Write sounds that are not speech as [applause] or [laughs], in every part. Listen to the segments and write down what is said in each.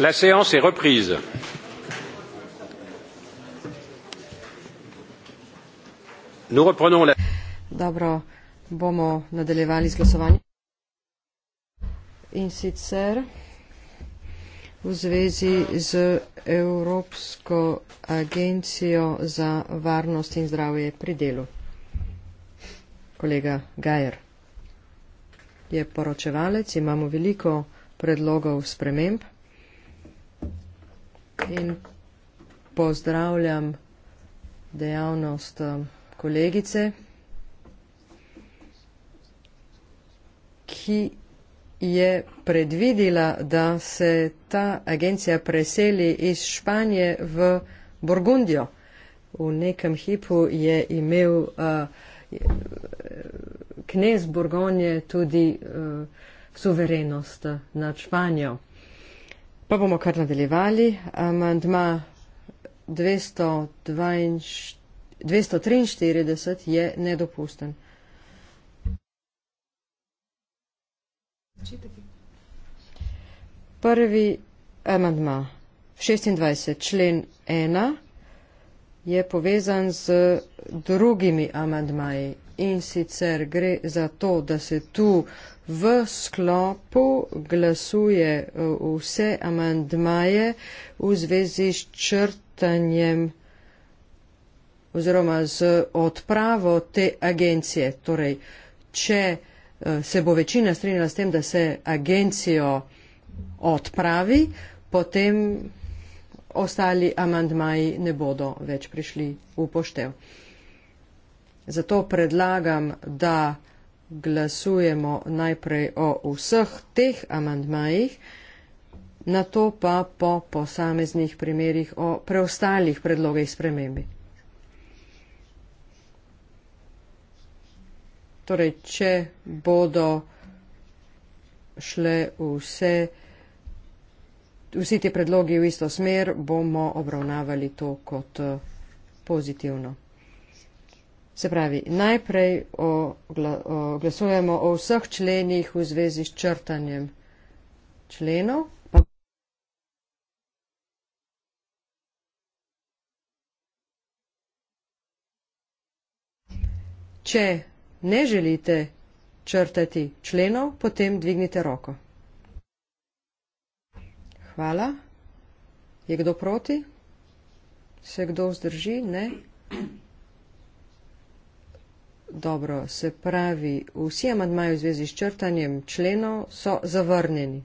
la séance est reprise nous reprenons la Dobro, bomo nadaljevali z glasovanjem. In sicer v zvezi z Evropsko agencijo za varnost in zdravje pri delu. Kolega Gajer je poročevalec, imamo veliko predlogov sprememb in pozdravljam dejavnost um, kolegice, ki je predvidila, da se ta agencija preseli iz Španije v Burgundijo. V nekem hipu je imel uh, knez Burgonje tudi uh, suverenost nad Španijo. Pa bomo kar nadaljevali. Amandma 243 je nedopusten. Prvi amandma, 26, člen 1, je povezan z drugimi amandmaji in sicer gre za to, da se tu v sklopu glasuje e, vse amandmaje v zvezi s črtanjem oziroma z odpravo te agencije. Torej, če e, se bo večina strinjala s tem, da se agencijo odpravi, potem ostali amandmaji ne bodo več prišli v poštev. Zato predlagam, da glasujemo najprej o vseh teh amandmajih, na to pa po posameznih primerjih o preostalih predlogih spremembi. Torej, če bodo šle vse, vsi ti predlogi v isto smer, bomo obravnavali to kot eh, pozitivno. Se pravi, najprej o, o, glasujemo o vseh členih v zvezi s črtanjem členov. Če ne želite črtati členov, potem dvignite roko. Hvala. Je kdo proti? Se kdo vzdrži? Ne dobro, se pravi, vsi amadmaji v zvezi s črtanjem členov so zavrnjeni.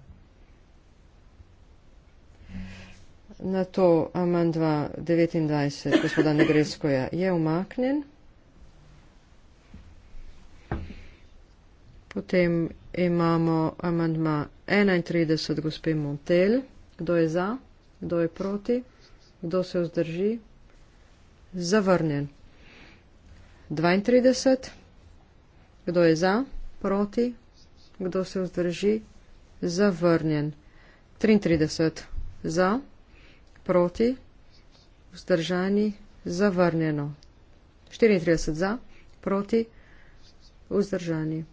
Na to amand 29 gospoda Negreskoja je umaknen. Potem imamo amand 31 gospe Montel. Kdo je za, kdo je proti, kdo se vzdrži? Zavrnjen. 32. Kdo je za? Proti. Kdo se vzdrži? Zavrnjen. 33. Za. Proti. Vzdržani. Zavrnjeno. 34. Za. Proti. Vzdržani.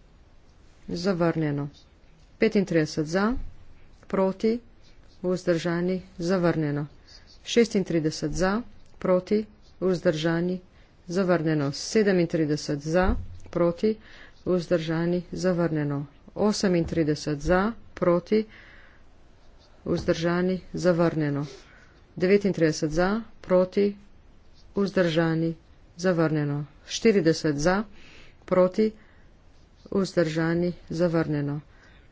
Zavrnjeno. 35. Za. Proti. Vzdržani. Zavrnjeno. 36. Za. Proti. Vzdržani. Zavrnjeno zavrnjeno 37 za, proti, vzdržani, zavrnjeno 38 za, proti, vzdržani, zavrnjeno 39 za, proti, vzdržani, zavrnjeno 40 za, proti, vzdržani, zavrnjeno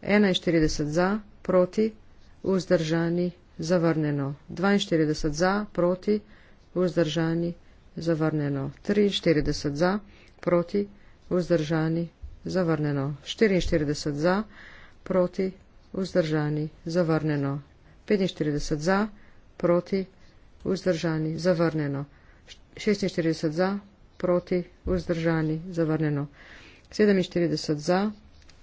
41 za, proti, vzdržani, zavrnjeno 42 za, proti, vzdržani, zavrnjeno zavrnjeno 43 za, proti vzdržani zavrnjeno 44 za, proti vzdržani zavrnjeno 45 za, proti vzdržani zavrnjeno 46 za, proti vzdržani zavrnjeno 47 za,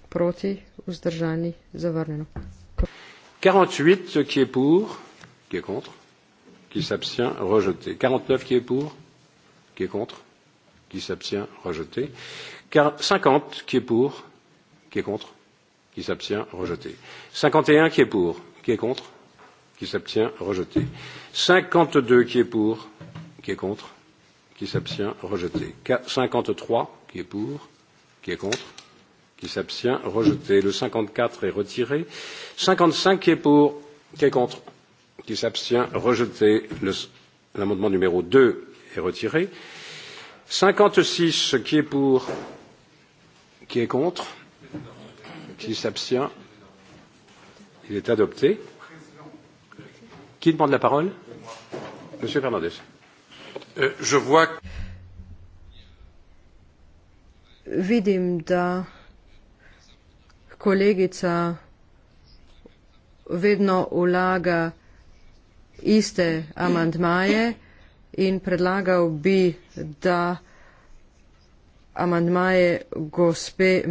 proti vzdržani zavrnjeno. 48 qui est pour, qui est contre, qui s'abstient, rejeté. 49 qui est pour, qui est contre qui s'abstient rejeté 50 qui est pour qui est contre qui s'abstient rejeté 51 qui est pour qui est contre qui s'abstient rejeté 52 qui est pour qui est contre qui s'abstient rejeté 53 qui est pour qui est contre qui s'abstient rejeté le 54 est retiré 55 qui est pour qui est contre qui s'abstient rejeté le, l'amendement numéro 2 est retiré. 56, qui est pour Qui est contre Qui s'abstient Il est adopté. Qui demande la parole Monsieur Fernandez. Euh, je vois. Vidim, da kolegica vedno vlaga iste amandmaje. Mm in predlagal bi, da amantmaje gospe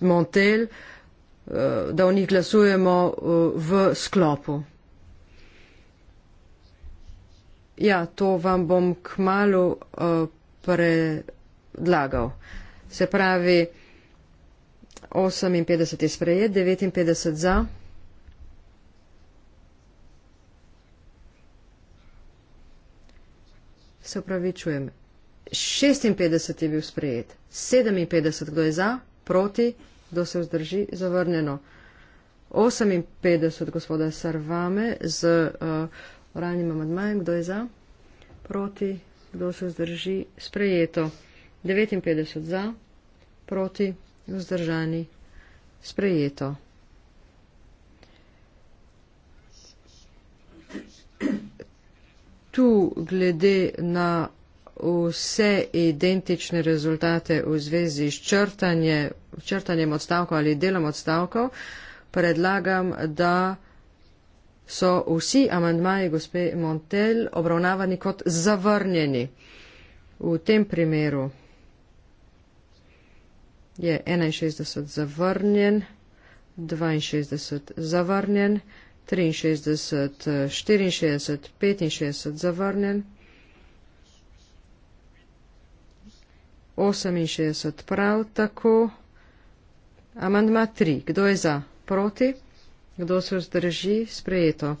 Montel, eh, da v njih glasujemo eh, v sklopu. Ja, to vam bom k malu eh, predlagal. Se pravi, 58 je sprejet, 59 za. Se upravičujem. 56 je bil sprejet, 57 kdo je za, proti, kdo se vzdrži, zavrnjeno. 58 gospoda Sarvame z uh, eh, oranjim amadmajem, kdo je za, proti, kdo se vzdrži, sprejeto. 59 za, proti, vzdržani, sprejeto tu glede na vse identične rezultate v zvezi s črtanje, črtanjem odstavkov ali delom odstavkov, predlagam, da so vsi amandmaji gospe Montel obravnavani kot zavrnjeni. V tem primeru je 61 zavrnjen, 62 zavrnjen, 63, 64, 65 zavrnjen, 68 prav tako, amandma 3, kdo je za, proti, kdo se vzdrži, sprejeto.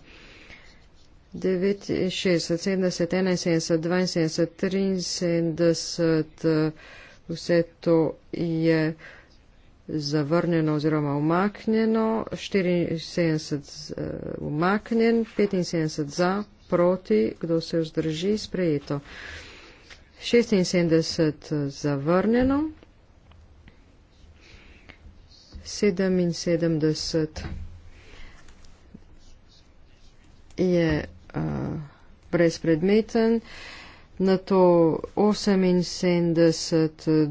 69, 70, 71, 72, 73, vse to je zavrnjeno oziroma umaknjeno, 74 eh, umaknjen, 75 za, proti, kdo se vzdrži, sprejeto. 76 eh, zavrnjeno, 77 je uh, brezpredmeten na to 78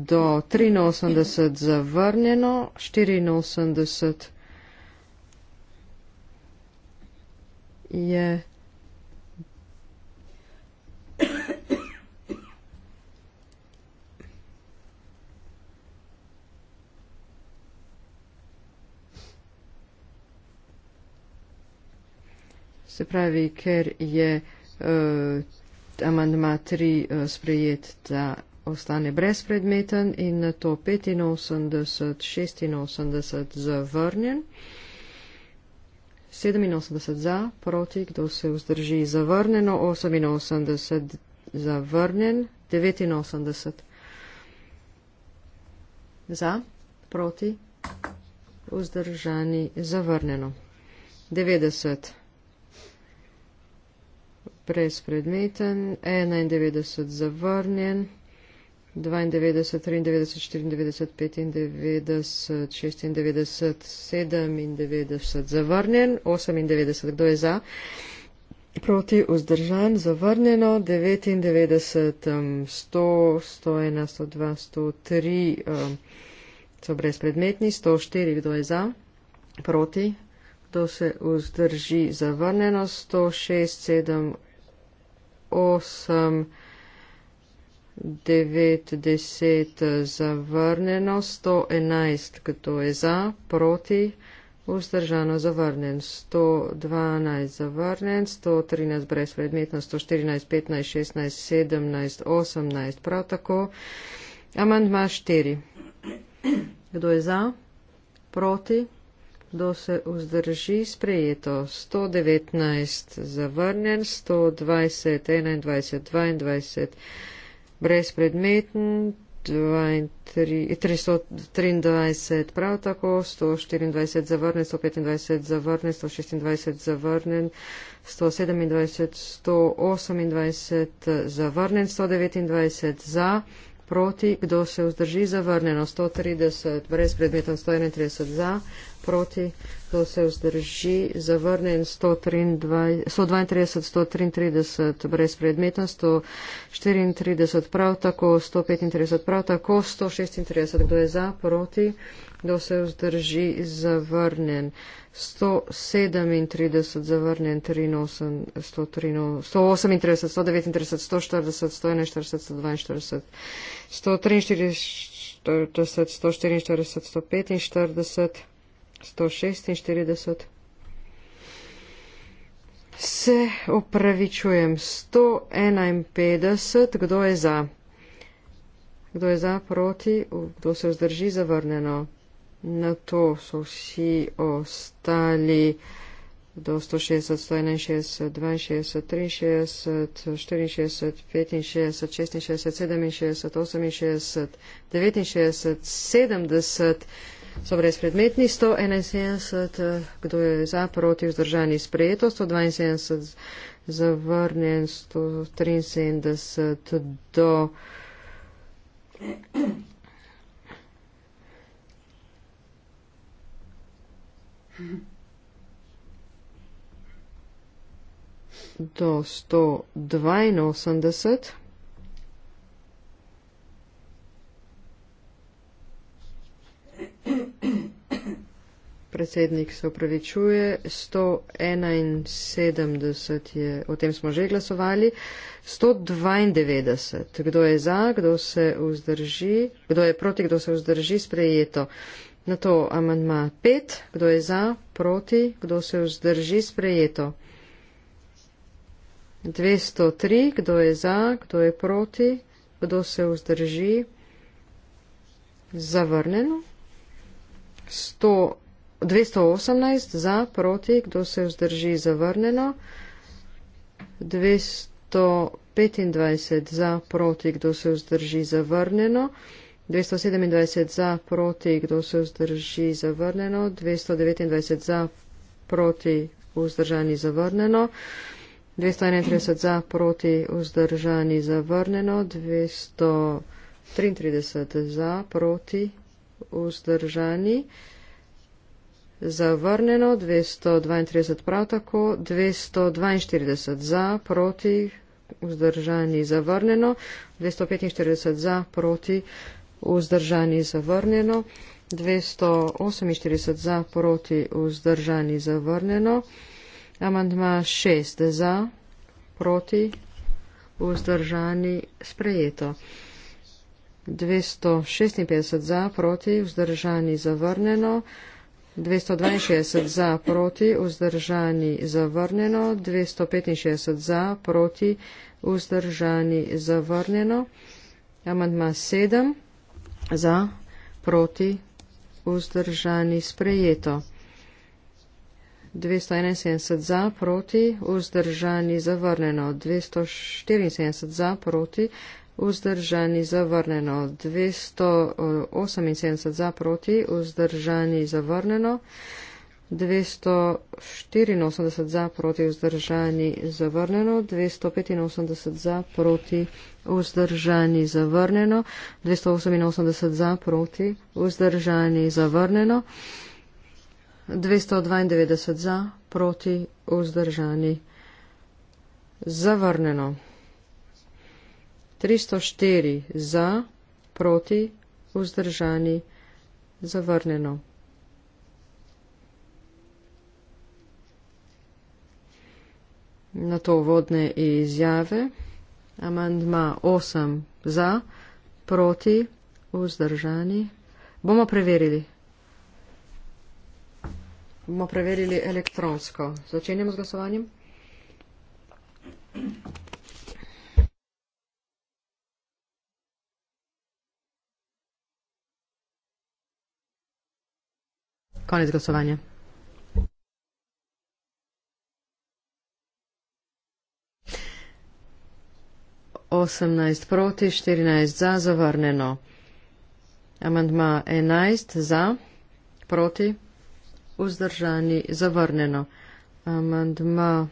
do 83 zavrnjeno, 84 je Se pravi, ker je uh, amandma 3 eh, sprejet, da ostane brezpredmeten in na to 85, 86 zavrnjen. 87 za, proti, kdo se vzdrži zavrnjeno, 88 zavrnjen, 89 za, proti, vzdržani zavrnjeno. 90 za brezpredmeten, 91 zavrnjen, 92, 93, 94, 95, 96, 97 zavrnjen, 98, kdo je za, proti vzdržan, zavrnjeno, 99, 100, 101, 102, 103 so brezpredmetni, 104, kdo je za, proti. To se vzdrži zavrneno 106, 7, 8, 9, 10 zavrnjeno, 111, kdo je za, proti, vzdržano zavrnjen, 112 zavrnjen, 113 brezpredmetno, 114, 15, 16, 17, 18, prav tako. Amandma 4. Kdo je za? Proti? kdo se vzdrži, sprejeto 119, zavrnjen 120, 21, 22, brezpredmeten 323, prav tako 124, zavrnjen 125, zavrnjen 126, zavrnjen 127, 128, zavrnjen 129, za proti, kdo se vzdrži, zavrnjeno 130, brez predmetom 131 za, proti, kdo se vzdrži, zavrnjen 132, 133, brez predmetom 134, prav tako 135, prav tako 136, kdo je za, proti. Kdo se vzdrži, zavrnjen. 137 zavrnjen, 138, 139, 140, 141, 142, 143, 144, 145, 146. Se opravičujem, 151, kdo je za? Kdo je za, proti, kdo se vzdrži, zavrneno. Na to so vsi ostali do 160, 161, 62, 63, 64, 65, 66, 67, 68, 69, 70 so brezpredmetni, 171, kdo je za, proti, vzdržani, sprejeto, 172, zavrnjen, 173 do. do 182. Predsednik se upravičuje, 171 je, o tem smo že glasovali, 192, kdo je za, kdo se vzdrži, kdo je proti, kdo se vzdrži, sprejeto. Na to amandma 5. Kdo je za, proti, kdo se vzdrži sprejeto? 203. Kdo je za, kdo je proti, kdo se vzdrži zavrnjeno? 218. Za, proti, kdo se vzdrži zavrnjeno? 225. Za, proti, kdo se vzdrži zavrnjeno? 227 za, proti, kdo se vzdrži, zavrnjeno, 229 za, proti, vzdržani, zavrnjeno, 231 za, proti, vzdržani, zavrnjeno, 233 za, proti, vzdržani, zavrnjeno, 232 prav tako, 242 za, proti, vzdržani, zavrnjeno, 245 za, proti, vzdržani zavrnjeno, 248 za, proti vzdržani zavrnjeno, amandma 6 za, proti vzdržani sprejeto. 256 za, proti, vzdržani zavrnjeno, 262 za, proti, vzdržani zavrnjeno, 265 za, proti, vzdržani zavrnjeno, amandma 7 za, proti, vzdržani, sprejeto. 271 za, proti, vzdržani, zavrneno. 274 za, proti, vzdržani, zavrneno. 278 za, proti, vzdržani, zavrneno. 284 za proti vzdržani zavrnjeno, 285 za proti vzdržani zavrnjeno, 288 za proti vzdržani zavrnjeno, 292 za proti vzdržani zavrnjeno, 304 za proti vzdržani zavrnjeno. na to vodne izjave. Amandma 8 za, proti, vzdržani. Bomo preverili. Bomo preverili elektronsko. Začenjamo z glasovanjem. Konec glasovanja. 18 proti, 14 za, zavrneno. Amandma 11 za, proti, vzdržani, zavrneno. Amandma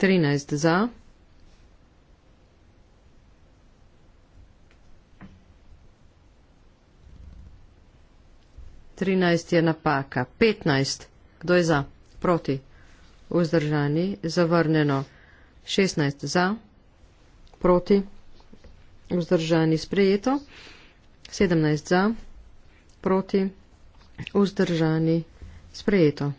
13 za. Trinajst je napaka. Petnajst. Kdo je za? Proti. Vzdržani. Zavrneno. Šestnajst. Za proti, vzdržani sprejeto, 17 za, proti, vzdržani sprejeto,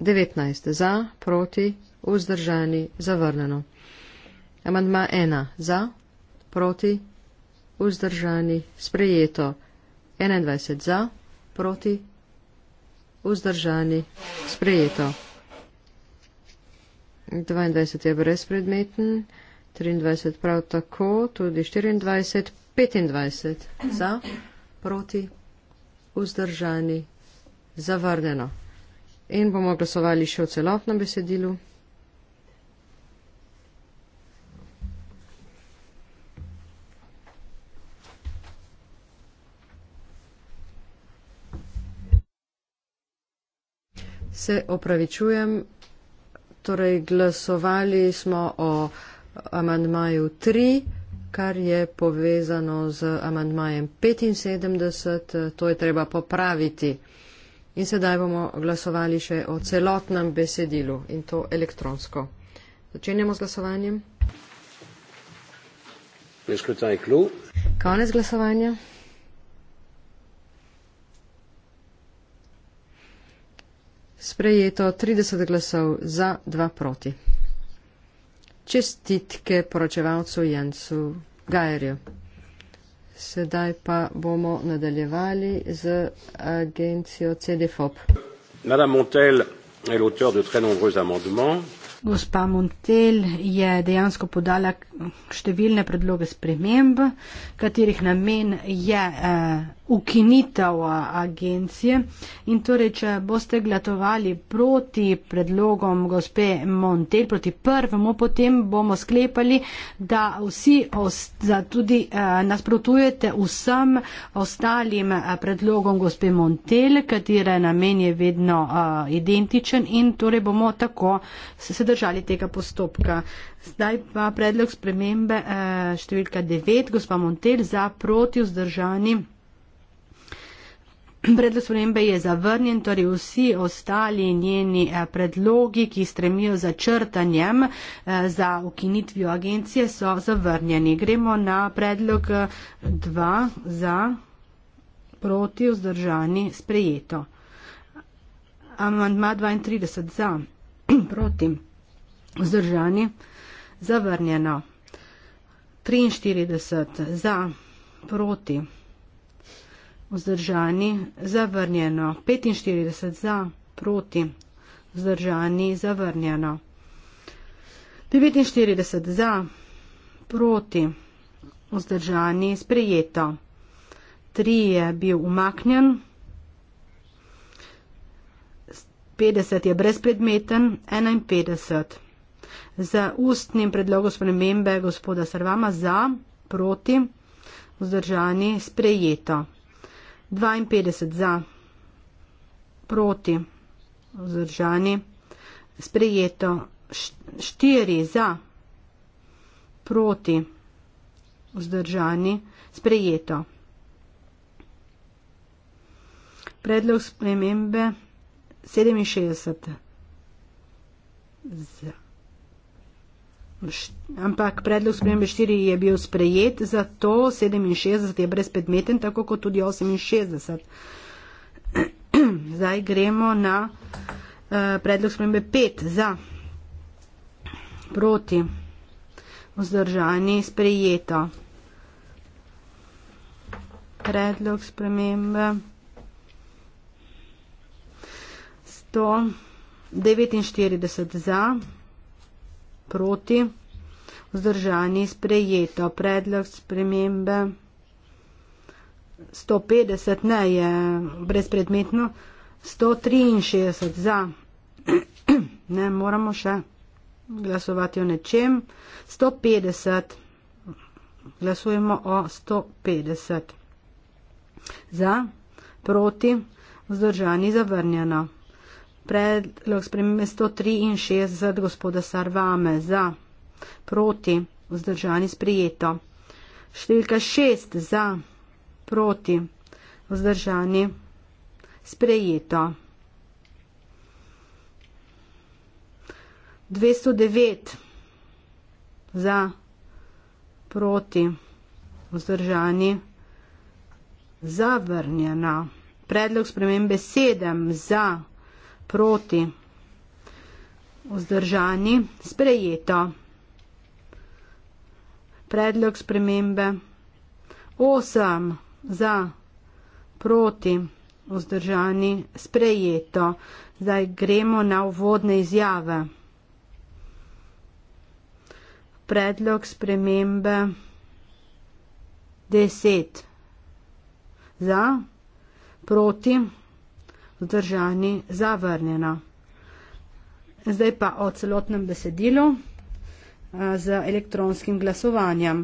19 za, proti, vzdržani zavrnjeno. Amandma 1 za, proti, vzdržani sprejeto, 21 za, proti, vzdržani sprejeto. 22 je brezpredmeten, 23 prav tako, tudi 24, 25 za, proti, vzdržani, zavrnjeno. In bomo glasovali še v celotnem besedilu. Se opravičujem. Torej, glasovali smo o amandmaju 3, kar je povezano z amandmajem 75, to je treba popraviti. In sedaj bomo glasovali še o celotnem besedilu in to elektronsko. Začenjamo z glasovanjem. Konec glasovanja. sprejeto 30 glasov za, 2 proti. Čestitke poročevalcu Jancu Gajerju. Sedaj pa bomo nadaljevali z agencijo CDFOP. Madame Montel je l'auteur de très nombreux amendements. Gospa Montel je dejansko podala številne predloge sprememb, katerih namen je. Uh, ukinitev agencije in torej, če boste glatovali proti predlogom gospe Montel, proti prvemu, potem bomo sklepali, da vsi da tudi nasprotujete vsem ostalim predlogom gospe Montel, katere namen je vedno identičen in torej bomo tako se držali tega postopka. Zdaj pa predlog spremembe številka 9, gospa Montel, za proti vzdržani predlog spremembe je zavrnjen, torej vsi ostali njeni eh, predlogi, ki stremijo za črtanjem, eh, za ukinitvijo agencije, so zavrnjeni. Gremo na predlog 2 eh, za proti vzdržani sprejeto. Amandma 32 za [clears throat] proti vzdržani zavrnjeno. 43 za proti vzdržani vzdržani, zavrnjeno, 45 za, proti, vzdržani, zavrnjeno, 49 za, proti, vzdržani, sprejeto, 3 je bil umaknjen, 50 je brezpredmeten, 51 za ustnim predlogom spremembe gospoda Srvama za, proti, vzdržani, sprejeto. 52 za, proti, vzdržani, sprejeto, 4 za, proti, vzdržani, sprejeto. Predlog spremembe 67 za ampak predlog spremembe 4 je bil sprejet, zato 67 je brezpredmeten, tako kot tudi 68. [clears throat] Zdaj gremo na uh, predlog spremembe 5 za proti vzdržani sprejeto. Predlog spremembe 149 za proti, vzdržani sprejeto. Predlog spremembe 150 ne je brezpredmetno, 163 za. [clears throat] Ne, moramo še glasovati o nečem. 150. Glasujemo o 150. Za, proti, vzdržani, zavrnjeno predlog spremembe 163 gospoda Sarvame za, proti, vzdržani sprijeto. Številka 6 za, proti, vzdržani sprijeto. 209 za, proti, vzdržani zavrnjena. Predlog spremembe 7 za, proti, vzdržani sprijeto proti. Vzdržani, sprejeto. Predlog spremembe. Osem za, proti, vzdržani, sprejeto. Zdaj gremo na uvodne izjave. Predlog spremembe. Deset za, proti, vzdržani zavrnjeno. Zdaj pa o celotnem besedilu eh, z elektronskim glasovanjem.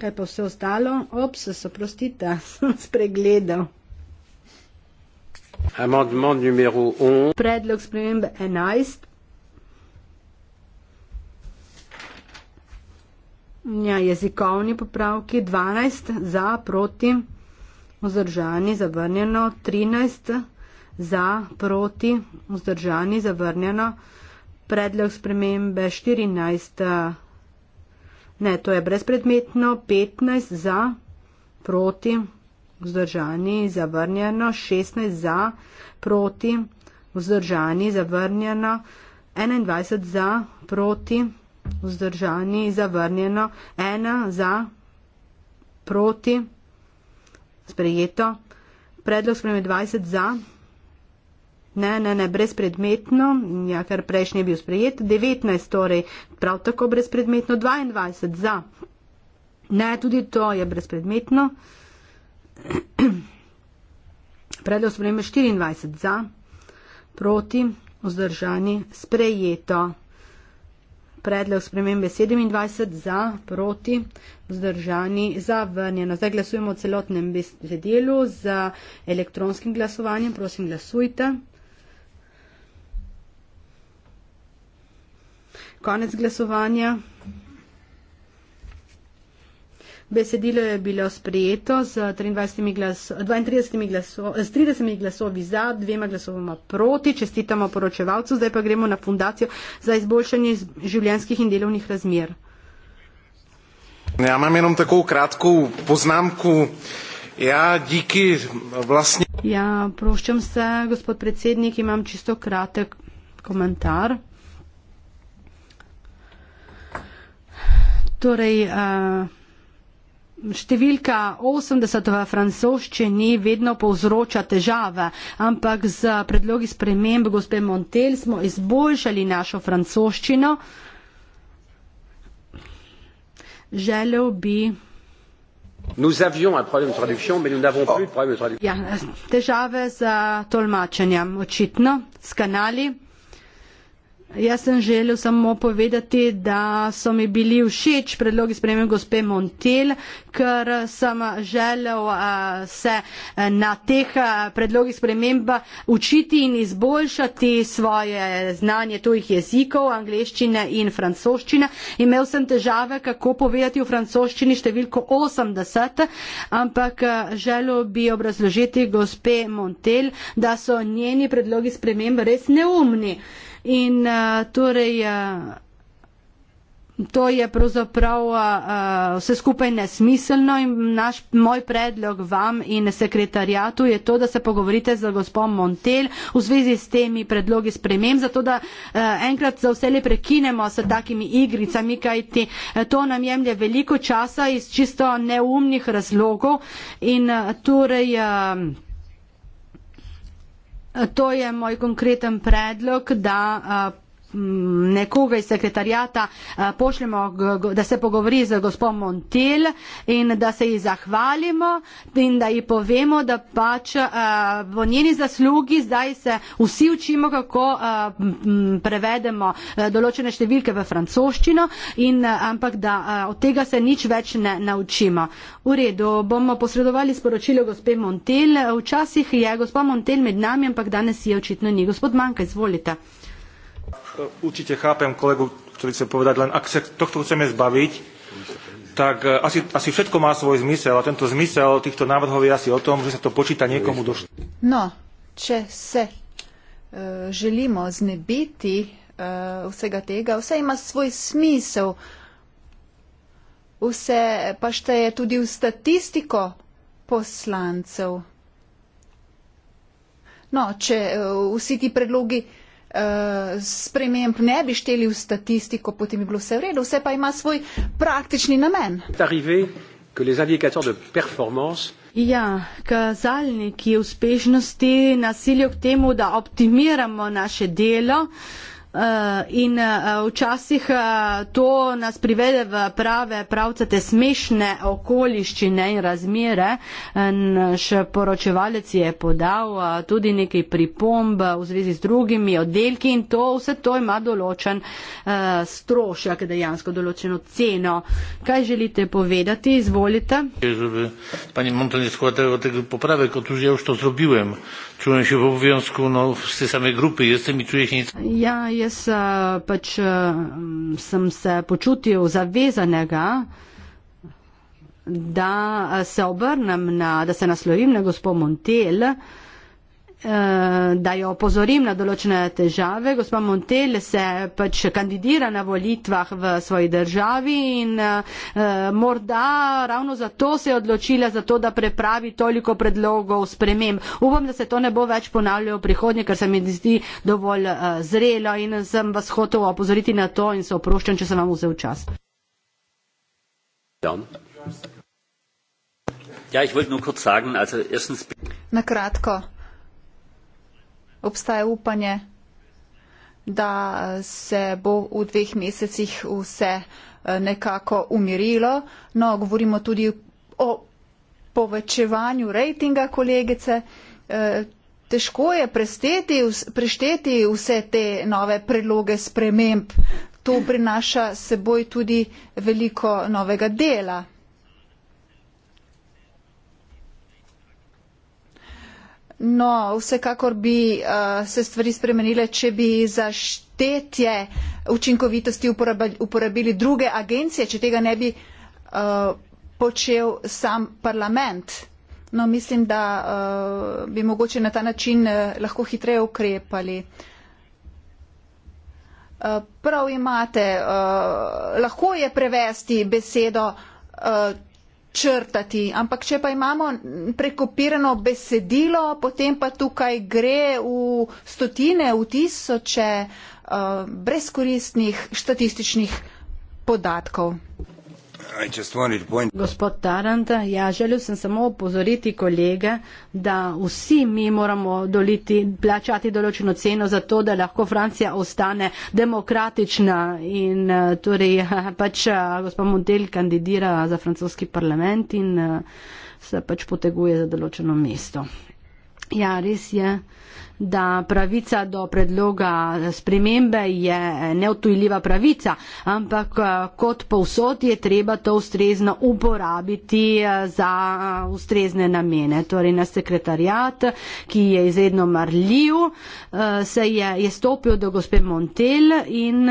Kaj pa vse ostalo? Ops, so prostite, [laughs] sem spregledal. Amendment numero 11. Predlog spremembe 11. Ja, jezikovni popravki 12 za proti vzdržani, zavrnjeno, 13 za, proti, vzdržani, zavrnjeno, predlog spremembe 14, ne, to je brezpredmetno, 15 za, proti, vzdržani, zavrnjeno, 16 za, proti, vzdržani, zavrnjeno, 21 za, proti, vzdržani, zavrnjeno, 1 za, proti, vzdržani, zavrnjeno, 1 za, proti, sprejeto. Predlog sprejme 20 za. Ne, ne, ne, brezpredmetno, ja, ker prejšnji je bil sprejet. 19 torej, prav tako brezpredmetno, 22 za. Ne, tudi to je brezpredmetno. [clears throat] Predlog sprejme 24 za. Proti, vzdržani, sprejeto predlog spremembe 27 za, proti, vzdržani, zavrnjeno. Zdaj glasujemo o celotnem besedilu z elektronskim glasovanjem. Prosim, glasujte. Konec glasovanja. Besedilo je bilo sprejeto z, glaso, z 30 glasovi za, dvema glasovoma proti. Čestitamo poročevalcu, zdaj pa gremo na Fundacijo za izboljšanje življenskih in delovnih razmer. Ja, imam jenom takovou krátkou poznámku. Já díky vlastně... Já ja, prouštím se, gospod předsedník, mám čisto krátek komentár. Torej, uh... Številka 80 v francoščini vedno povzroča težave, ampak z predlogi sprememb gospe Montel smo izboljšali našo francoščino. Želel bi. Nous avions un problème de traduction, mais nous n'avons plus de problème de traduction. Ja, težave z tolmačenjem, očitno, s kanali. Jaz sem želel samo povedati, da so mi bili všeč predlogi spremembe gospe Montel, ker sem želel eh, se eh, na teh eh, predlogih sprememba učiti in izboljšati svoje znanje tujih jezikov, angliščine in francoščine. Imel sem težave, kako povedati v francoščini številko 80, ampak želel bi obrazložiti gospe Montel, da so njeni predlogi sprememba res neumni. In uh, torej, uh, to je pravzaprav uh, vse skupaj nesmiselno in naš, moj predlog vam in sekretarjatu je to, da se pogovorite z gospod Montel v zvezi s temi predlogi sprememb, zato da uh, enkrat za vse le prekinemo s takimi igricami, kajti uh, to nam jemlje veliko časa iz čisto neumnih razlogov in uh, torej. Uh, To je moj konkreten predlog, da nekoga iz sekretarijata eh, pošljemo, da se pogovori z gospod Montel in da se ji zahvalimo in da ji povemo, da pač eh, v njeni zaslugi zdaj se vsi učimo, kako eh, prevedemo določene številke v francoščino, in, ampak da od tega se nič več ne naučimo. V redu, bomo posredovali sporočilo gospe Montel. Včasih je gospod Montel med nami, ampak danes je očitno ni. Gospod Manka, izvolite určite chápem kolegu, ktorý chce povedať, len ak sa tohto chceme zbaviť, tak eh, asi, asi všetko má svoj zmysel a tento zmysel týchto návrhov je asi o tom, že sa to počíta niekomu do štátu. No, če se e, želimo znebiti e, vsega tega, vse ima svoj smisel, vse pa šteje tudi v statistiko poslancev. No, če e, vsi ti predlogi e, sprememb ne bi šteli v statistiko, potem bi bilo vse v redu, vse pa ima svoj praktični namen. Ja, kazalniki uspešnosti nasilijo k temu, da optimiramo naše delo. Uh, Eh, in eh, včasih eh, to nas privede v prave pravcate smešne okoliščine in razmere. Naš poročevalec je podal tudi nekaj pripomb v zvezi z drugimi oddelki in to vse to ima določen strošek, dejansko določeno ceno. Kaj želite povedati? Izvolite. Pani Montanis, ko je treba tega popravek, kot už je, što zrobil je. Čujem się w obowiązku no, z tej samej grupy, jestem i czuję się nieco. Ja jest, pač, sam e, se poczuł zawiązanego, da e, se obrnem na, da se naslovim na gospod Montel. Eh, da jo opozorim na določene težave. Gospa Montel se pač kandidira na volitvah v svoji državi in eh, eh, morda ravno zato se je odločila za to, da prepravi toliko predlogov sprememb. Upam, da se to ne bo več ponavljalo v prihodnje, ker se mi zdi dovolj zrelo in sem vas hotel opozoriti na to in se oproščam, če sem vam vzel čas. Dan. Ja. ja, ich wollte nur kurz sagen, also erstens. Na kratko, obstaja upanje, da se bo v dveh mesecih vse eh, nekako umirilo. No, govorimo tudi o povečevanju rejtinga kolegice. Eh, težko je presteti, prešteti vse te nove predloge sprememb. To prinaša seboj tudi veliko novega dela. No, vsekakor bi uh, se stvari spremenile, če bi zaštetje učinkovitosti uporabili druge agencije, če tega ne bi uh, počel sam parlament. No, mislim, da uh, bi mogoče na ta način uh, lahko hitreje ukrepali. Uh, prav imate, uh, lahko je prevesti besedo uh, črtati, ampak če pa imamo prekopirano besedilo, potem pa tukaj gre v stotine, v tisoče uh, brezkoristnih statističnih podatkov. Gospod Tarant, ja želel sem samo opozoriti kolega, da vsi mi moramo doliti, plačati določeno ceno za to, da lahko Francija ostane demokratična in eh, torej [laughs] pač eh, gospod Montel kandidira za francoski parlament in eh, se pač poteguje za določeno mesto. Ja, res je da pravica do predloga spremembe je neotujljiva pravica, ampak eh, kot povsod je treba to ustrezno uporabiti eh, za eh, ustrezne namene. Torej na sekretarjat, ki je izredno marljiv, se je, je stopil do gospe Montel in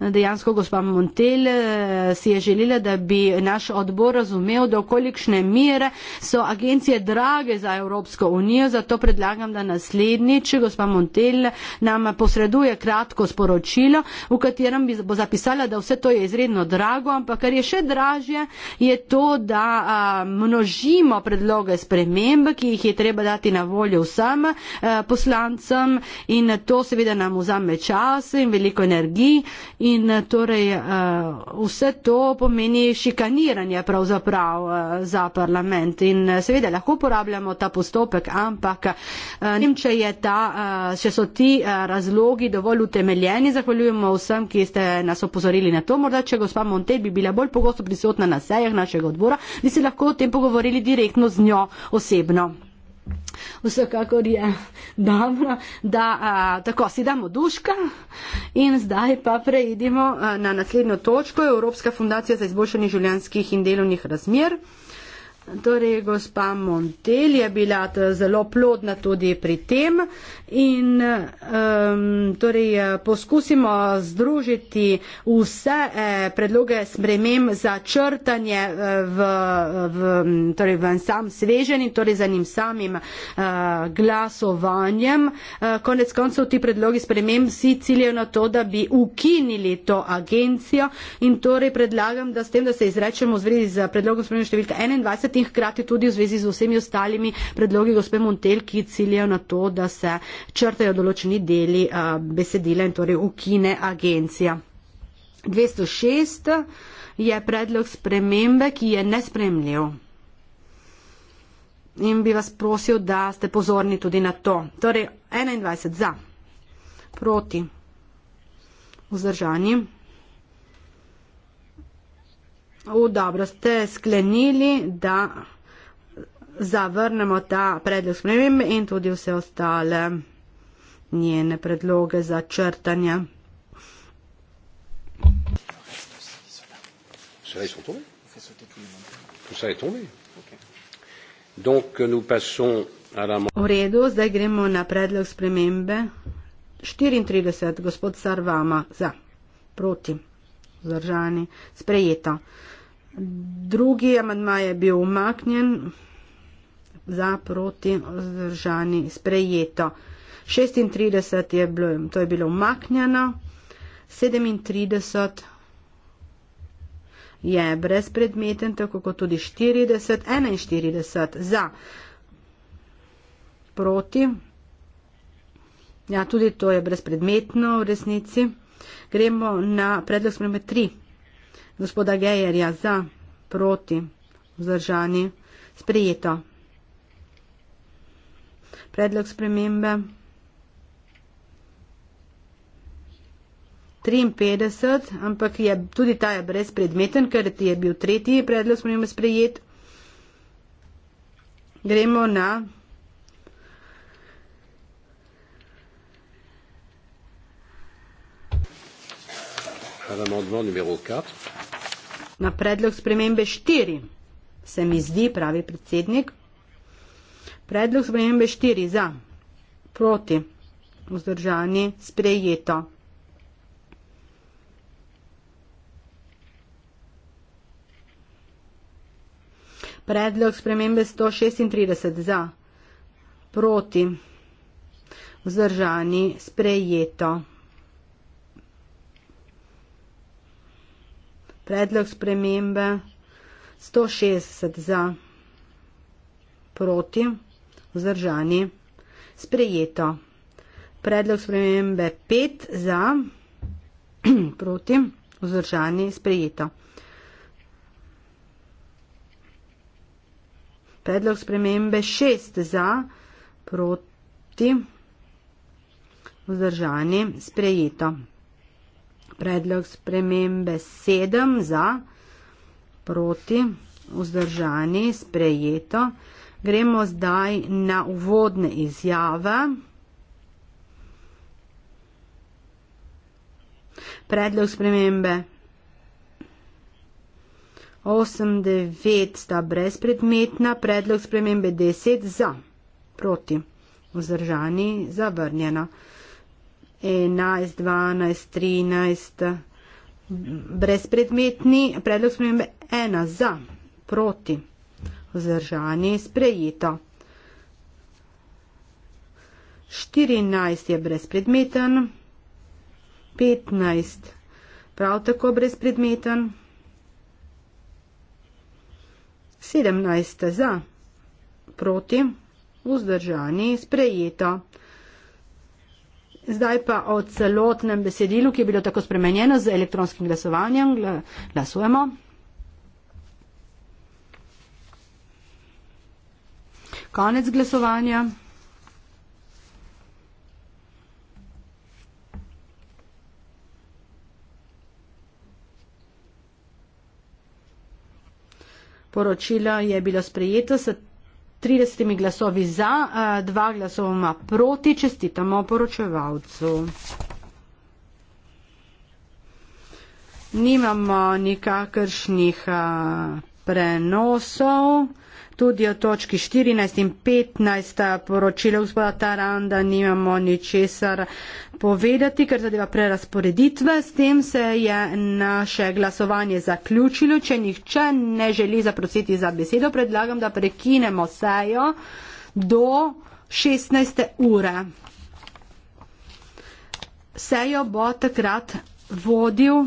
Dejansko gospa Montel eh, si je želela, da bi naš odbor razumel, da okolikšne mere so agencije drage za Evropsko unijo, zato predlagam, da naslednjič gospa Montel nam posreduje kratko sporočilo, v katerem bi bo zapisala, da vse to je izredno drago, ampak kar je še dražje, je to, da a, množimo predloge sprememb, ki jih je treba dati na voljo vsem a, eh, poslancem in to seveda nam vzame čas in veliko energiji. In eh, torej eh, vse to pomeni šikaniranje pravzaprav eh, za parlament. In seveda lahko uporabljamo ta postopek, ampak ne vem, če, če so ti razlogi dovolj utemeljeni. Zahvaljujemo vsem, ki ste nas opozorili na to. Morda, če gospa Monte bi bila bolj pogosto prisotna na sejah našega odbora, bi se lahko o tem pogovorili direktno z njo osebno. Vsekakor je dobro, da a, tako si damo duška in zdaj pa preidimo a, na naslednjo točko, Evropska fundacija za izboljšanje življanskih in delovnih razmer. Torej, gospa Montel je bila zelo plodna tudi pri tem In um, torej poskusimo združiti vse eh, predloge sprememb za črtanje eh, v, v, torej v en sam svežen in torej za njim samim eh, glasovanjem. Eh, konec koncev ti predlogi sprememb si ciljajo na to, da bi ukinili to agencijo in torej predlagam, da s tem, da se izrečemo v zvezi z predlogom sprememb številka 21 in hkrati tudi v zvezi z vsemi ostalimi predlogi gospe Montel, ki ciljajo na to, da se eh, črtajo določeni deli uh, besedila in torej ukine agencija. 206 je predlog spremembe, ki je nespremljiv. In bi vas prosil, da ste pozorni tudi na to. Torej 21 za, proti, vzdržani. V dobro ste sklenili, da zavrnemo ta predlog spremembe in tudi vse ostale njene predloge za črtanje. V redu, zdaj gremo na predlog spremembe. 34, gospod Sarvama, za, proti, zdržani, sprejeto. Drugi amandma je bil umaknjen za proti vzdržani sprejeto. 36 je bilo, to je bilo umaknjeno, 37 je brezpredmeten, tako kot tudi 40, 41 za proti. Ja, tudi to je brezpredmetno v resnici. Gremo na predlog spremembe 3. Gospoda Gejerja za proti vzdržani sprejeto predlog spremembe. 53, ampak je, tudi ta je brezpredmeten, ker je bil tretji predlog spremembe sprejet. Gremo na. Na predlog spremembe 4 se mi zdi, pravi predsednik, Predlog spremembe 4 za, proti, vzdržani, sprejeto. Predlog spremembe 136 za, proti, vzdržani, sprejeto. Predlog spremembe 160 za, proti, vzdržani, sprejeto vzdržani. Sprejeto. Predlog spremembe 5 [clears throat] za, proti, vzdržani, sprejeto. Predlog spremembe 6 za, proti, vzdržani, sprejeto. Predlog spremembe 7 za, proti, vzdržani, sprejeto. Gremo zdaj na uvodne izjave. Predlog spremembe 8-9 sta brezpredmetna, predlog spremembe 10 za, proti, vzdržani, zavrnjena. 11, 12, 13 brezpredmetni, predlog spremembe 1 za, proti vzdržani, sprejeto. 14 je brezpredmeten, 15 prav tako brezpredmeten, 17 za, proti, vzdržani, sprejeto. Zdaj pa o celotnem besedilu, ki je bilo tako spremenjeno z elektronskim glasovanjem, glasujemo. Konec glasovanja. Poročilo je bilo sprejeto s 30 glasovi za, dva glasovoma proti. Čestitamo poročevalcu. Nimamo nikakršnih prenosov. Tudi o točki 14 in 15 eh, poročila gospoda Taranda nimamo ničesar povedati, ker zadeva prerasporeditve. S tem se je naše glasovanje zaključilo. Če nihče ne želi zaprositi za besedo, predlagam, da prekinemo sejo do 16. ure. Sejo bo takrat vodil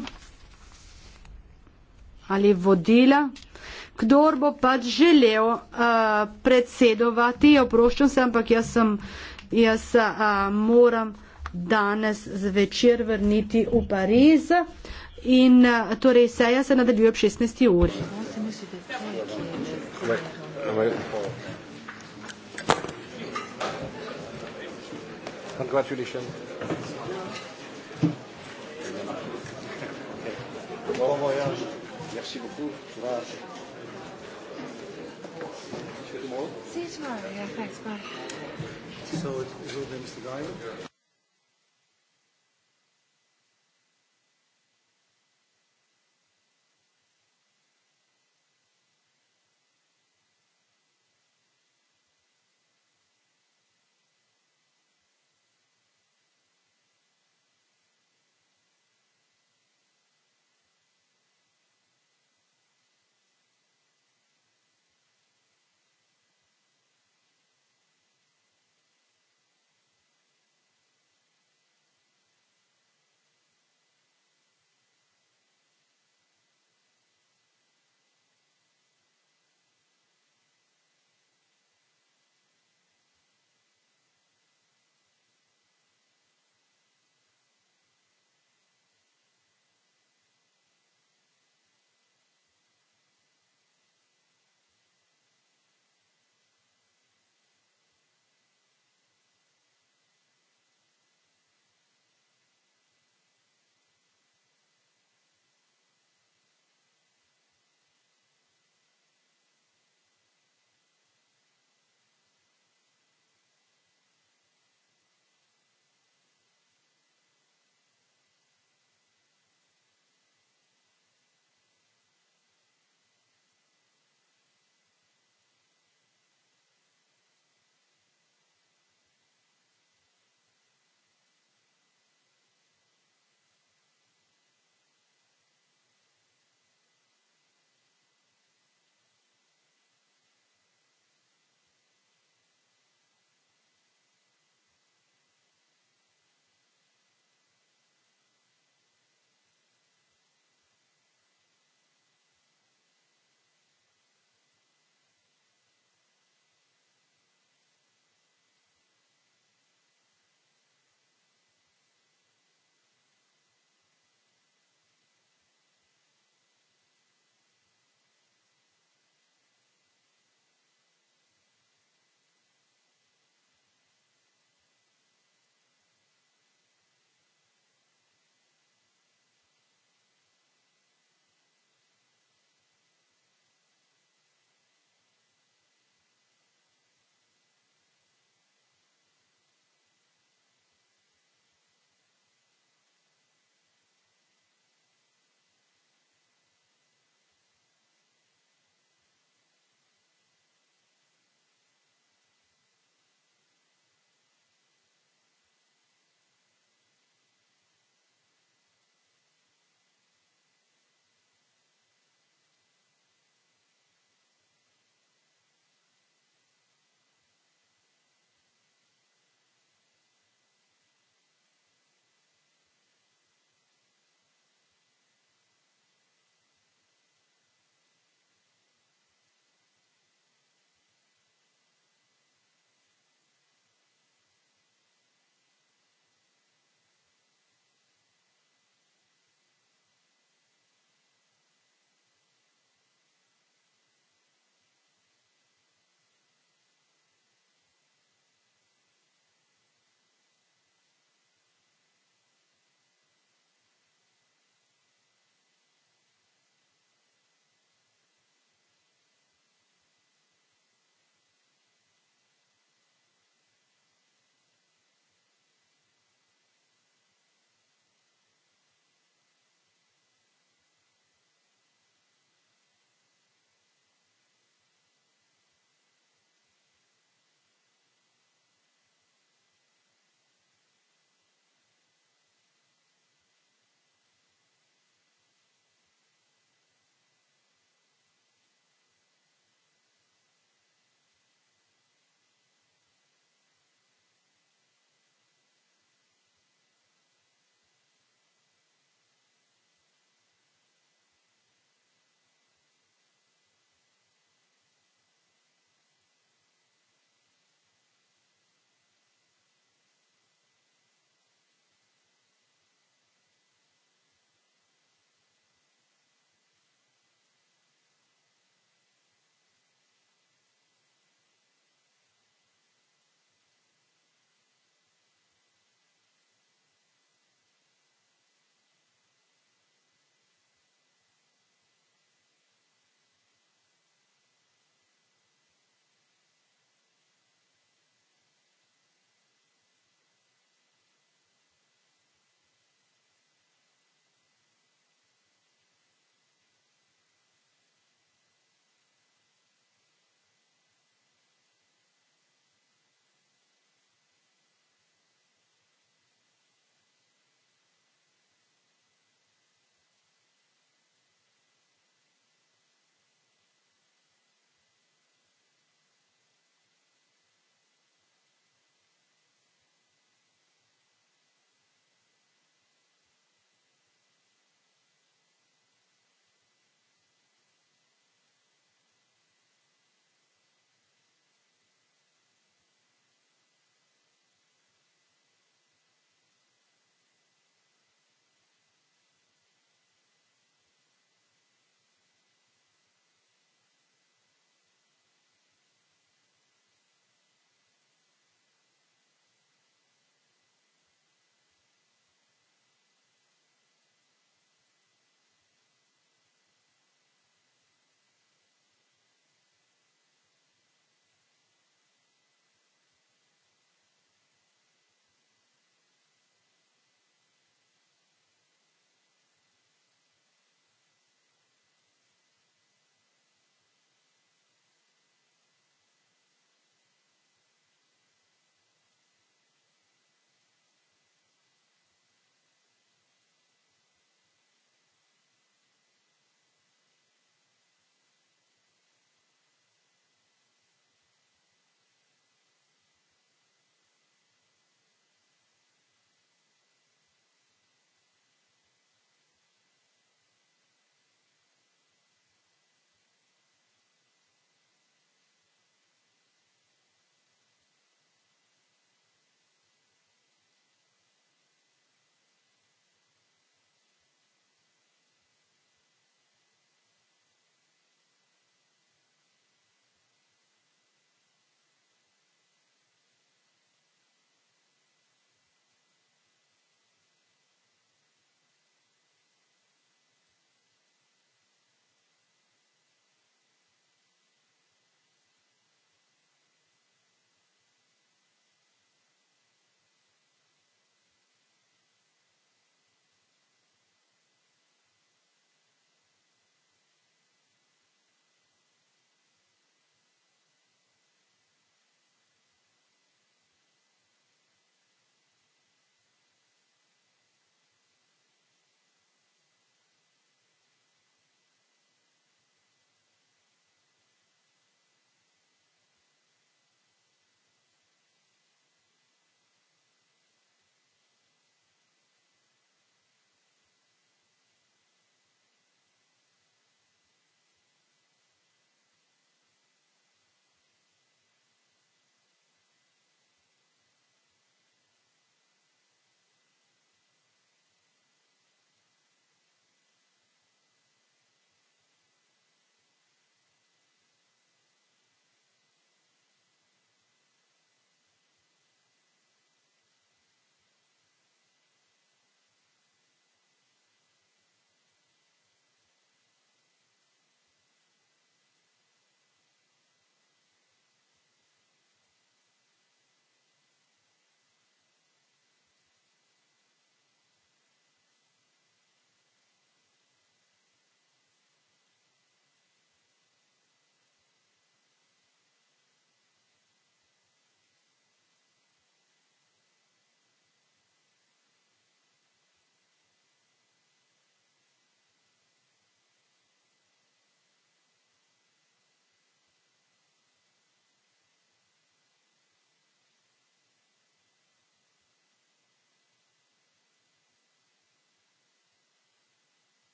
ali vodila kdor bo pač želel uh, predsedovati, oproščam se, ampak jaz, sem, jaz uh, moram danes zvečer vrniti v Pariz. In uh, torej seja se nadaljuje ob 16. uri. Congratulations. Bravo, Voyage. Merci beaucoup. Courage. Yeah, thanks, bye. So, is all them to go? Yeah.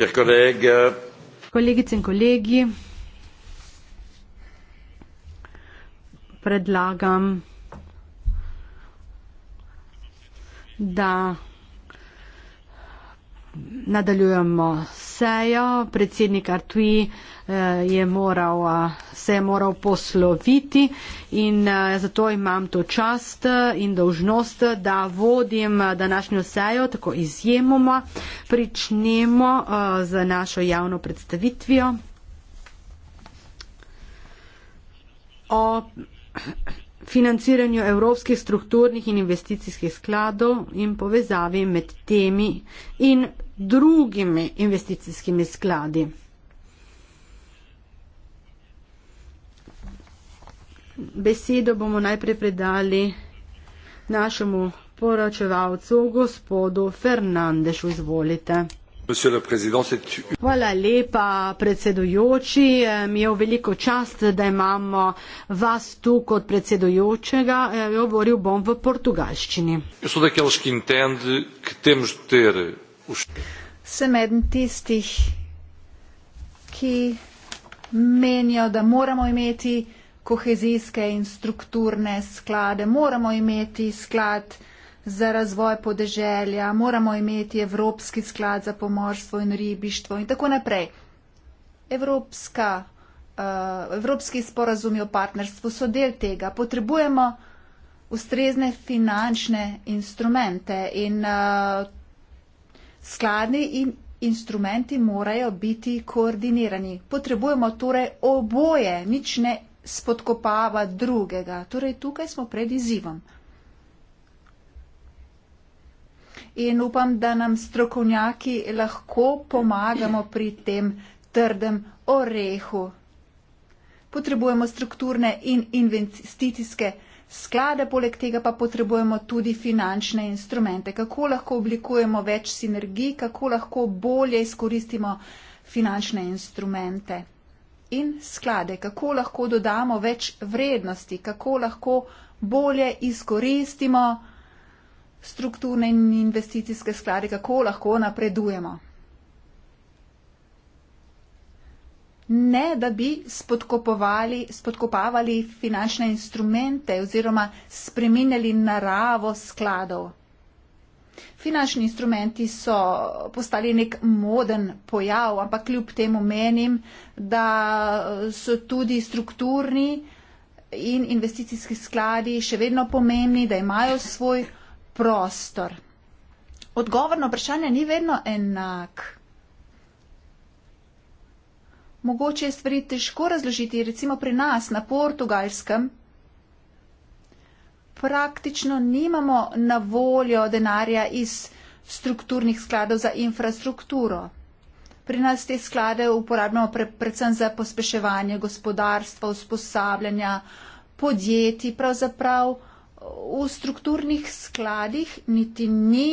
Euh, Kolegice in kolegi, predlagam, da nadaljujemo sejo, predsednik Artui eh, je moral, eh, se je moral posloviti in eh, zato imam to čast in dožnost, da vodim današnjo sejo, tako izjemoma pričnemo z našo javno predstavitvijo. O financiranju evropskih strukturnih in investicijskih skladov in povezavi med temi in drugimi investicijskimi skladi. Besedo bomo najprej predali našemu poročevalcu, gospodu Fernandešu. Izvolite. Hvala lepa, predsedujoči. Eh, mi je v veliko čast, da imamo vas tu kot predsedujočega. Eh, govoril bom v portugalščini. Sem eden tistih, ki menijo, da moramo imeti kohezijske in strukturne sklade, moramo imeti sklad za razvoj podeželja, moramo imeti Evropski sklad za pomorstvo in ribištvo in tako naprej. Evropska, uh, Evropski sporazumi o partnerstvu so del tega. Potrebujemo ustrezne finančne instrumente in uh, skladni in instrumenti morajo biti koordinirani. Potrebujemo torej oboje, nič ne spodkopava drugega. Torej tukaj smo pred izzivom. In upam, da nam strokovnjaki lahko pomagamo pri tem trdem orehu. Potrebujemo strukturne in investicijske sklada, poleg tega pa potrebujemo tudi finančne instrumente. Kako lahko oblikujemo več sinergij, kako lahko bolje izkoristimo finančne instrumente in sklade, kako lahko dodamo več vrednosti, kako lahko bolje izkoristimo strukturne in investicijske sklade, kako lahko napredujemo. ne da bi spodkopavali finančne instrumente oziroma spreminjali naravo skladov. Finančni instrumenti so postali nek moden pojav, ampak kljub temu menim, da so tudi strukturni in investicijski skladi še vedno pomembni, da imajo svoj prostor. Odgovor na vprašanje ni vedno enak mogoče je stvari težko razložiti, recimo pri nas na portugalskem, praktično nimamo na voljo denarja iz strukturnih skladov za infrastrukturo. Pri nas te sklade uporabljamo pre, predvsem za pospeševanje gospodarstva, usposabljanja podjetij, pravzaprav v strukturnih skladih niti ni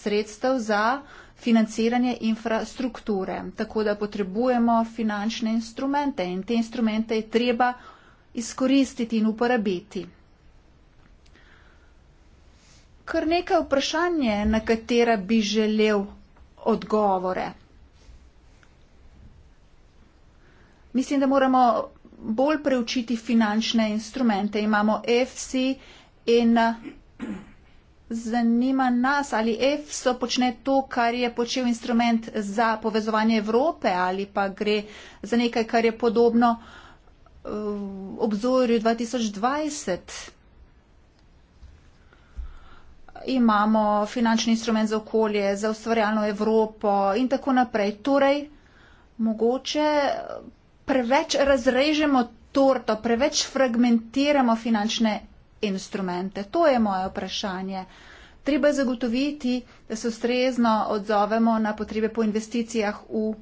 sredstev za uh, financiranje infrastrukture. Tako da potrebujemo finančne instrumente in te instrumente je treba izkoristiti in uporabiti. Kar nekaj vprašanje, na katera bi želel odgovore. Mislim, da moramo bolj preučiti finančne instrumente. Imamo FC in zanima nas, ali EFSO počne to, kar je počel instrument za povezovanje Evrope, ali pa gre za nekaj, kar je podobno eh, obzorju 2020. Imamo finančni instrument za okolje, za ustvarjalno Evropo in tako naprej. Torej, mogoče preveč razrežemo torto, preveč fragmentiramo finančne instrumente. To je moje vprašanje. Treba je zagotoviti, da se ustrezno odzovemo na potrebe po investicijah v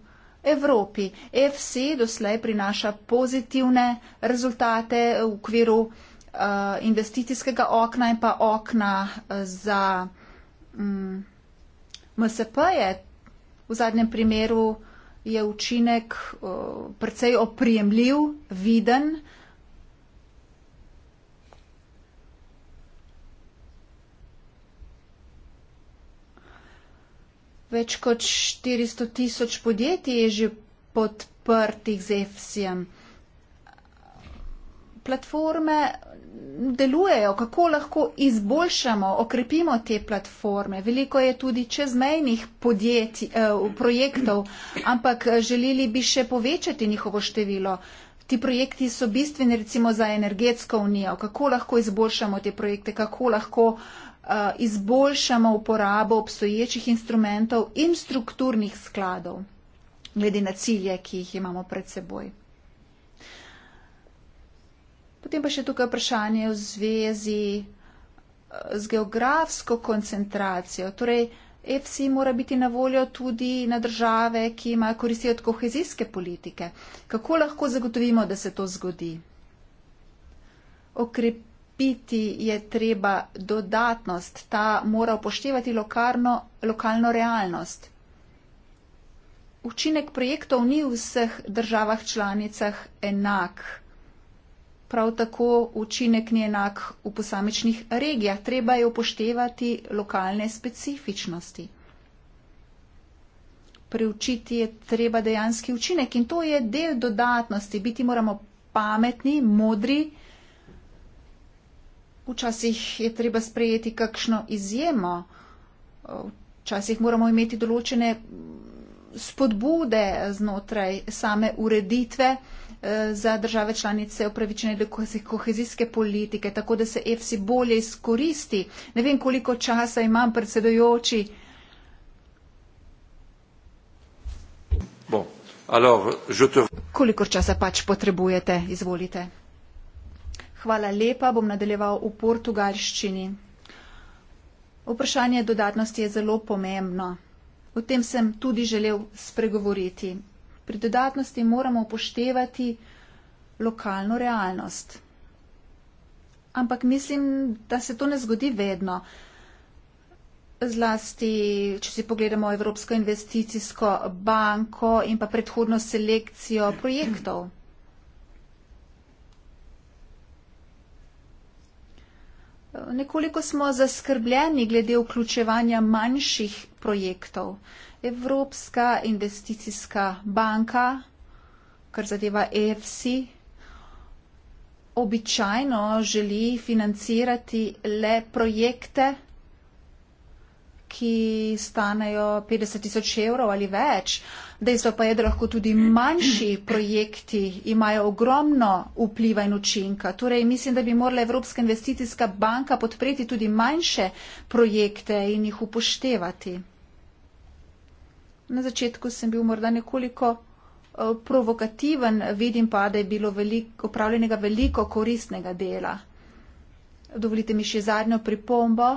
Evropi. FC doslej prinaša pozitivne rezultate v okviru uh, investicijskega okna in pa okna eh, za um, mm, MSP. -je. V zadnjem primeru je učinek uh, precej oprijemljiv, viden, uh, Več kot 400 tisoč podjetij je že podprtih z EFSI-jem. Platforme delujejo, kako lahko izboljšamo, okrepimo te platforme. Veliko je tudi čezmejnih podjetij, eh, projektov, ampak eh, želeli bi še povečati njihovo število. Ti projekti so bistveni recimo za energetsko unijo, kako lahko izboljšamo te projekte, kako lahko eh, Eh, izboljšamo uporabo obstoječih instrumentov in strukturnih skladov, glede na cilje, ki jih imamo pred seboj. Potem pa še tukaj vprašanje v zvezi eh, z geografsko koncentracijo. Torej, EFSI mora biti na voljo tudi na države, ki imajo koristi od kohezijske politike. Kako lahko zagotovimo, da se to zgodi? Okrepiti Biti je treba dodatnost, ta mora upoštevati lokarno, lokalno realnost. Učinek projektov ni v vseh državah članicah enak. Prav tako učinek ni enak v posamičnih regijah. Treba je upoštevati lokalne specifičnosti. Preučiti je treba dejanski učinek in to je del dodatnosti. Biti moramo pametni, modri. Včasih je treba sprejeti kakšno izjemo, včasih moramo imeti določene spodbude znotraj same ureditve eh, za države članice upravičene do kohezijske politike, tako da se EFSI bolje izkoristi. Ne vem, koliko časa imam predsedojoči. Bon. Alors, te... Koliko časa pač potrebujete, izvolite. Hvala lepa, bom nadaljeval v portugalščini. Vprašanje dodatnosti je zelo pomembno. O tem sem tudi želel spregovoriti. Pri dodatnosti moramo upoštevati lokalno realnost. Ampak mislim, da se to ne zgodi vedno. Zlasti, če si pogledamo Evropsko investicijsko banko in pa predhodno selekcijo projektov. Nekoliko smo zaskrbljeni glede vključevanja manjših projektov. Evropska investicijska banka, kar zadeva EFSI, običajno želi financirati le projekte, ki stanejo 50 tisoč evrov ali več. Dejstvo pa je, da lahko tudi manjši projekti imajo ogromno vpliva in učinka. Torej, mislim, da bi morala Evropska investicijska banka podpreti tudi manjše projekte in jih upoštevati. Na začetku sem bil morda nekoliko eh, provokativen, vidim pa, da je bilo veliko, upravljenega veliko koristnega dela. Dovolite mi še zadnjo pripombo.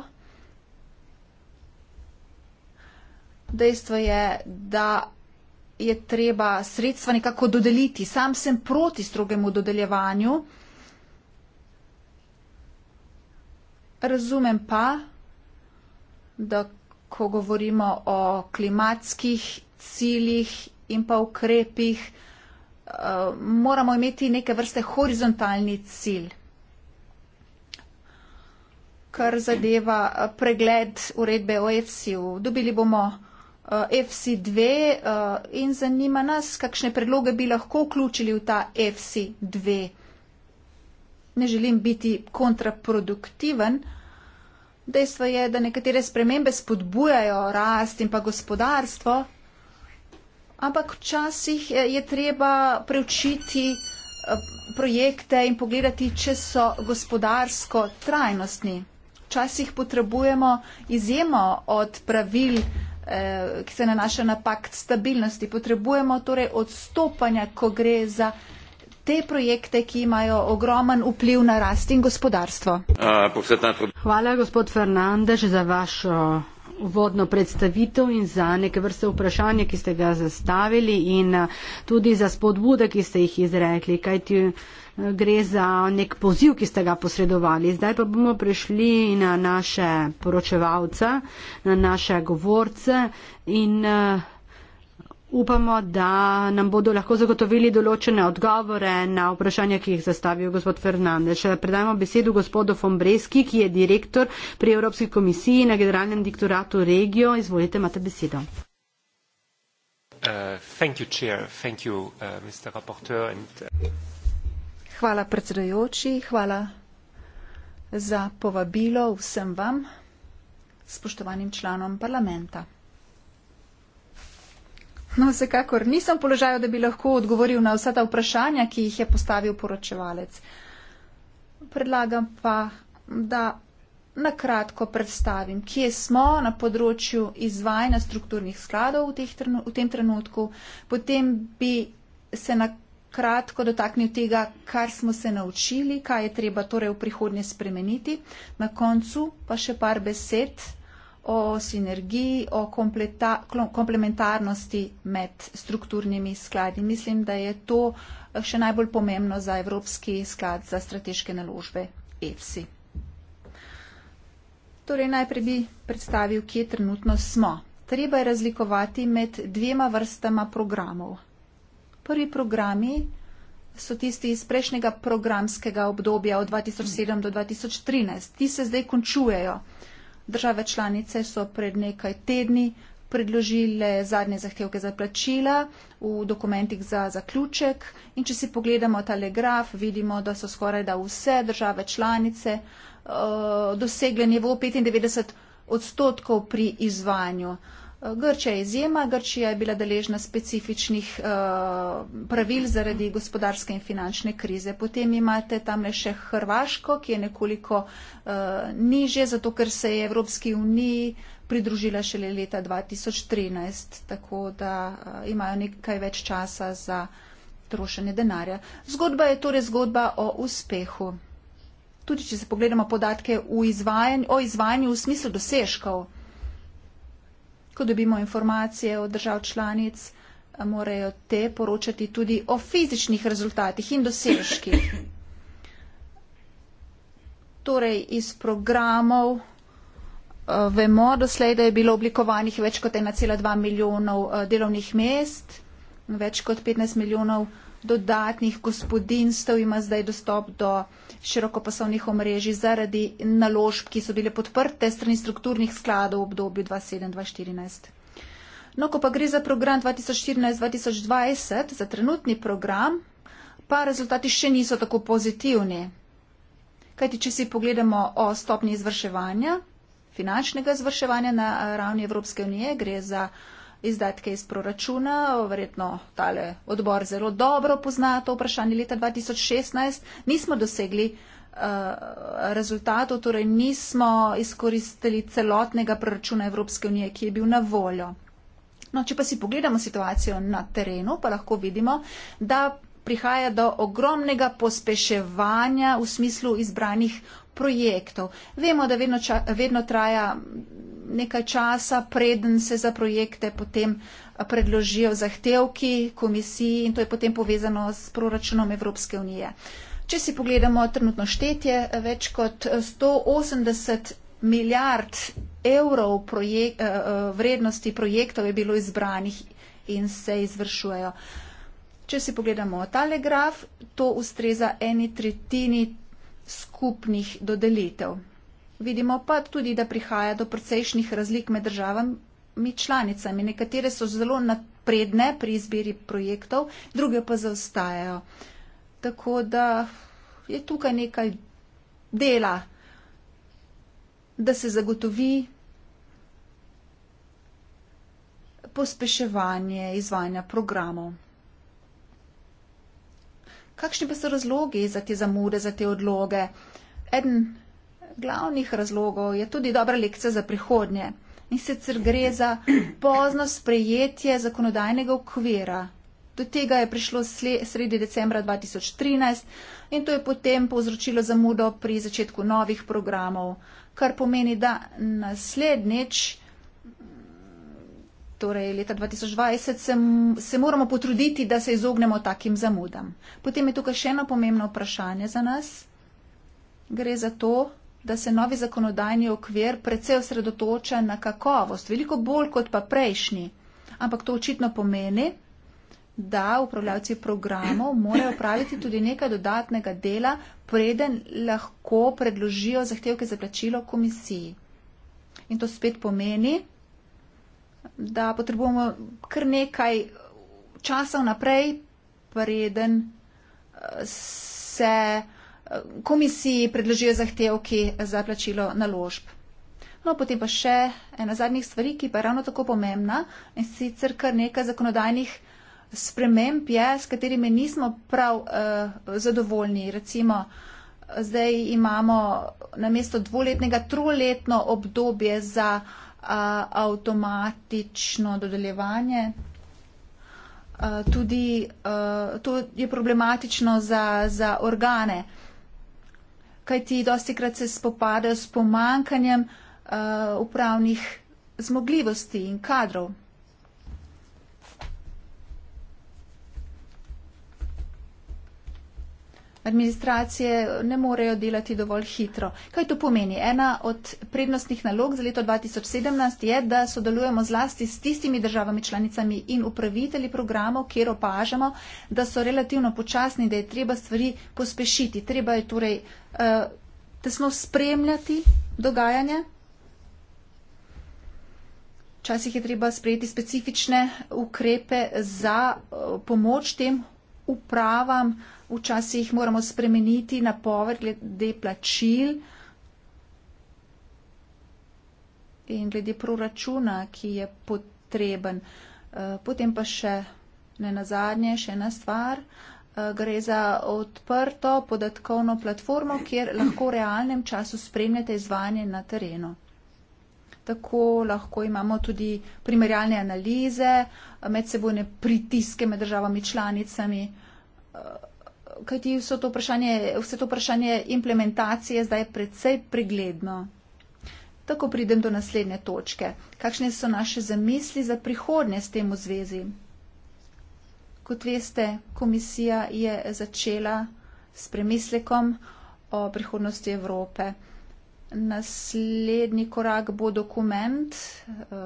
dejstvo je, da je treba sredstva nekako dodeliti. Sam sem proti strogemu dodeljevanju. Razumem pa, da ko govorimo o klimatskih ciljih in pa ukrepih, eh, moramo imeti neke vrste horizontalni cilj. Kar zadeva eh, pregled uredbe OECD-u. Dobili bomo Eh, FC2 eh, in zanima nas, kakšne predloge bi lahko vključili v ta FC2. Ne želim biti kontraproduktiven. Dejstvo je, da nekatere spremembe spodbujajo rast in pa gospodarstvo, ampak včasih je treba preučiti eh, projekte in pogledati, če so gospodarsko trajnostni. Včasih potrebujemo izjemo od pravil, Eh, ki se nanaša na pakt stabilnosti. Potrebujemo torej odstopanja, ko gre za te projekte, ki imajo ogroman vpliv na rast in gospodarstvo. Eh, Hvala, gospod Fernandež, za vašo uvodno predstavitev in za neke vrste vprašanje, ki ste ga zastavili in eh, tudi za spodbude, ki ste jih izrekli, kajti eh, gre za nek poziv, ki ste ga posredovali. Zdaj pa bomo prišli na naše poročevalce, na naše govorce in uh, upamo, da nam bodo lahko zagotovili določene odgovore na vprašanja, ki jih zastavil gospod Fernandez. Predajmo besedo gospodu Fombreski, ki je direktor pri Evropski komisiji na generalnem diktoratu regijo. Izvolite, imate besedo. Uh, thank you, chair. Thank you, uh, and, uh... Hvala predsedujoči, hvala za povabilo vsem vam, spoštovanim članom parlamenta. No, vsekakor nisem v položaju, da bi lahko odgovoril na vsa ta vprašanja, ki jih je postavil poročevalec. Predlagam pa, da nakratko predstavim, kje smo na področju izvajanja strukturnih skladov v, trenu, v tem trenutku, potem bi se nakratko dotaknil tega, kar smo se naučili, kaj je treba torej v prihodnje spremeniti, na koncu pa še par besed o sinergiji, o komplementarnosti med strukturnimi skladi. Mislim, da je to eh, še najbolj pomembno za Evropski sklad za strateške naložbe EFSI. Torej, najprej bi predstavil, kje trenutno smo. Treba je razlikovati med dvema vrstama programov. Prvi programi so tisti iz prejšnjega programskega obdobja od 2007 do 2013. Ti se zdaj končujejo. Države članice so pred nekaj tedni predložile zadnje zahtevke za plačila v dokumentih za zaključek in če si pogledamo tale graf, vidimo, da so skoraj da vse države članice uh, dosegle nivo 95 odstotkov pri izvanju. Uh, Grčija je izjema, Grčija je bila deležna specifičnih eh, pravil zaradi gospodarske in finančne krize. Potem imate tam le še Hrvaško, ki je nekoliko eh, niže, zato ker se je Evropski uniji pridružila šele leta 2013, tako da eh, imajo nekaj več časa za trošenje denarja. Zgodba je torej zgodba o uspehu. Tudi, če se pogledamo podatke v izvajanj, o izvajanju v smislu dosežkov ko dobimo informacije od držav članic, morajo te poročati tudi o fizičnih rezultatih in dosežkih. Torej, iz programov eh, vemo, doslej, da je bilo oblikovanih več kot 1,2 milijonov eh, delovnih mest, več kot 15 milijonov delovnih mest, dodatnih gospodinstv ima zdaj dostop do širokopasovnih omrežij zaradi naložb, ki so bile podprte strani strukturnih skladov v obdobju 2007-2014. No, ko pa gre za program 2014-2020, za trenutni program, pa rezultati še niso tako pozitivni. Kajti, če si pogledamo o stopni izvrševanja, finančnega izvrševanja na ravni Evropske unije, gre za izdatke iz proračuna. Verjetno tale odbor zelo dobro pozna to vprašanje. Leta 2016 nismo dosegli eh, rezultatov, torej nismo izkoristili celotnega proračuna Evropske unije, ki je bil na voljo. No, če pa si pogledamo situacijo na terenu, pa lahko vidimo, da prihaja do ogromnega pospeševanja v smislu izbranih projektov. Vemo, da vedno, ča, vedno traja nekaj časa, preden se za projekte potem eh, predložijo zahtevki komisiji in to je potem povezano s proračunom Evropske unije. Če si pogledamo trenutno štetje, eh, več kot 180 eh, milijard evrov projek vrednosti projektov je bilo izbranih in se izvršujejo. Če si pogledamo tale graf, to ustreza eni tretjini skupnih dodelitev. Vidimo pa tudi, da prihaja do precejšnjih razlik med državami članicami. Nekatere so zelo napredne pri izbiri projektov, druge pa zaostajajo. Tako da je tukaj nekaj dela, da se zagotovi pospeševanje izvajanja programov. Kakšni pa so razlogi za te zamude, za te odloge? Eden glavnih razlogov je tudi dobra lekcija za prihodnje. In sicer gre za pozno sprejetje zakonodajnega okvira. Do tega je prišlo sredi decembra 2013 in to je potem povzročilo zamudo pri začetku novih programov, kar pomeni, da naslednjič, torej leta 2020, se, se moramo potruditi, da se izognemo takim zamudam. Potem je tukaj še eno pomembno vprašanje za nas. Gre za to, da se novi zakonodajni okvir precej osredotoča na kakovost, veliko bolj kot pa prejšnji. Ampak to očitno pomeni, da upravljavci programov morajo praviti tudi nekaj dodatnega dela, preden lahko predložijo zahtevke za plačilo komisiji. In to spet pomeni, da potrebujemo kar nekaj časa vnaprej, preden eh, se komisiji predložijo zahtevki za plačilo naložb. No, potem pa še ena zadnjih stvari, ki pa je ravno tako pomembna in sicer kar nekaj zakonodajnih sprememb je, s katerimi nismo prav uh, zadovoljni. Recimo, zdaj imamo na mesto dvoletnega troletno obdobje za uh, avtomatično dodeljevanje. Uh, tudi uh, to je problematično za, za organe. Uh, kajti dosti krat se spopada s pomankanjem uh, upravnih zmogljivosti in kadrov. administracije ne morejo delati dovolj hitro. Kaj to pomeni? Ena od prednostnih nalog za leto 2017 je, da sodelujemo zlasti s tistimi državami članicami in upravitelji programov, kjer opažamo, da so relativno počasni, da je treba stvari pospešiti. Treba je torej uh, tesno spremljati dogajanje. Včasih je treba sprejeti specifične ukrepe za eh, pomoč tem upravam, uh, včasih moramo spremeniti napoved glede plačil in glede proračuna, ki je potreben. Eh, potem pa še ne nazadnje, še ena stvar. Eh, gre za odprto podatkovno platformo, kjer lahko v realnem času spremljate izvajanje na terenu. Tako lahko imamo tudi primerjalne analize, medsebojne pritiske med državami članicami. Eh, kajti vse to, vse to vprašanje implementacije zdaj je predvsej pregledno. Tako pridem do naslednje točke. Kakšne so naše zamisli za prihodnje s tem v zvezi? Kot veste, komisija je začela s premislekom o prihodnosti Evrope naslednji korak bo dokument uh,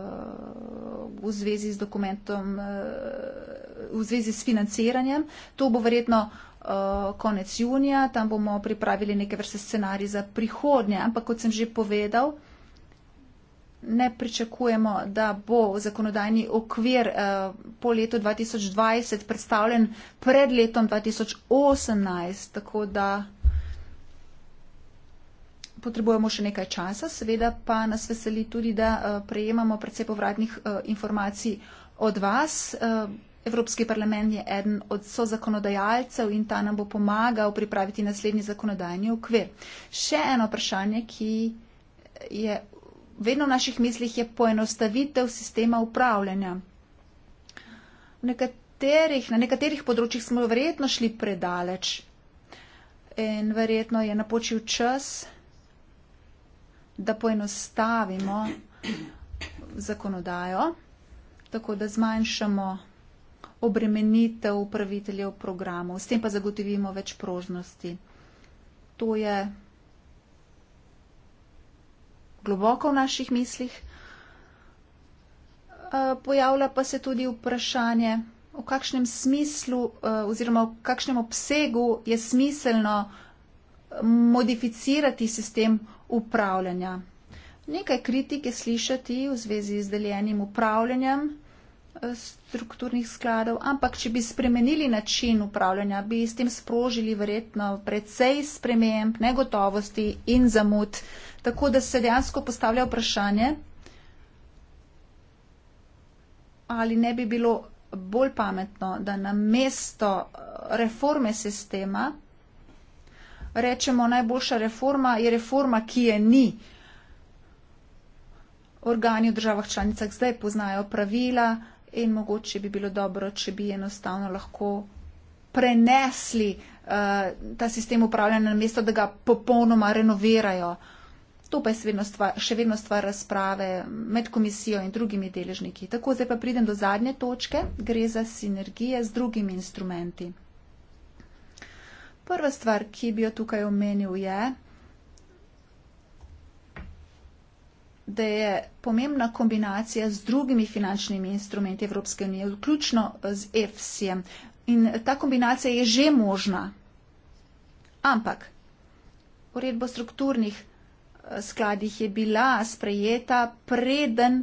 v zvezi z dokumentom, uh, v zvezi s financiranjem. To bo verjetno uh, konec junija, tam bomo pripravili neke vrste scenarij za prihodnje, ampak kot sem že povedal, ne pričakujemo, da bo zakonodajni okvir uh, po letu 2020 predstavljen pred letom 2018, tako da potrebujemo še nekaj časa. Seveda pa nas veseli tudi, da eh, prejemamo predvsej povratnih eh, informacij od vas. Eh, Evropski parlament je eden od sozakonodajalcev in ta nam bo pomagal pripraviti naslednji zakonodajni okvir. Še eno vprašanje, ki je vedno v naših mislih, je poenostavitev sistema upravljanja. Nekaterih, na nekaterih področjih smo verjetno šli predaleč in verjetno je napočil čas da poenostavimo zakonodajo, tako da zmanjšamo obremenitev upraviteljev programov, s tem pa zagotovimo več prožnosti. To je globoko v naših mislih. Eh, pojavlja pa se tudi vprašanje, v kakšnem smislu eh, oziroma v kakšnem obsegu je smiselno modificirati sistem upravljanja. Nekaj kritik je slišati v zvezi z deljenim upravljanjem eh, strukturnih skladov, ampak če bi spremenili način upravljanja, bi s tem sprožili verjetno precej sprememb, negotovosti in zamud. Tako da se dejansko postavlja vprašanje, ali ne bi bilo bolj pametno, da na mesto eh, reforme sistema rečemo, najboljša reforma je reforma, ki je ni. Organi v državah članicah zdaj poznajo pravila in mogoče bi bilo dobro, če bi enostavno lahko prenesli uh, ta sistem upravljanja na mesto, da ga popolnoma renovirajo. To pa je še vedno stvar razprave med komisijo in drugimi deležniki. Tako zdaj pa pridem do zadnje točke, gre za sinergije z drugimi instrumenti. Prva stvar, ki bi jo tukaj omenil, je, da je pomembna kombinacija z drugimi finančnimi instrumenti Evropske unije, vključno z EFSI-jem. In ta kombinacija je že možna. Ampak uredbo strukturnih eh, skladih je bila sprejeta, preden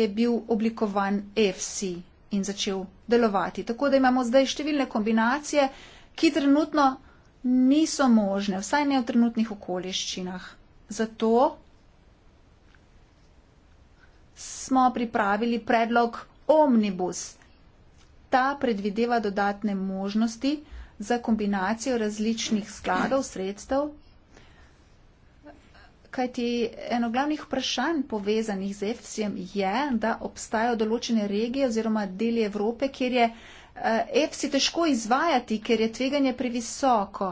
je bil oblikovan EFSI in začel delovati. Tako da imamo zdaj številne kombinacije, ki trenutno niso možne, vsaj ne v trenutnih okoliščinah. Zato smo pripravili predlog Omnibus. Ta predvideva dodatne možnosti za kombinacijo različnih skladov, sredstev, kajti eno glavnih vprašanj povezanih z EFSIM je, da obstajajo določene regije oziroma deli Evrope, kjer je EPSI eh, težko izvajati, ker je tveganje previsoko.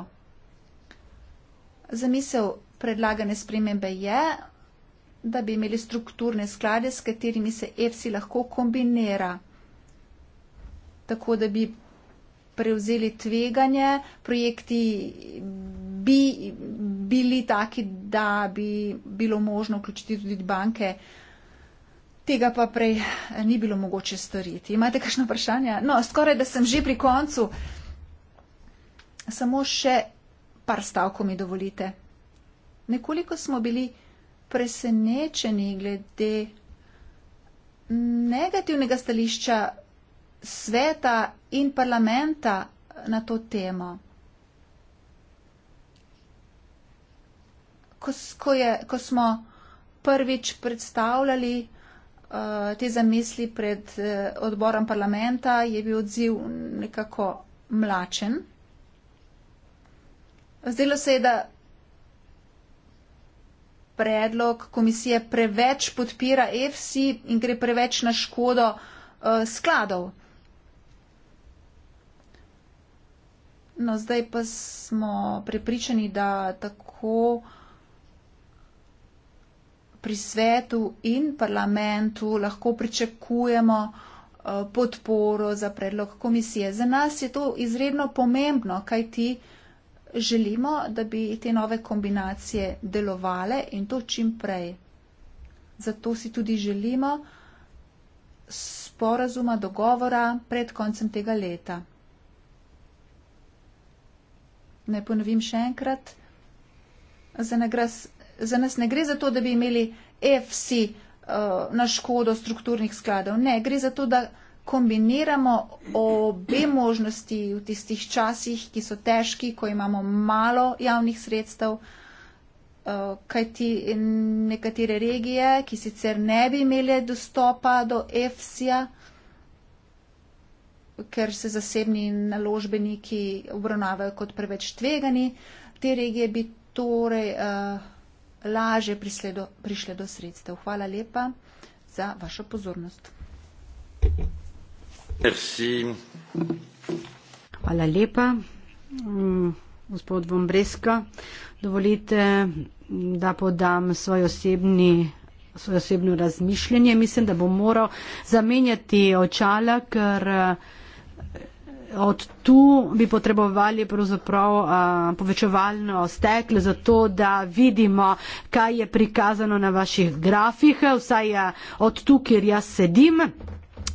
Zamisel predlagane spremembe je, da bi imeli strukturne sklade, s katerimi se EPSI lahko kombinira, tako da bi prevzeli tveganje, projekti bi bili taki, da bi bilo možno vključiti tudi banke. Uh, Tega pa prej eh, ni bilo mogoče storiti. Imate kakšno vprašanje? No, skoraj da sem že pri koncu. Samo še par stavkov mi dovolite. Nekoliko smo bili presenečeni glede negativnega stališča sveta in parlamenta na to temo. Ko, ko, je, ko smo prvič predstavljali Eh, te zamisli pred eh, odborom parlamenta, je bil odziv nekako mlačen. Zdelo se je, da predlog komisije preveč podpira EFSI in gre preveč na škodo uh, skladov. No, zdaj pa smo prepričani, da tako uh, pri svetu in parlamentu lahko pričakujemo eh, podporo za predlog komisije. Za nas je to izredno pomembno, kaj ti želimo, da bi te nove kombinacije delovale in to čim prej. Zato si tudi želimo sporazuma, dogovora pred koncem tega leta. Naj ponovim še enkrat. Za nagrad za nas ne gre za to, da bi imeli FC uh, eh, na škodo strukturnih skladov. Ne, gre za to, da kombiniramo obe možnosti v tistih časih, ki so težki, ko imamo malo javnih sredstev, eh, kajti nekatere regije, ki sicer ne bi imeli dostopa do EFSI-ja, ker se zasebni naložbeniki obravnavajo kot preveč tvegani, te regije bi torej. Uh, lažje prišle do sredstev. Hvala lepa za vašo pozornost. Merci. Hvala lepa, mm, gospod Vombreska. Dovolite, da podam svoj osebni svoje osebno razmišljanje. Mislim, da bom moral zamenjati očala, ker uh, od tu bi potrebovali pravzaprav uh, povečevalno steklo, zato da vidimo, kaj je prikazano na vaših grafih, vsaj od tu, kjer jaz sedim.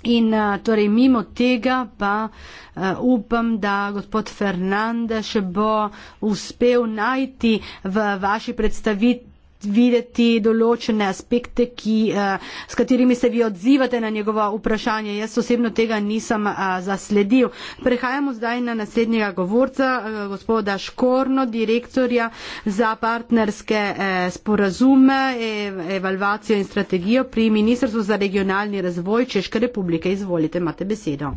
In torej mimo tega pa uh, upam, da gospod Fernandez bo uspel najti v vaši predstavitvi videti določene aspekte, ki, eh, s katerimi se vi odzivate na njegovo vprašanje. Jaz osebno tega nisem eh, zasledil. Prehajamo zdaj na naslednjega govorca, eh, gospoda Škorno, direktorja za partnerske sporazume, e-, evalvacijo in strategijo pri Ministrstvu za regionalni razvoj Češke republike. Izvolite, imate besedo.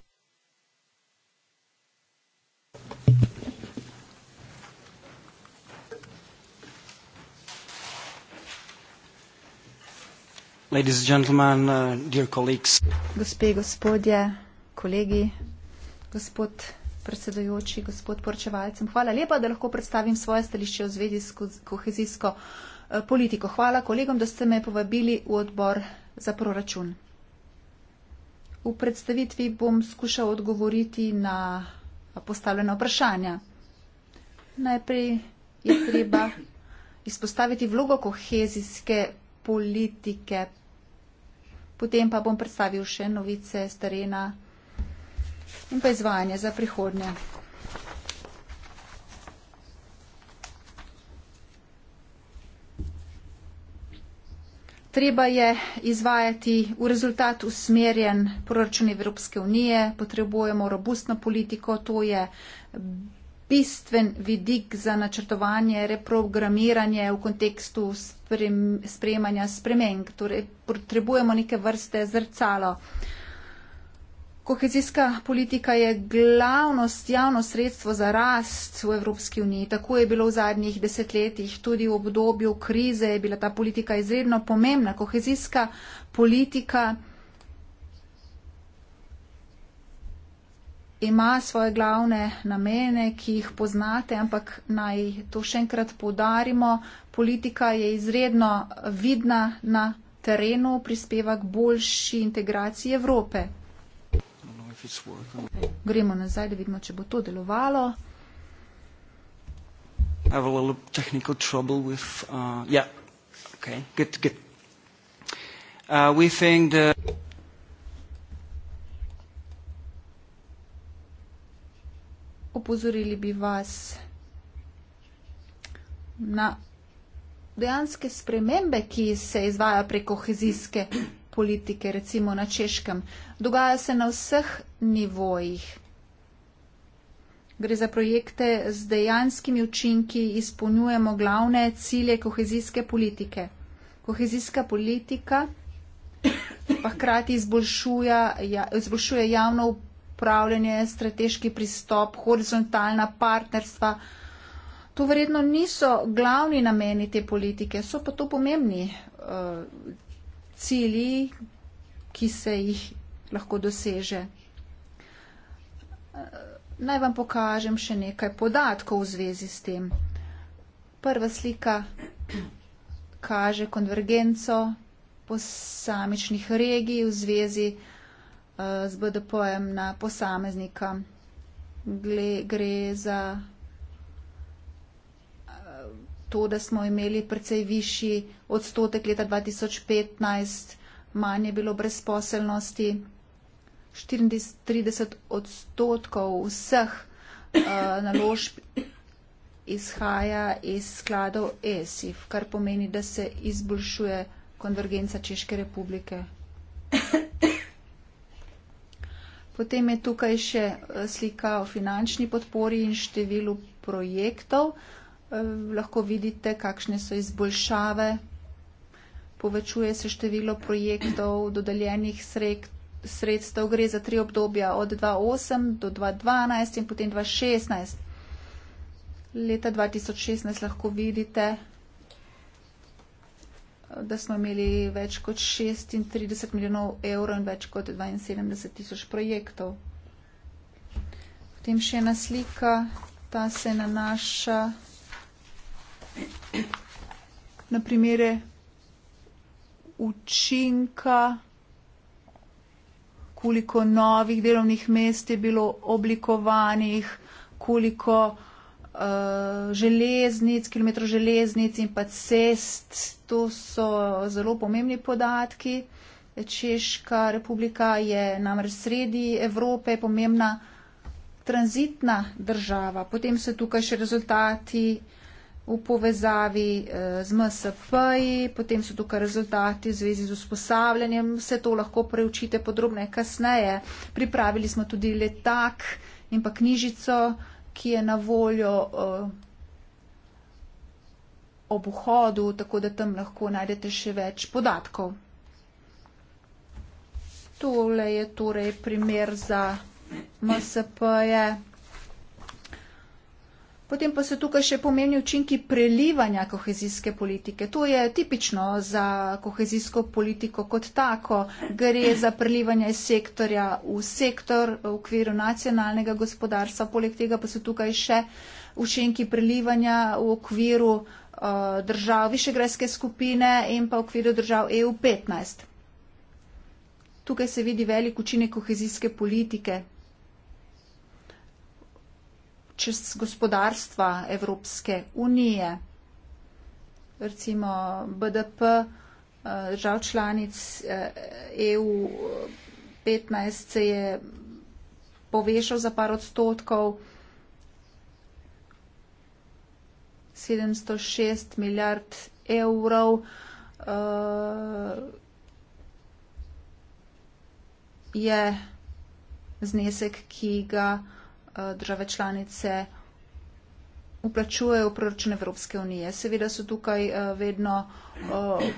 Ladies and gentlemen, uh, dear colleagues. Gospe, gospodje, kolegi, gospod predsedujoči, gospod poročevalcem, hvala lepa, da lahko predstavim svoje stališče v zvedi s kohezijsko eh, politiko. Hvala kolegom, da ste me povabili v odbor za proračun. V predstavitvi bom skušal odgovoriti na postavljena vprašanja. Najprej je treba izpostaviti vlogo kohezijske politike Potem pa bom predstavil še novice z terena in pa izvajanje za prihodnje. Treba je izvajati v rezultat usmerjen proračun Evropske unije, potrebujemo robustno politiko, to je bistven vidik za načrtovanje, reprogramiranje v kontekstu sprem, sprejemanja sprememb. Torej, potrebujemo neke vrste zrcalo. Kohezijska politika je glavno javno sredstvo za rast v Evropski uniji. Tako je bilo v zadnjih desetletjih, tudi v obdobju krize je bila ta politika izredno pomembna. Kohezijska politika ima svoje glavne namene, ki jih poznate, ampak naj to še enkrat povdarimo. Politika je izredno vidna na terenu, prispeva k boljši integraciji Evrope. Gremo nazaj, da vidimo, če bo to delovalo. Uh, yeah. okay. good, good. Uh, opozorili bi vas na dejanske spremembe, ki se izvaja preko hezijske politike, recimo na češkem. Dogaja se na vseh nivojih. Gre za projekte z dejanskimi učinki, izpolnjujemo glavne cilje kohezijske politike. Kohezijska politika pa hkrati izboljšuje, ja, izboljšuje javno upravljanje, strateški pristop, horizontalna partnerstva. To verjetno niso glavni nameni te politike, so pa to pomembni uh, cilji, ki se jih lahko doseže. Uh, naj vam pokažem še nekaj podatkov v zvezi s tem. Prva slika kaže konvergenco posamičnih regij v zvezi uh, Eh, z BDP-jem na posameznika. Gle, gre za eh, to, da smo imeli precej višji odstotek leta 2015, manj je bilo brezposelnosti. 34 odstotkov vseh uh, naložb izhaja iz skladov ESIF, kar pomeni, da se izboljšuje konvergenca Češke republike. Potem je tukaj še eh, slika o finančni podpori in številu projektov. Eh, lahko vidite, kakšne so izboljšave. Povečuje se število projektov, dodeljenih sredstev. Gre za tri obdobja od 2008 do 2012 in potem 2016. Leta 2016 lahko vidite da smo imeli več kot 36 milijonov evrov in več kot 72 tisoč projektov. Potem še ena slika, ta se nanaša na primere učinka, koliko novih delovnih mest je bilo oblikovanih, koliko Eh, železnic, kilometrov železnic in pa cest. To so zelo pomembni podatki. Češka republika je namreč sredi Evrope pomembna tranzitna država. Potem so tukaj še rezultati v povezavi eh, z MSP-ji, potem so tukaj rezultati v zvezi z usposabljanjem. Vse to lahko preučite podrobneje kasneje. Pripravili smo tudi letak in pa knjižico ki je na voljo uh, ob vhodu, tako da tam lahko najdete še več podatkov. Tole je torej primer za MSP-je. Potem pa so tukaj še pomembni učinki prelivanja kohezijske politike. To je tipično za kohezijsko politiko kot tako. Gre za prelivanje iz sektorja v sektor v okviru nacionalnega gospodarstva. Poleg tega pa so tukaj še učinki prelivanja v okviru uh, držav Višegrajske skupine in pa v okviru držav EU15. Tukaj se vidi velik učinek kohezijske politike čez gospodarstva Evropske unije. Recimo BDP eh, držav članic EU eh, e 15 se je povešal za par odstotkov. 706 milijard evrov uh, je znesek, ki ga uh, Eh, države članice uplačujejo v proračun Evropske unije. Seveda so tukaj eh, vedno eh,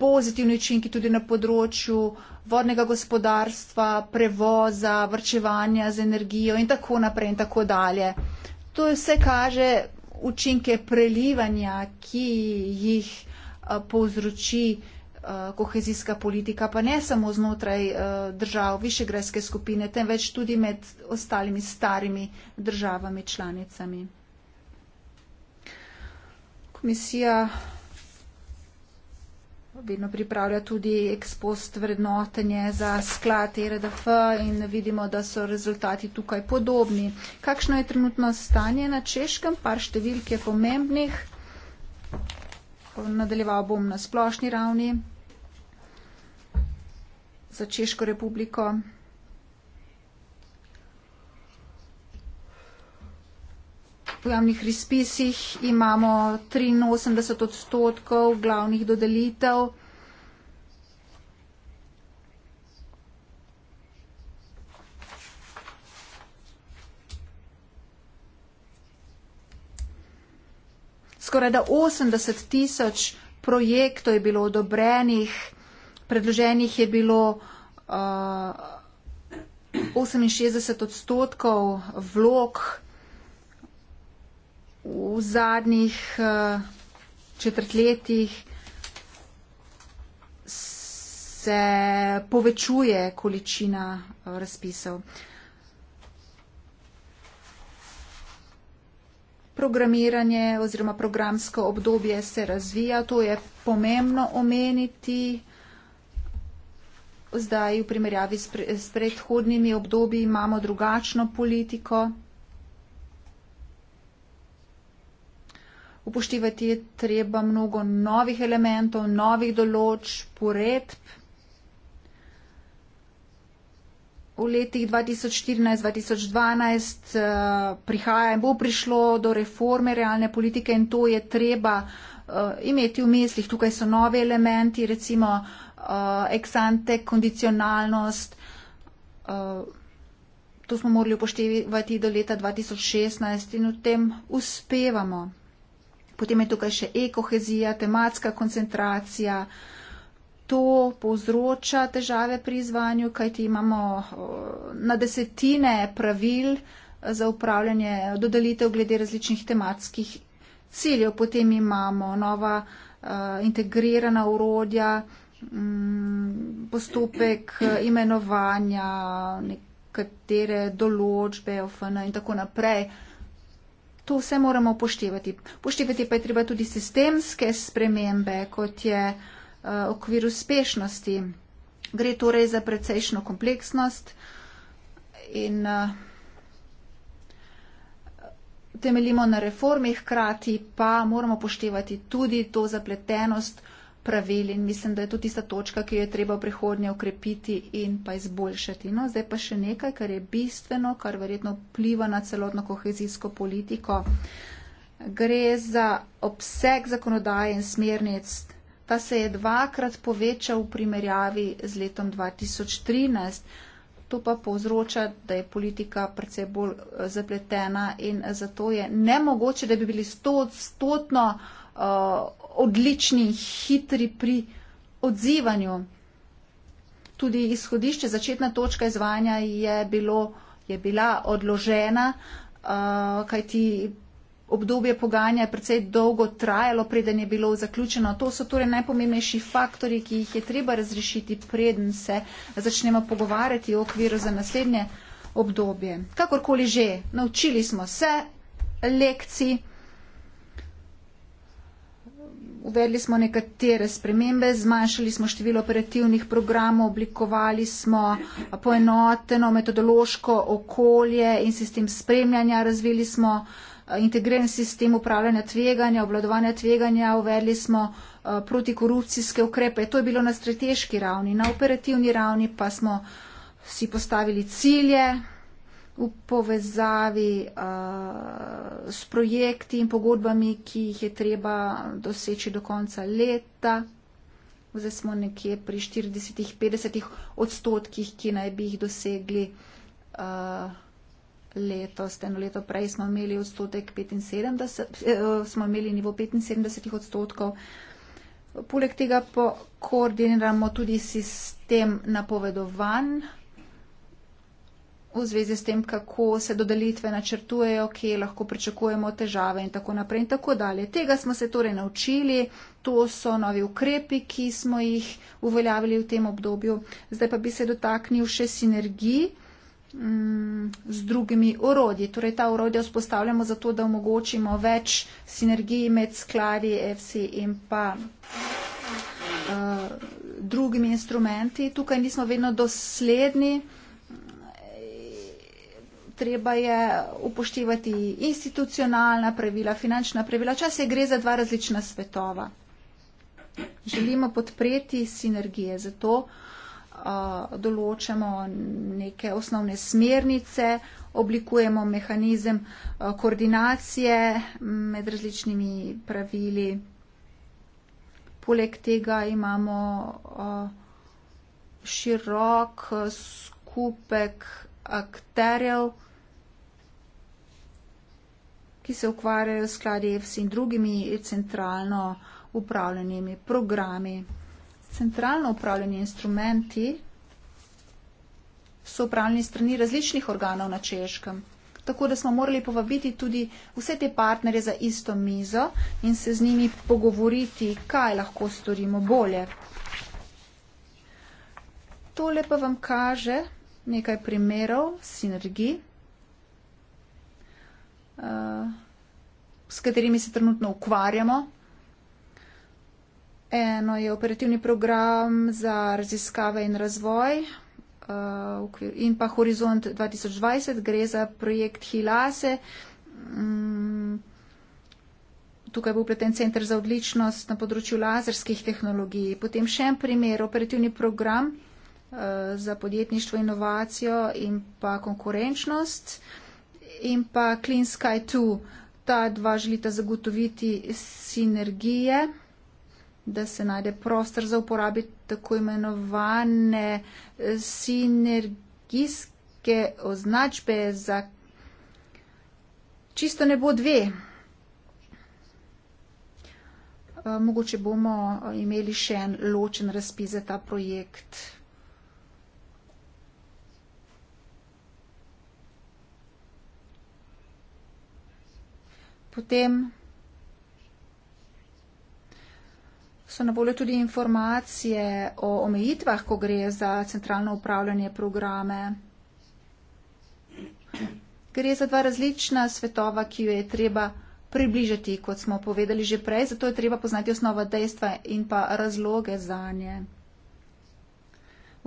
pozitivni učinki tudi na področju vodnega gospodarstva, prevoza, vrčevanja z energijo in tako naprej in tako dalje. To vse kaže učinke prelivanja, ki jih povzroči Eh, kohezijska politika, pa ne samo znotraj eh, držav Višegrajske skupine, temveč tudi med ostalimi starimi državami članicami. Komisija vedno pripravlja tudi ekspost vrednotenje za sklad RDF in vidimo, da so rezultati tukaj podobni. Kakšno je trenutno stanje na Češkem? Par številke pomembnih. Nadaljeval bom na splošni ravni za Češko republiko. V javnih razpisih imamo 83 odstotkov glavnih dodelitev. Skoraj da 80 tisoč projektov je bilo odobrenih predloženih je bilo uh, 68 odstotkov vlog v zadnjih uh, četrtletjih se povečuje količina uh, razpisov. Programiranje oziroma programsko obdobje se razvija, to je pomembno omeniti zdaj v primerjavi s, pre, s predhodnimi obdobji imamo drugačno politiko. Upoštevati je treba mnogo novih elementov, novih določ, poredb. V letih 2014-2012 eh, prihaja in bo prišlo do reforme realne politike in to je treba eh, imeti v mislih. Tukaj so novi elementi, recimo uh, eh, eksante, kondicionalnost. Uh, to smo morali upoštevati do leta 2016 in v tem uspevamo. Potem je tukaj še ekohezija, tematska koncentracija. To povzroča težave pri izvanju, kajti imamo eh, na desetine pravil za upravljanje dodelitev glede različnih tematskih ciljev. Potem imamo nova integrirana urodja, Mm, postopek eh, imenovanja, nekatere določbe, OFN in tako naprej. To vse moramo poštevati. Poštevati pa je treba tudi sistemske spremembe, kot je uh, okvir uspešnosti. Gre torej za precejšno kompleksnost in uh, temeljimo na reformih, hkrati pa moramo poštevati tudi to zapletenost, uh, pravil in mislim, da je to tista točka, ki jo je treba v prihodnje ukrepiti in pa izboljšati. No, zdaj pa še nekaj, kar je bistveno, kar verjetno vpliva na celotno kohezijsko politiko. Gre za obseg zakonodaje in smernic. Ta se je dvakrat povečal v primerjavi z letom 2013. To pa povzroča, da je politika predvsej bolj eh, zapletena in zato je nemogoče, da bi bili stotno eh, odlični in hitri pri odzivanju. Tudi izhodišče, začetna točka izvajanja je, bilo, je bila odložena, uh, kajti obdobje pogajanja je precej dolgo trajalo, preden je bilo zaključeno. To so torej najpomembnejši faktori, ki jih je treba razrešiti, preden se začnemo pogovarjati o okviru za naslednje obdobje. Kakorkoli že, naučili smo se lekcij uvedli smo nekatere spremembe, zmanjšali smo število operativnih programov, oblikovali smo poenoteno metodološko okolje in sistem spremljanja, razvili smo eh, integren sistem upravljanja tveganja, obladovanja tveganja, uvedli smo eh, protikorupcijske ukrepe. To je bilo na strateški ravni, na operativni ravni pa smo si postavili cilje, v povezavi uh, s projekti in pogodbami, ki jih je treba doseči do konca leta. Zdaj smo nekje pri 40-50 odstotkih, ki naj bi jih dosegli uh, letos. Eno leto prej smo imeli odstotek 75, uh, eh, smo imeli nivo 75 odstotkov. Poleg tega pa koordiniramo tudi sistem napovedovanj v zvezi s tem, kako se dodelitve načrtujejo, kje lahko pričakujemo težave in tako naprej in tako dalje. Tega smo se torej naučili, to so novi ukrepi, ki smo jih uveljavili v tem obdobju. Zdaj pa bi se dotaknil še sinergij mm, z drugimi orodji. Torej ta orodja vzpostavljamo zato, da omogočimo več sinergij med skladi FC in pa. Uh, drugimi instrumenti. Tukaj nismo vedno dosledni treba je upoštevati institucionalna pravila, finančna pravila. Čas je gre za dva različna svetova. Želimo podpreti sinergije, zato uh, določamo neke osnovne smernice, oblikujemo mehanizem uh, koordinacije med različnimi pravili. Poleg tega imamo uh, širok skupek uh, akterjev, ki se ukvarjajo s kladjevci e in drugimi centralno upravljenimi programi. Centralno upravljeni instrumenti so upravljeni strani različnih organov na Češkem. Tako da smo morali povabiti tudi vse te partnerje za isto mizo in se z njimi pogovoriti, kaj lahko storimo bolje. Tole pa vam kaže, nekaj primerov sinergij, eh, s katerimi se trenutno ukvarjamo. Eno je operativni program za raziskave in razvoj eh, in pa Horizont 2020, gre za projekt Hilase. Mm, tukaj bo upleten center za odličnost na področju laserskih tehnologij. Potem še en primer, operativni program Eh, za podjetništvo, inovacijo in pa konkurenčnost in pa Clean Sky 2. Ta dva želita zagotoviti sinergije, da se najde prostor za uporabiti tako imenovane eh, sinergijske označbe za čisto nebo dve. Eh, mogoče bomo imeli še en ločen razpis za ta projekt. Potem so na voljo tudi informacije o omejitvah, ko gre za centralno upravljanje programe. Gre za dva različna svetova, ki jo je treba približati, kot smo povedali že prej, zato je treba poznati osnova dejstva in pa razloge za nje.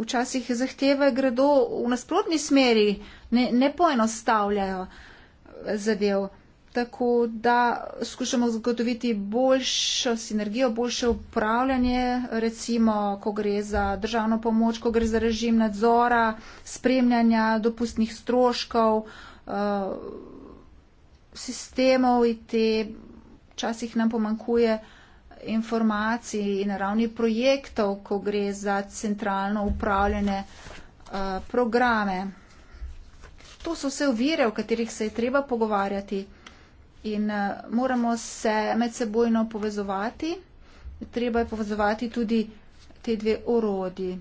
Včasih zahteve gredo v nasprotni smeri, ne, ne poenostavljajo zadev tako da skušamo zagotoviti boljšo sinergijo, boljše upravljanje, recimo, ko gre za državno pomoč, ko gre za režim nadzora, spremljanja dopustnih stroškov, eh, sistemov in te časih nam pomankuje informacij in ravni projektov, ko gre za centralno upravljene eh, programe. To so vse uvire, o katerih se je treba pogovarjati in uh, moramo se medsebojno povezovati. Treba je povezovati tudi te dve orodi.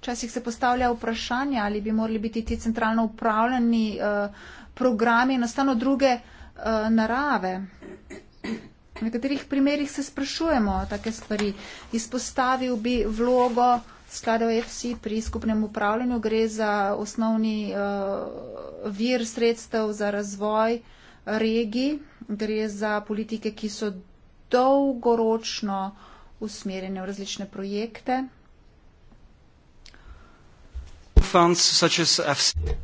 Včasih se postavlja vprašanje, ali bi morali biti ti centralno upravljeni uh, eh, programi enostavno druge uh, narave. V nekaterih primerjih se sprašujemo take stvari. Izpostavil bi vlogo skladov FC pri skupnem upravljanju. Gre za osnovni uh, vir sredstev za razvoj regij, gre za politike, ki so dolgoročno usmerjene v različne projekte. Funds,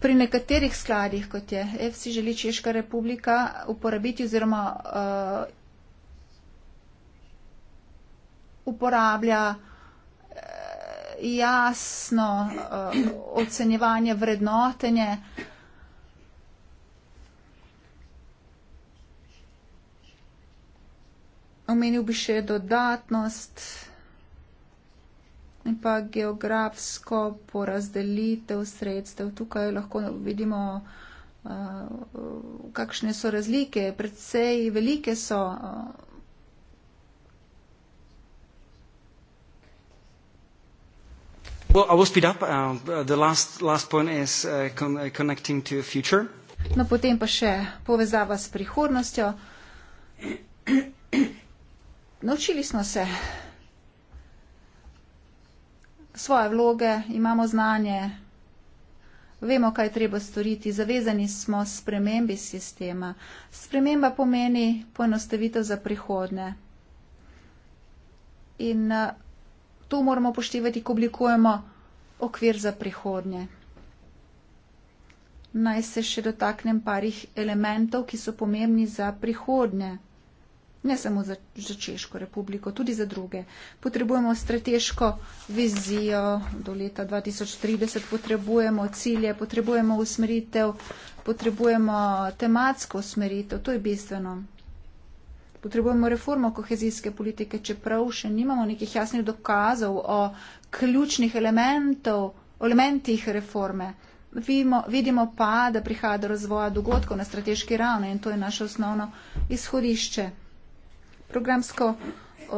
pri nekaterih skladih, kot je FC želi Češka republika, uporabiti oziroma uh, uporablja jasno uh, ocenjevanje, vrednotenje. Omenil bi še dodatnost in pa geografsko porazdelitev sredstev. Tukaj lahko vidimo, uh, kakšne so razlike. Predvsej velike so. Uh, Well, I will speed up. Uh, the last, last point is uh, con uh, connecting to future. No, potem pa še povezava s prihodnostjo. Naučili smo se svoje vloge, imamo znanje, vemo, kaj treba storiti, zavezani smo spremembi sistema. Sprememba pomeni poenostavitev za prihodne. In uh, To moramo poštevati, ko oblikujemo okvir za prihodnje. Naj se še dotaknem parih elementov, ki so pomembni za prihodnje. Ne samo za, za Češko republiko, tudi za druge. Potrebujemo strateško vizijo do leta 2030, potrebujemo cilje, potrebujemo usmeritev, potrebujemo tematsko usmeritev. To je bistveno potrebujemo reformo kohezijske politike, čeprav še nimamo nekih jasnih dokazov o ključnih elementov, elementih reforme. Vimo, vidimo pa, da prihaja do razvoja dogodkov na strateški ravni in to je naše osnovno izhodišče. Programsko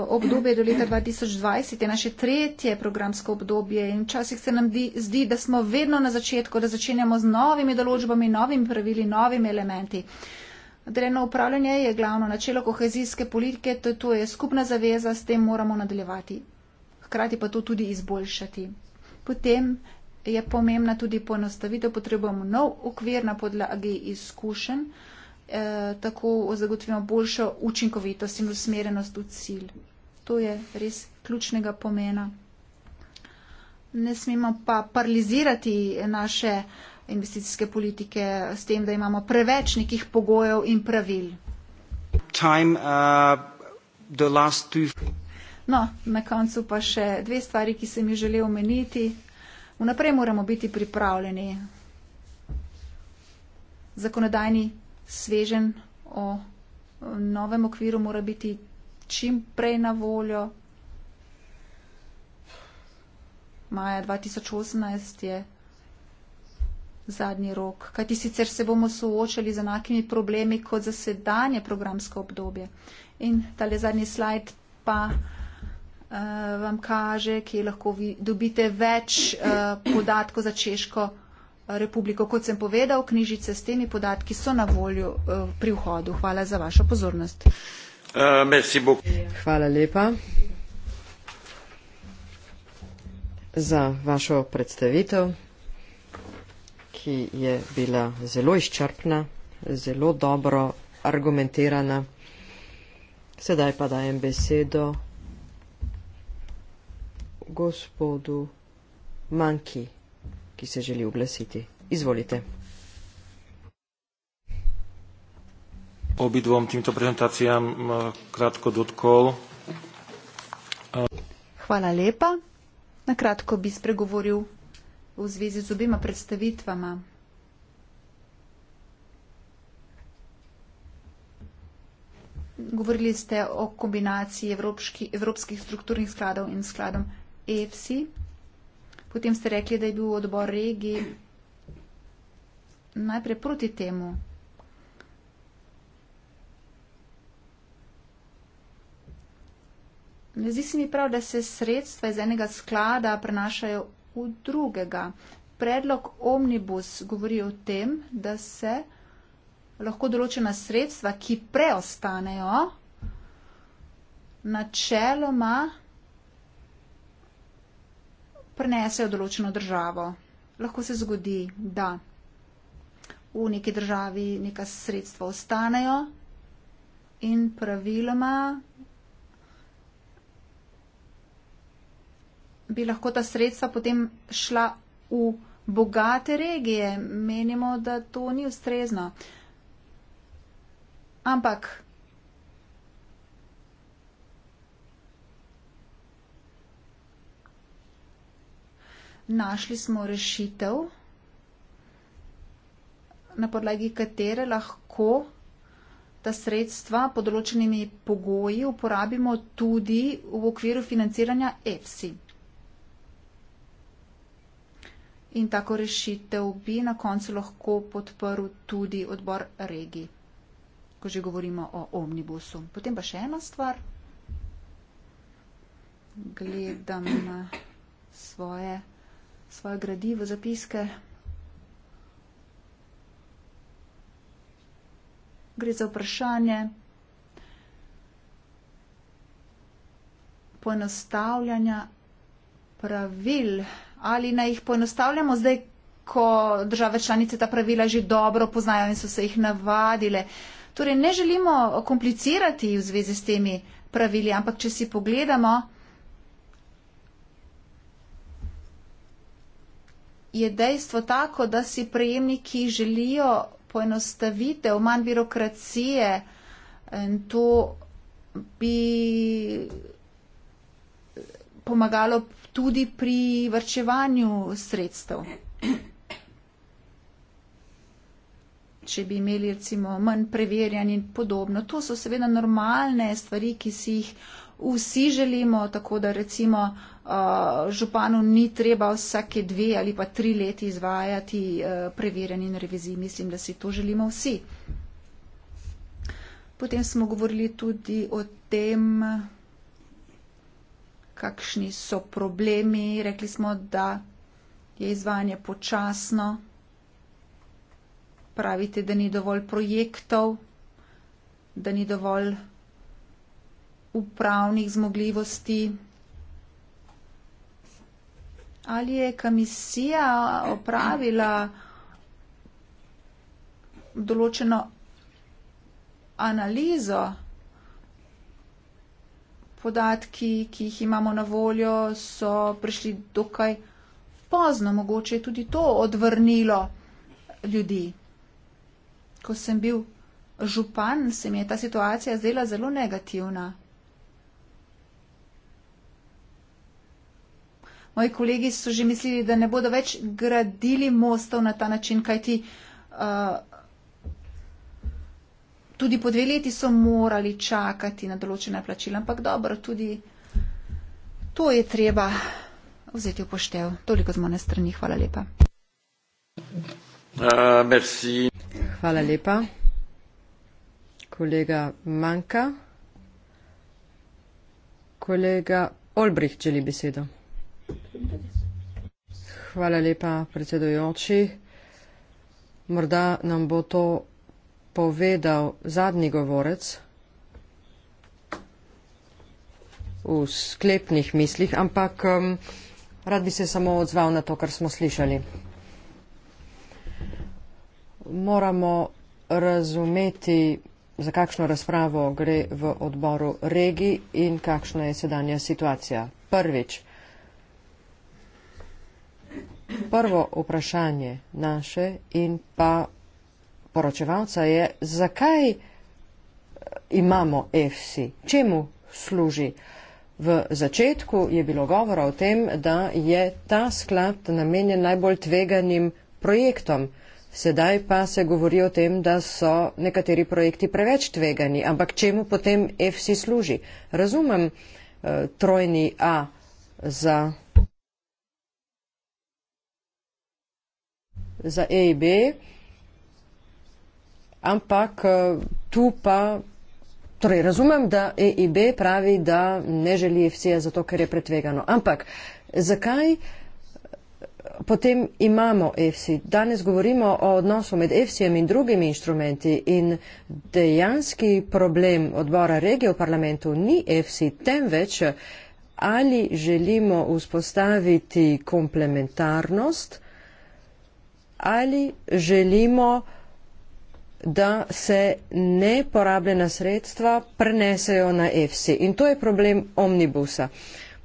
obdobje do leta 2020 je naše tretje programsko obdobje in včasih se nam zdi, da smo vedno na začetku, da začenjamo z novimi določbami, novimi pravili, novimi elementi. Dreno upravljanje je glavno načelo kohezijske politike, to je, to je skupna zaveza, s tem moramo nadaljevati. Hkrati pa to tudi izboljšati. Potem je pomembna tudi poenostavitev, potrebujemo nov okvir na podlagi izkušenj, eh, tako zagotovimo boljšo učinkovitost in usmerjenost v cilj. To je res ključnega pomena. Ne smemo pa paralizirati naše. Eh, investicijske politike s tem, da imamo preveč nekih pogojev in pravil? Time, uh, two... No, na koncu pa še dve stvari, ki se mi želijo omeniti. Vnaprej moramo biti pripravljeni. Zakonodajni svežen o novem okviru mora biti čim prej na voljo. Maja 2018 je zadnji rok, kajti sicer se bomo soočali z enakimi problemi kot za sedanje programsko obdobje. In tale zadnji slajd pa uh, vam kaže, kje lahko vi dobite več uh, podatkov za Češko eh, republiko. Kot sem povedal, knjižice s temi podatki so na voljo uh, pri vhodu. Hvala za vašo pozornost. Uh, Hvala lepa. Za vašo predstavitev ki je bila zelo izčrpna, zelo dobro argumentirana. Sedaj pa dajem besedo gospodu Manki, ki se želi oglasiti. Izvolite. Obidvom timto prezentacijam eh, kratko dotkol. Hvala lepa. Na kratko bi spregovoril v zvezi z obima predstavitvama. Govorili ste o kombinaciji evropski, evropskih strukturnih skladov in skladom EFSI. Potem ste rekli, da je bil odbor regij najprej proti temu. Ne zdi se mi prav, da se sredstva iz enega sklada prenašajo v drugega. Predlog omnibus govori o tem, da se lahko določena sredstva, ki preostanejo, načeloma prenesejo določeno državo. Lahko se zgodi, da v neki državi neka sredstva ostanejo in praviloma bi lahko ta sredstva potem šla v bogate regije. Menimo, da to ni ustrezno. Ampak. Našli smo rešitev, na podlagi katere lahko ta sredstva pod določenimi pogoji uporabimo tudi v okviru financiranja EFSI in tako rešitev bi na koncu lahko podprl tudi odbor regij, ko že govorimo o omnibusu. Potem pa še ena stvar. Gledam na svoje, svoje gradivo, zapiske. Gre za vprašanje poenostavljanja pravil ali naj jih poenostavljamo zdaj, ko države članice ta pravila že dobro poznajo in so se jih navadile. Torej, ne želimo komplicirati v zvezi s temi pravili, ampak če si pogledamo, je dejstvo tako, da si prejemniki želijo poenostavitev, manj birokracije in to bi pomagalo tudi pri vrčevanju sredstev. Če bi imeli recimo manj preverjanj in podobno. To so seveda normalne stvari, ki si jih vsi želimo, tako da recimo uh, županu ni treba vsake dve ali pa tri leti izvajati uh, preverjanj in revizij. Mislim, da si to želimo vsi. Potem smo govorili tudi o tem, kakšni so problemi. Rekli smo, da je izvajanje počasno. Pravite, da ni dovolj projektov, da ni dovolj upravnih zmogljivosti. Ali je komisija opravila določeno analizo? podatki, ki jih imamo na voljo, so prišli dokaj pozno. Mogoče je tudi to odvrnilo ljudi. Ko sem bil župan, se mi je ta situacija zdela zelo negativna. Moji kolegi so že mislili, da ne bodo več gradili mostov na ta način, kajti uh, tudi po dve leti so morali čakati na določena plačila, ampak dobro, tudi to je treba vzeti v poštev. Toliko z moje strani, hvala lepa. Uh, hvala lepa. Kolega Manka. Kolega Olbrih želi besedo. Hvala lepa, predsedojoči. Morda nam bo to povedal zadnji govorec v sklepnih mislih, ampak um, rad bi se samo odzval na to, kar smo slišali. Moramo razumeti, za kakšno razpravo gre v odboru regi in kakšna je sedanja situacija. Prvič, prvo vprašanje naše in pa poročevalca je, zakaj eh, imamo EFSI, čemu služi. V začetku je bilo govora o tem, da je ta sklad namenjen najbolj tveganim projektom. Sedaj pa se govori o tem, da so nekateri projekti preveč tvegani, ampak čemu potem EFSI služi. Razumem eh, trojni A za, za EIB. Eh, ampak eh, tu pa. Torej, razumem, da EIB pravi, da ne želi FCE zato, ker je pretvegano. Ampak zakaj eh, potem imamo EFSI? Danes govorimo o odnosu med EFSI-jem in drugimi inštrumenti in dejanski problem odbora regije v parlamentu ni EFSI, temveč ali želimo vzpostaviti komplementarnost ali želimo da se neporabljena sredstva prenesejo na EFSI. In to je problem omnibusa.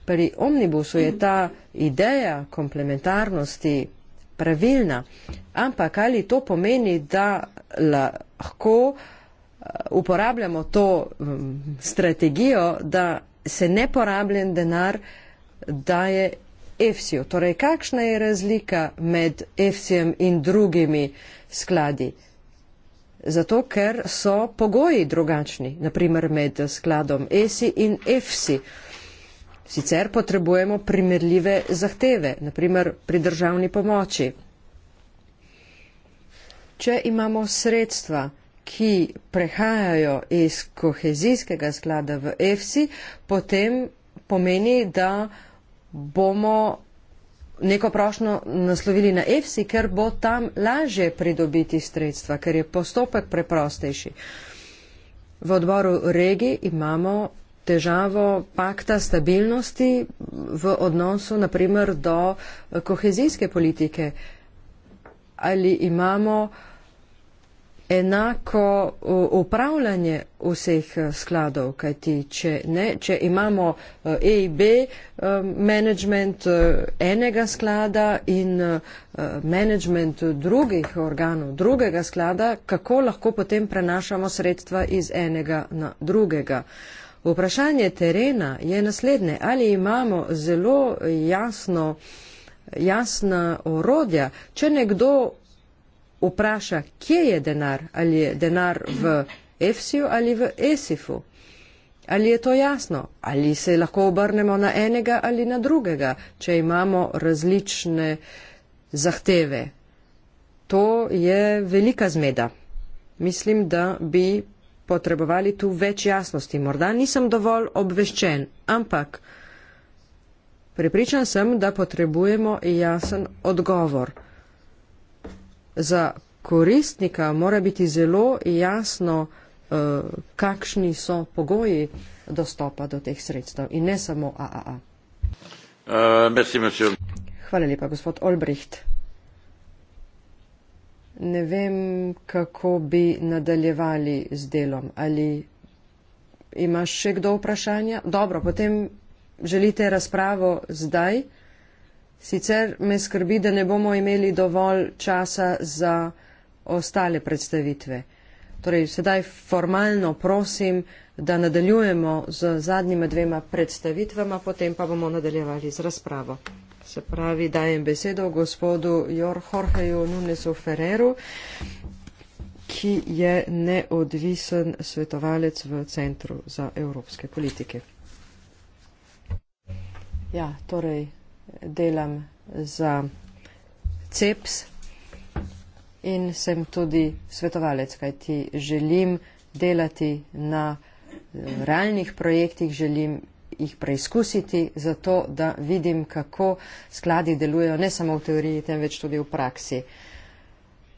Pri omnibusu je ta ideja komplementarnosti pravilna, ampak ali to pomeni, da lahko eh, uporabljamo to mm, strategijo, da se neporabljen denar daje EFSI-ju. Torej, kakšna je razlika med EFSI-jem in drugimi skladi? Zato, ker so pogoji drugačni, naprimer med skladom ESI in EFSI. Sicer potrebujemo primerljive zahteve, naprimer pri državni pomoči. Če imamo sredstva, ki prehajajo iz kohezijskega sklada v EFSI, potem pomeni, da bomo neko prošno naslovili na EFSI, ker bo tam lažje pridobiti sredstva, ker je postopek preprostejši. V odboru regi imamo težavo pakta stabilnosti v odnosu naprimer do kohezijske politike. Ali imamo uh, enako upravljanje vseh eh, skladov, kajti če, ne, če imamo EIB eh, eh, management enega sklada in management drugih organov drugega sklada, kako lahko potem prenašamo sredstva iz enega na drugega. Vprašanje terena je naslednje, ali imamo zelo jasno, jasna orodja, če nekdo vpraša, kje je denar, ali je denar v EFSI-ju ali v ESIF-u. Ali je to jasno? Ali se lahko obrnemo na enega ali na drugega, če imamo različne zahteve? To je velika zmeda. Mislim, da bi potrebovali tu več jasnosti. Morda nisem dovolj obveščen, ampak pripričan sem, da potrebujemo jasen odgovor za koristnika mora biti zelo jasno, eh, kakšni so pogoji dostopa do teh sredstev in ne samo AAA. Eh, Hvala lepa, gospod Olbricht. Ne vem, kako bi nadaljevali z delom. Ali imaš še kdo vprašanja? Dobro, potem želite razpravo zdaj. Sicer me skrbi, da ne bomo imeli dovolj časa za ostale predstavitve. Torej, sedaj formalno prosim, da nadaljujemo z zadnjima dvema predstavitvama, potem pa bomo nadaljevali z razpravo. Se pravi, dajem besedo gospodu Jor Jorgeju Nunesu Ferreru, ki je neodvisen svetovalec v Centru za evropske politike. Ja, torej, delam za CEPS in sem tudi svetovalec, kajti želim delati na eh, realnih projektih, želim jih preizkusiti, zato da vidim, kako skladi delujejo ne samo v teoriji, temveč tudi v praksi.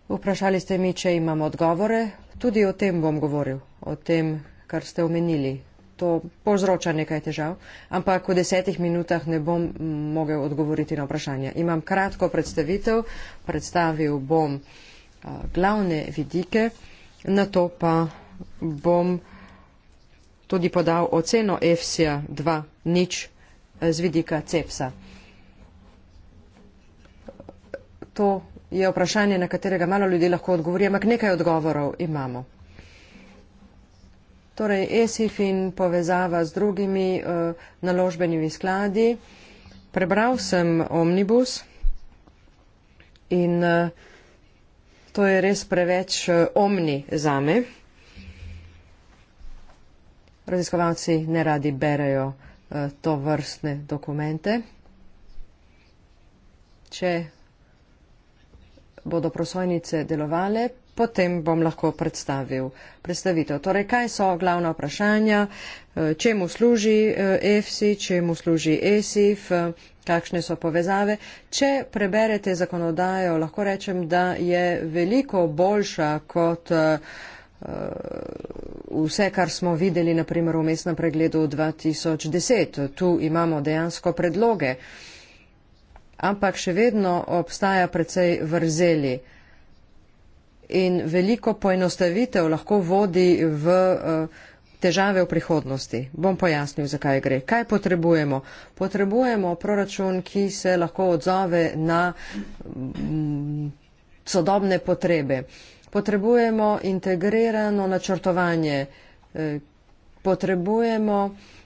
Vprašali ste mi, če imam odgovore. Tudi o tem bom govoril, o tem, kar ste omenili, to povzroča nekaj težav, ampak v desetih minutah ne bom mogel odgovoriti na vprašanje. Imam kratko predstavitev, predstavil bom glavne vidike, na to pa bom tudi podal oceno EFSIA 2 nič z vidika CEPSA. To je vprašanje, na katerega malo ljudi lahko odgovori, ampak nekaj odgovorov imamo. Torej, ESIF in povezava z drugimi uh, naložbenimi skladi. Prebral sem Omnibus in uh, to je res preveč uh, omni za me. Raziskovalci ne radi berejo uh, to vrstne dokumente. Če bodo prosojnice delovale, potem bom lahko predstavil predstavitev. Torej, kaj so glavna vprašanja, eh, čemu služi EFSI, eh, čemu služi ESIF, eh, kakšne so povezave. Če preberete zakonodajo, lahko rečem, da je veliko boljša kot vse, kar smo videli, naprimer, v mestnem pregledu 2010. Tu imamo dejansko predloge, ampak še vedno obstaja precej vrzeli in veliko poenostavitev lahko vodi v eh, težave v prihodnosti. Bom pojasnil, zakaj gre. Kaj potrebujemo? Potrebujemo proračun, ki se lahko odzove na mm, sodobne potrebe. Potrebujemo integrirano načrtovanje. Eh, potrebujemo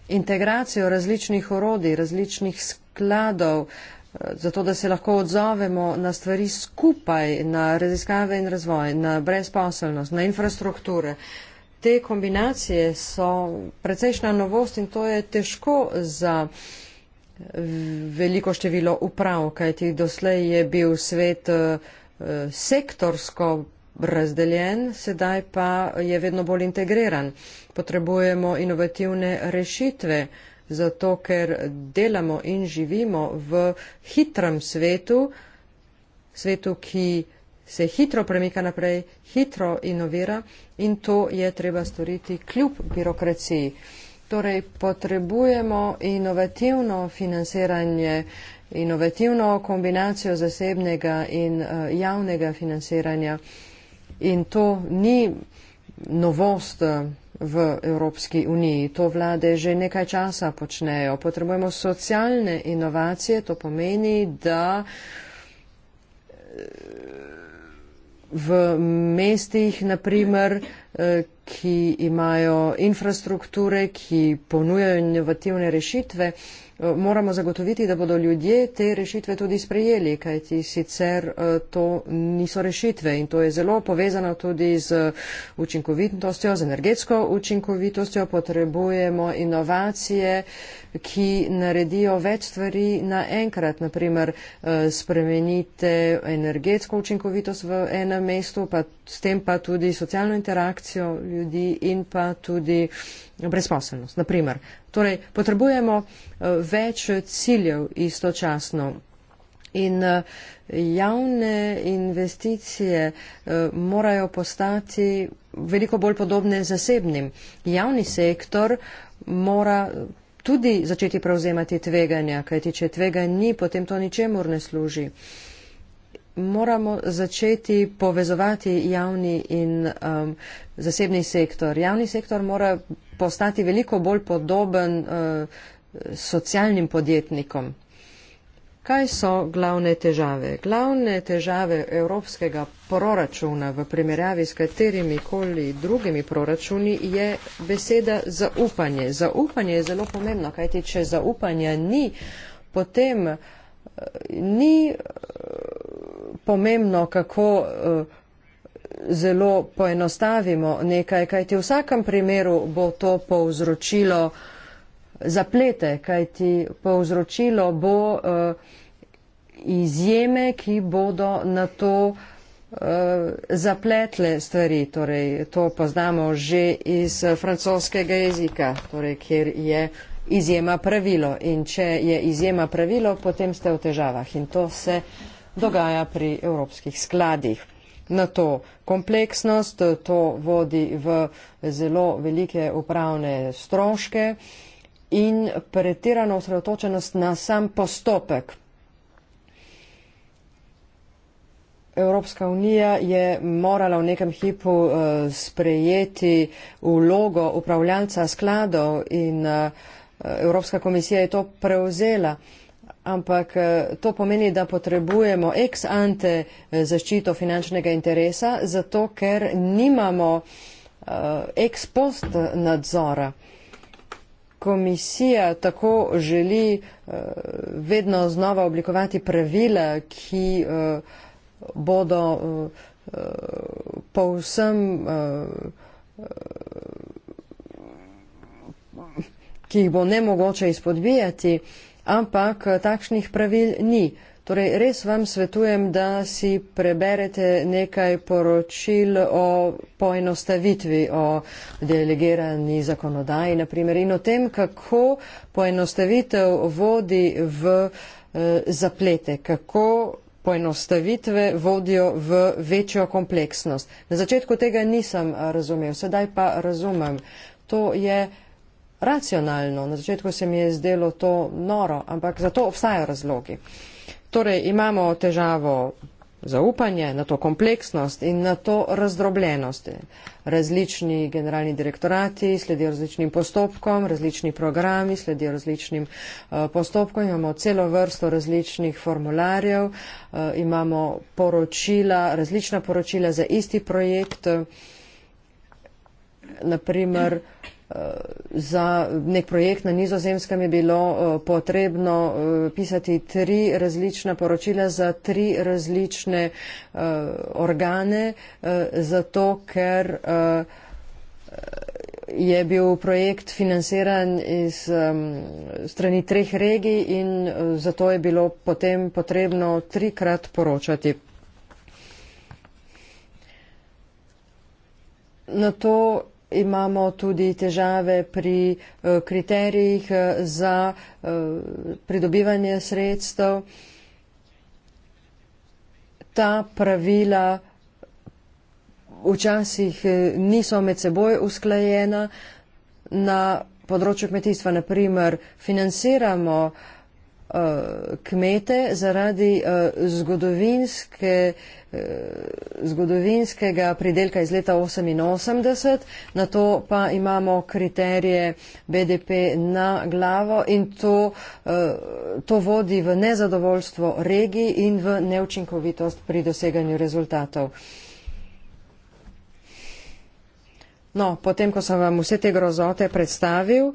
integracijo različnih orodij, različnih skladov, zato da se lahko odzovemo na stvari skupaj, na raziskave in razvoj, na brezposelnost, na infrastrukture. Te kombinacije so precejšna novost in to je težko za veliko število uprav, kajti doslej je bil svet eh, sektorsko razdeljen, sedaj pa je vedno bolj integriran. Potrebujemo inovativne rešitve, zato ker delamo in živimo v hitrem svetu, svetu, ki se hitro premika naprej, hitro inovira in to je treba storiti kljub birokraciji. Torej potrebujemo inovativno financiranje, inovativno kombinacijo zasebnega in uh, javnega financiranja in to ni novost. Uh, v Evropski uniji. To vlade že nekaj časa počnejo. Potrebujemo socialne inovacije, to pomeni, da eh, v mestih, naprimer, eh, ki imajo infrastrukture, ki ponujajo inovativne rešitve, moramo zagotoviti, da bodo ljudje te rešitve tudi sprejeli, kajti sicer eh, to niso rešitve in to je zelo povezano tudi z učinkovitostjo, z energetsko učinkovitostjo. Potrebujemo inovacije, ki naredijo več stvari naenkrat. Naprimer, eh, spremenite energetsko učinkovitost v enem mestu, pa s tem pa tudi socialno interakcijo ljudi in pa tudi brezposelnost, naprimer. Torej, potrebujemo eh, več ciljev istočasno. In eh, javne investicije eh, morajo postati veliko bolj podobne zasebnim. Javni sektor mora tudi začeti prevzemati tveganja, kajti če tvega ni, potem to ničemur ne služi. Moramo začeti povezovati javni in um, zasebni sektor. Javni sektor mora postati veliko bolj podoben eh, socialnim podjetnikom. Kaj so glavne težave? Glavne težave evropskega proračuna v primerjavi s katerimi koli drugimi proračuni je beseda zaupanje. Zaupanje je zelo pomembno, kajti če zaupanja ni, potem eh, ni eh, pomembno, kako. Uh, zelo poenostavimo nekaj, kajti v vsakem primeru bo to povzročilo zaplete, kajti povzročilo bo uh, izjeme, ki bodo na to uh, zapletle stvari. Torej, to poznamo že iz francoskega jezika, torej, kjer je izjema pravilo. In če je izjema pravilo, potem ste v težavah. In to se dogaja pri evropskih skladih na to kompleksnost, to vodi v zelo velike upravne stroške in pretirano osredotočenost na sam postopek. Evropska unija je morala v nekem hipu eh, sprejeti vlogo upravljalca skladov in eh, Evropska komisija je to prevzela ampak eh, to pomeni, da potrebujemo ex ante eh, zaščito finančnega interesa, zato ker nimamo uh, ex post nadzora. Komisija tako želi uh, vedno znova oblikovati pravila, ki uh, bodo uh, povsem. Uh, uh, ki jih bo nemogoče izpodbijati. Uh, ampak eh, takšnih pravil ni. Torej, res vam svetujem, da si preberete nekaj poročil o poenostavitvi, o delegirani zakonodaji, naprimer, in o tem, kako poenostavitev vodi v eh, zaplete, kako poenostavitve vodijo v večjo kompleksnost. Na začetku tega nisem eh, razumel, sedaj pa razumem. To je racionalno. Na začetku se mi je zdelo to noro, ampak za to obstajajo razlogi. Torej imamo težavo zaupanje, na to kompleksnost in na to razdrobljenost. Različni generalni direktorati sledijo različnim postopkom, različni programi sledijo različnim eh, postopkom, imamo celo vrsto različnih formularjev, eh, imamo poročila, različna poročila za isti projekt. Naprimer, mm. Eh, za nek projekt na nizozemskem je bilo eh, potrebno eh, pisati tri različna poročila za tri različne organe, zato ker je bil projekt financiran iz strani treh regij in zato je bilo potem potrebno trikrat poročati. Na to Imamo tudi težave pri eh, kriterijih eh, za eh, pridobivanje sredstev. Ta pravila včasih niso med seboj usklajena. Na področju kmetijstva, na primer, financiramo uh, uh, kmete zaradi uh, zgodovinske, uh, zgodovinskega pridelka iz leta 1988, na to pa imamo kriterije BDP na glavo in to, uh, to vodi v nezadovoljstvo regij in v neučinkovitost pri doseganju rezultatov. No, potem, ko sem vam vse te grozote predstavil,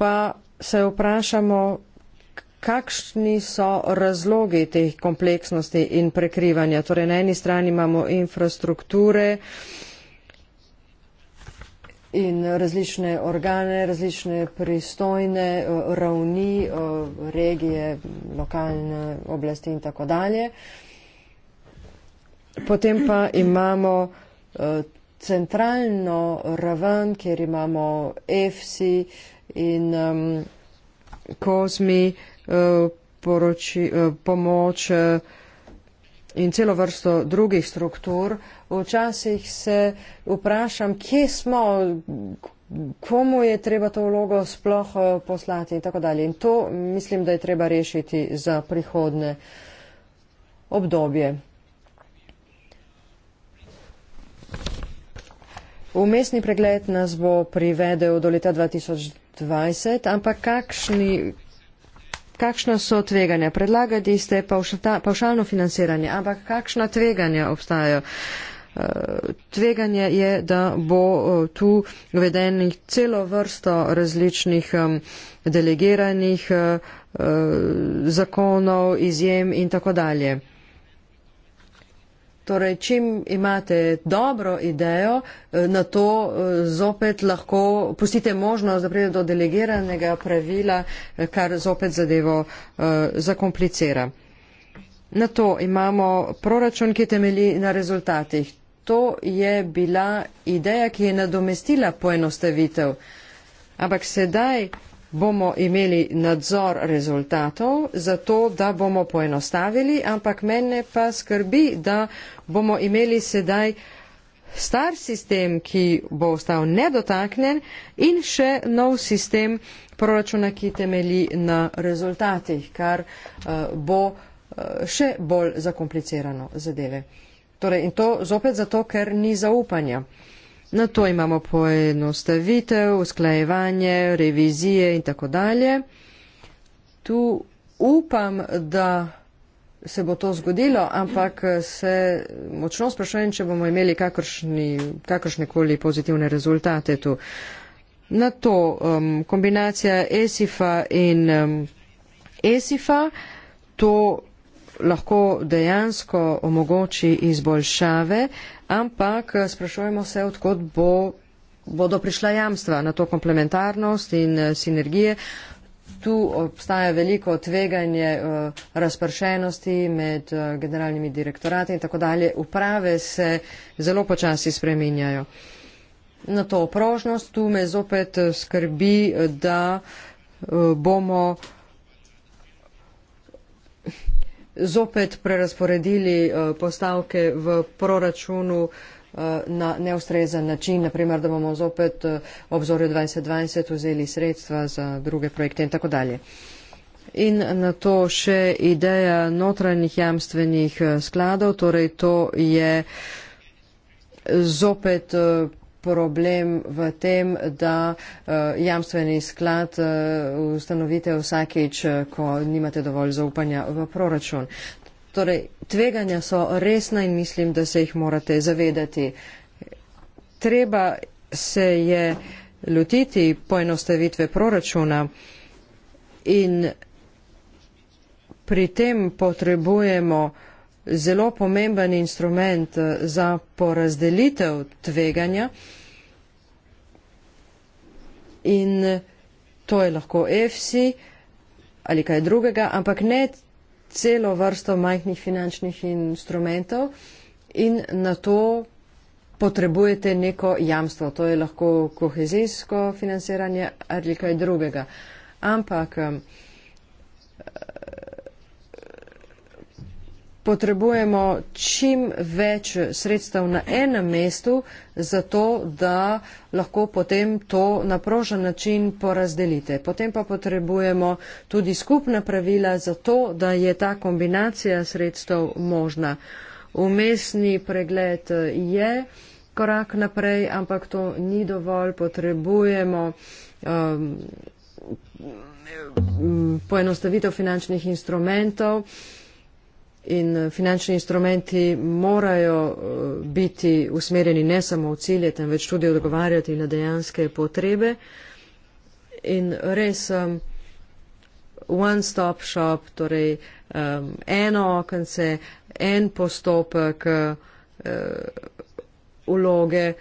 pa se vprašamo, kakšni so razlogi teh kompleksnosti in prekrivanja. Torej, na eni strani imamo infrastrukture in različne organe, različne pristojne eh, ravni, eh, regije, lokalne oblasti in tako dalje. Potem pa imamo eh, centralno raven, kjer imamo EFSI in um, COSMI, uh, poroči, eh, pomoč eh, in celo vrsto drugih struktur. Včasih se vprašam, kje smo, komu je treba to vlogo sploh eh, poslati in tako dalje. In to mislim, da je treba rešiti za prihodne obdobje. Umestni pregled nas bo privedel do leta 2020, ampak kakšni, kakšna so tveganja? Predlagati ste pavšalno financiranje, ampak kakšna tveganja obstajajo? Eh, tveganje je, da bo eh, tu vedenih celo vrsto različnih delegiranih eh, zakonov, izjem in tako dalje. Torej, čim imate dobro idejo, eh, na to eh, zopet lahko pustite možnost, da pride do delegiranega pravila, eh, kar zopet zadevo zakomplicira. Na to imamo proračun, ki temeli na rezultatih. To je bila ideja, ki je nadomestila poenostavitev. Ampak sedaj bomo imeli nadzor rezultatov, zato da bomo poenostavili, ampak mene pa skrbi, da bomo imeli sedaj star sistem, ki bo ostal nedotaknjen in še nov sistem proračuna, ki temeli na rezultatih, kar uh, bo uh, še bolj zakomplicirano zadeve. Torej, in to zopet zato, ker ni zaupanja. Uh, Na to imamo poenostavitev, usklajevanje, revizije in tako dalje. Tu upam, da se bo to zgodilo, ampak se močno sprašujem, če bomo imeli kakršni, kakršne koli pozitivne rezultate tu. Na to um, kombinacija ESIFA in um, ESIFA, to lahko dejansko omogoči izboljšave, ampak eh, sprašujemo se, odkot bo, bodo prišla jamstva na to komplementarnost in eh, sinergije. Tu obstaja veliko tveganje eh, razpršenosti med generalnimi direktorati in tako dalje. Uprave se zelo počasi spreminjajo. Na to oprožnost tu me zopet skrbi, da bomo zopet prerasporedili eh, postavke v proračunu eh, na neustrezen način, naprimer, da bomo zopet eh, obzorju 2020 vzeli sredstva za druge projekte in tako dalje. In na to še ideja notranjih jamstvenih skladov, torej to je zopet problem v tem, da uh, jamstveni sklad uh, eh, ustanovite vsakeč, eh, ko nimate dovolj zaupanja v proračun. Torej, tveganja so resna in mislim, da se jih morate zavedati. Treba se je lotiti poenostavitve proračuna in pri tem potrebujemo uh, zelo pomemben instrument eh, za porazdelitev tveganja in eh, to je lahko EFSI ali kaj drugega, ampak ne celo vrsto majhnih finančnih instrumentov in na to potrebujete neko jamstvo. To je lahko kohezijsko financiranje ali kaj drugega. Ampak eh, potrebujemo čim več sredstev na enem mestu, zato da lahko potem to na prožen način porazdelite. Potem pa potrebujemo tudi skupna pravila za to, da je ta kombinacija sredstev možna. Umestni pregled je korak naprej, ampak to ni dovolj. Potrebujemo um, poenostavitev finančnih instrumentov in eh, finančni instrumenti morajo eh, biti usmerjeni ne samo v cilje, temveč tudi odgovarjati na dejanske potrebe. In res um, one stop shop, torej um, eno okence, en postopek eh, vloge, uh,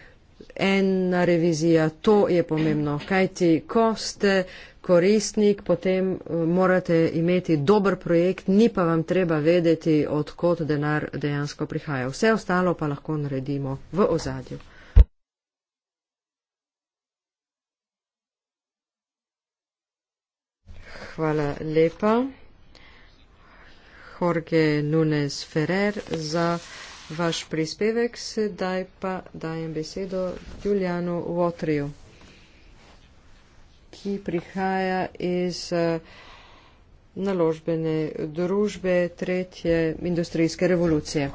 ena revizija, to je pomembno. Kajti, ko ste koristnik, potem eh, morate imeti dober projekt, ni pa vam treba vedeti, odkot denar dejansko prihaja. Vse ostalo pa lahko naredimo v ozadju. Hvala lepa. Jorge Nunes Ferrer za vaš prispevek. Sedaj pa dajem besedo Julianu Votriju ki prihaja iz eh, naložbene družbe tretje industrijske revolucije.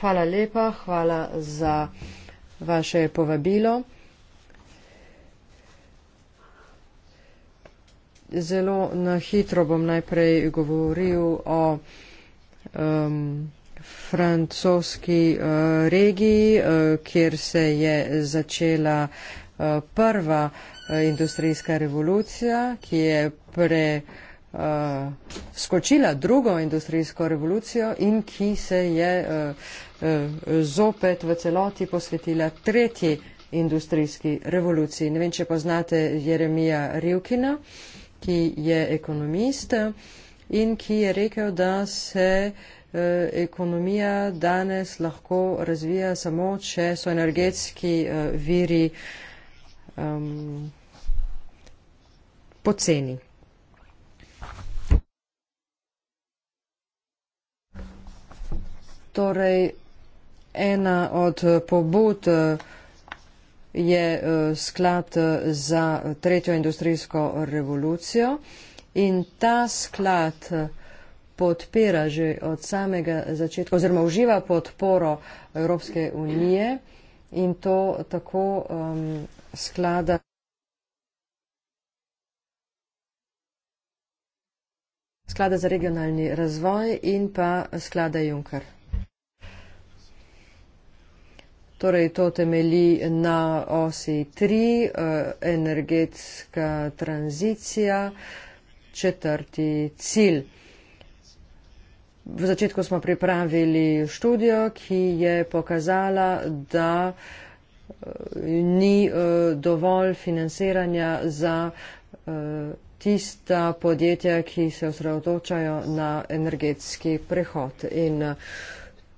Hvala lepa, hvala za vaše povabilo. Zelo na hitro bom najprej govoril o um, francoski uh, regiji, uh, kjer se je začela uh, prva uh, Eh, industrijska revolucija, ki je pre uh, skočila drugo industrijsko revolucijo in ki se je uh, uh, zopet v celoti posvetila tretji industrijski revoluciji. Ne vem, če poznate Jeremija Rivkina, ki je ekonomist in ki je rekel, da se ekonomija danes lahko razvija samo, če so energetski viri um, poceni. Torej, ena od pobud eh, je eh, sklad eh, za tretjo industrijsko revolucijo in ta sklad podpira že od samega začetka oziroma uživa podporo Evropske unije in to tako um, sklada. sklada za regionalni razvoj in pa sklada Junker. Torej, to temelji na osi 3, eh, energetska tranzicija, četrti cilj. V začetku smo pripravili študijo, ki je pokazala, da eh, ni eh, dovolj financiranja za tista podjetja, ki se osredotočajo na energetski prehod. In eh,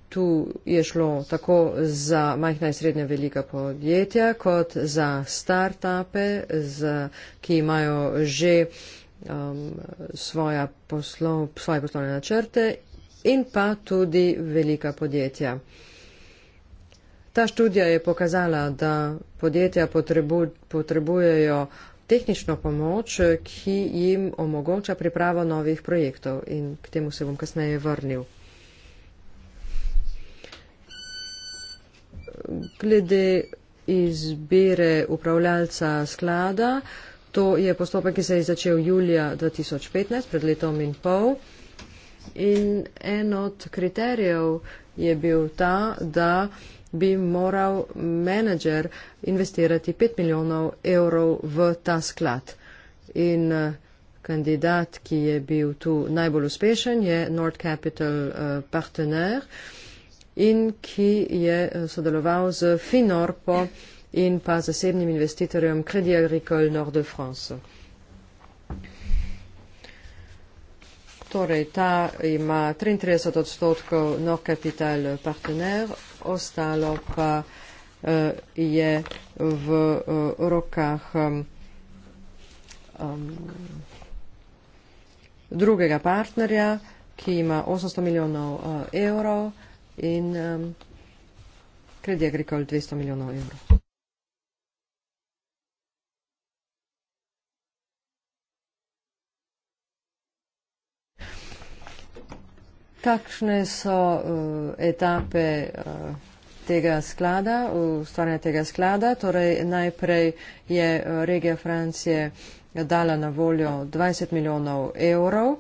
tu je šlo tako za majhna in srednja velika podjetja, kot za start-upe, ki imajo že um, svoja poslov, svoje poslovne načrte in pa tudi velika podjetja. Ta študija je pokazala, da podjetja potrebu, potrebujejo tehnično pomoč, ki jim omogoča pripravo novih projektov in k temu se bom kasneje vrnil. Glede izbire upravljalca sklada, to je postopek, ki se je začel julija 2015, pred letom in pol. In en od kriterijev je bil ta, da bi moral menedžer investirati 5 milijonov evrov v ta sklad. In eh, kandidat, ki je bil tu najbolj uspešen, je North Capital eh, Partner in ki je eh, sodeloval z Finorpo in pa zasebnim investitorjem Crédit Agricole Nord de France. Torej, ta ima 33 odstotkov North Capital Partner, ostalo pa eh, je v eh, rokah drugega partnerja, ki ima 800 eh, milijonov evrov in kredi Agricole 200 milijonov evrov. Kakšne so uh, etape uh, tega sklada, ustvarjanja tega sklada? Torej, najprej je uh, regija Francije dala na voljo 20 milijonov evrov,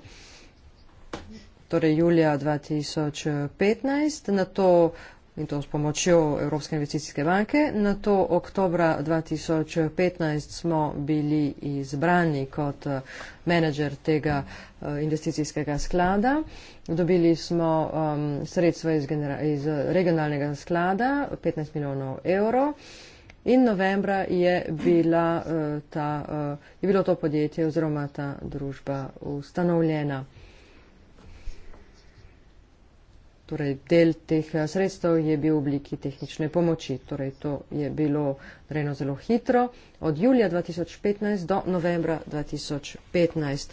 torej julija 2015, na to uh, in to s pomočjo Evropske investicijske banke. Na to oktobra 2015 smo bili izbrani kot eh, menedžer tega eh, investicijskega sklada. Dobili smo um, sredstva iz, iz eh, regionalnega sklada, 15 milijonov evrov. In novembra je, bila, uh, ta, uh, je bilo to podjetje oziroma ta družba ustanovljena. Torej, del teh eh, sredstev je bil v obliki tehnične pomoči. Torej, to je bilo rejeno zelo hitro, od julija 2015 do novembra 2015.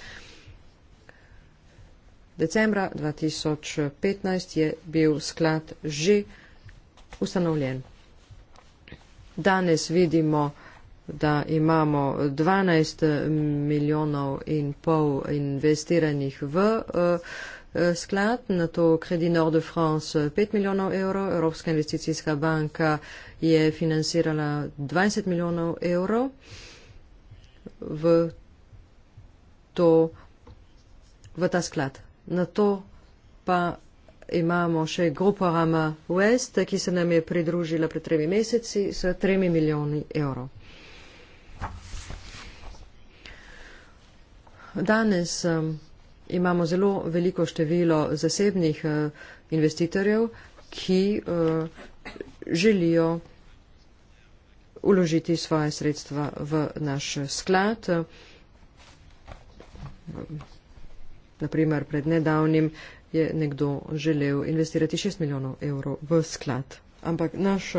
Decembra 2015 je bil sklad že ustanovljen. Danes vidimo, da imamo 12 milijonov in pol investiranih v. Uh, sklad, na to Kredi Nord de France 5 milijonov evrov, Evropska investicijska banka je financirala 20 milijonov evrov v, to, v ta sklad. Na to pa imamo še Groparama West, ki se nam je pridružila pred tremi meseci s tremi milijoni evrov. Danes um, imamo zelo veliko število zasebnih eh, investitorjev, ki eh, želijo uložiti svoje sredstva v naš eh, sklad. Naprimer, pred nedavnim je nekdo želel investirati 6 milijonov evrov v sklad. Ampak naš,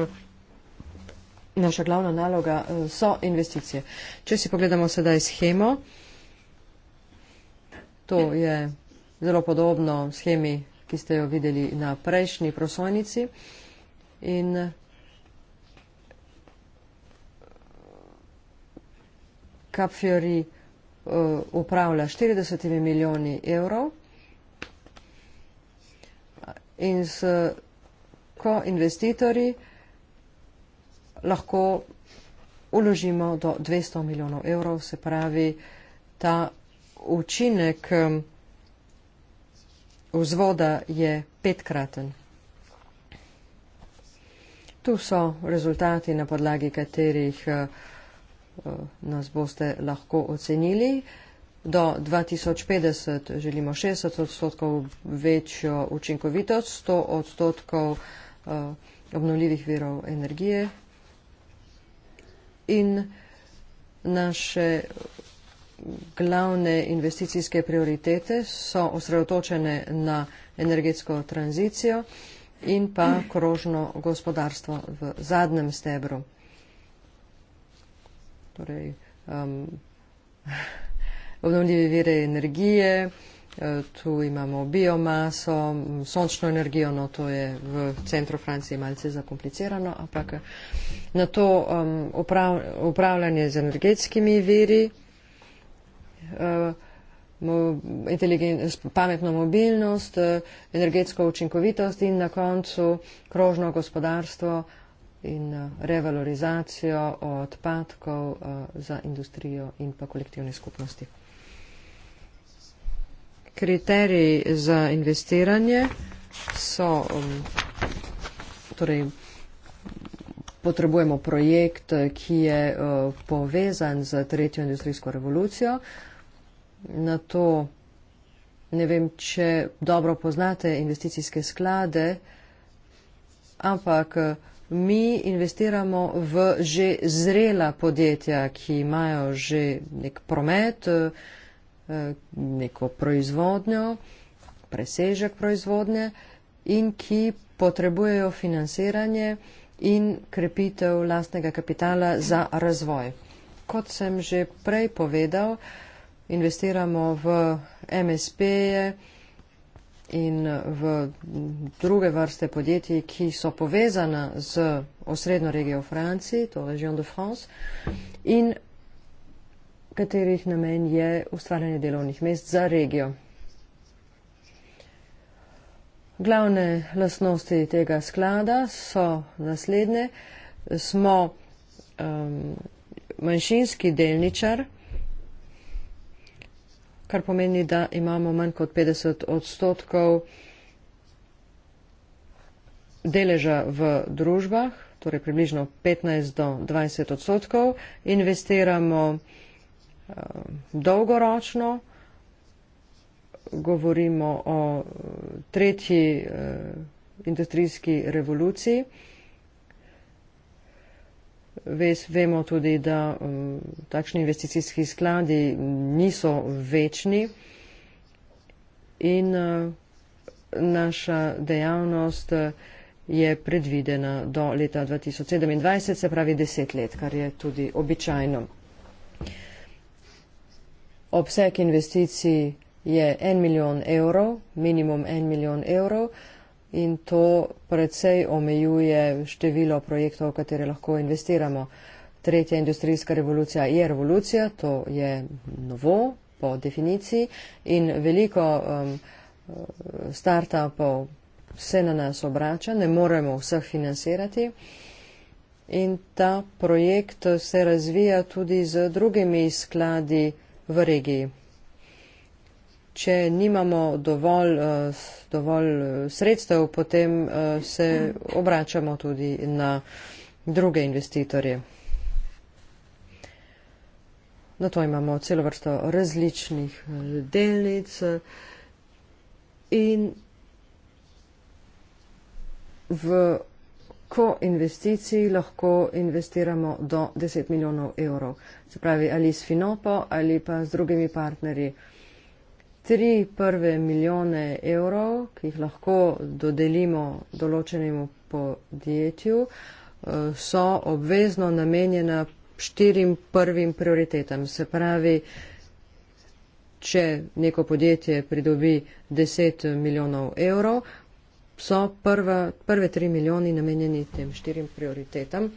naša glavna naloga so investicije. Če si pogledamo sedaj schemo, To je zelo podobno schemi, ki ste jo videli na prejšnji prosojnici. In Capfiori uh, eh, upravlja 40 milijoni evrov in s koinvestitorji lahko uložimo do 200 milijonov evrov, se pravi, ta učinek vzvoda je petkraten. Tu so rezultati, na podlagi katerih eh, nas boste lahko ocenili. Do 2050 želimo 60 odstotkov večjo učinkovitost, 100 odstotkov eh, obnovljivih virov energije in naše glavne investicijske prioritete so osredotočene na energetsko tranzicijo in pa krožno gospodarstvo v zadnjem stebru. Torej, um, [laughs] obnovljive vire energije, eh, tu imamo biomaso, sončno energijo, no to je v centru Francije malce zakomplicirano, ampak na to um, upravljanje z energetskimi viri, Eh, pametno mobilnost, eh, energetsko učinkovitost in na koncu krožno gospodarstvo in eh, revalorizacijo odpadkov za industrijo in pa kolektivne skupnosti. Kriteriji za investiranje so, um, torej, potrebujemo projekt, ki je povezan z tretjo industrijsko revolucijo na to, ne vem, če dobro poznate investicijske sklade, ampak mi investiramo v že zrela podjetja, ki imajo že nek promet, eh, neko proizvodnjo, presežek proizvodnje in ki potrebujejo financiranje in krepitev lastnega kapitala za razvoj. Kot sem že prej povedal, investiramo v MSP-je in v druge vrste podjetij, ki so povezana z osrednjo regijo v Franciji, to Région de France, in katerih namen je ustvarjanje delovnih mest za regijo. Glavne lastnosti tega sklada so naslednje. Smo um, manjšinski delničar kar pomeni, da imamo manj kot 50 odstotkov deleža v družbah, torej približno 15 do 20 odstotkov, investiramo eh, dolgoročno, govorimo o eh, tretji eh, industrijski revoluciji. Ves, vemo tudi, da um, takšni investicijski skladi niso večni in uh, naša dejavnost uh, je predvidena do leta 2027, se pravi deset let, kar je tudi običajno. Obseg investicij je en milijon evrov, minimum en milijon evrov. Uh, in to predvsej omejuje število projektov, v katere lahko investiramo. Tretja industrijska revolucija je revolucija, to je novo po definiciji in veliko um, startupov se na nas obrača, ne moremo vseh financirati. In ta projekt se razvija tudi z drugimi skladi v regiji če nimamo dovolj, eh, dovolj eh, sredstev, potem eh, se obračamo tudi na druge investitorje. Na to imamo celo vrsto različnih delnic in v ko investiciji lahko investiramo do 10 milijonov evrov. Se pravi, ali s Finopo ali pa z drugimi partnerji tri prve milijone evrov, ki jih lahko dodelimo določenemu podjetju, eh, so obvezno namenjena štirim prvim prioritetam. Se pravi, če neko podjetje pridobi 10 milijonov evrov, so prva, prve tri milijoni namenjeni tem štirim prioritetam.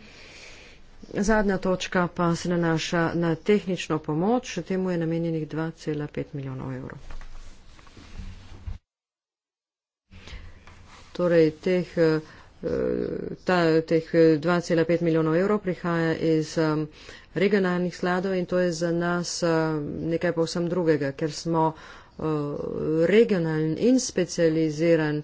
Zadnja točka pa se nanaša na tehnično pomoč, temu je namenjenih 2,5 milijonov evrov. Torej, teh, eh, ta, teh 2,5 eh, milijonov evrov prihaja iz eh, regionalnih skladov in to je za nas nekaj povsem drugega, ker smo regionalni in specializiran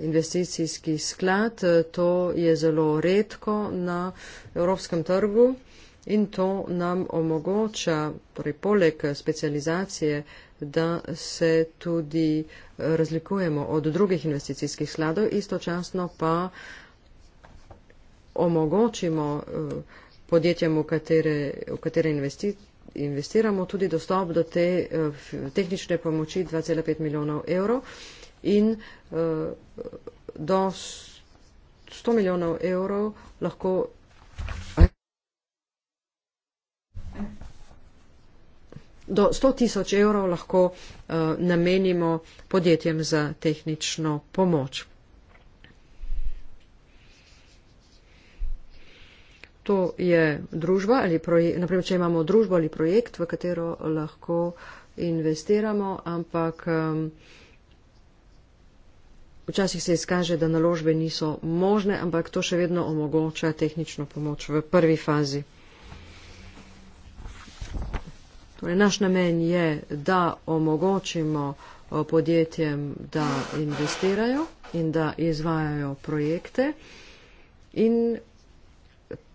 investicijski sklad. To je zelo redko na evropskem trgu in to nam omogoča, torej poleg specializacije, da se tudi razlikujemo od drugih investicijskih skladov, istočasno pa omogočimo eh, podjetjem, v katere, v katere investi, investiramo, tudi dostop do te eh, tehnične pomoči 2,5 milijonov evrov in eh, do 100 milijonov evrov lahko. Aj, do 100 tisoč evrov lahko uh, namenimo podjetjem za tehnično pomoč. To je družba ali projekt, naprimer, če imamo družbo ali projekt, v katero lahko investiramo, ampak um, včasih se izkaže, da naložbe niso možne, ampak to še vedno omogoča tehnično pomoč v prvi fazi. Torej, naš namen je, da omogočimo podjetjem, da investirajo in da izvajajo projekte. In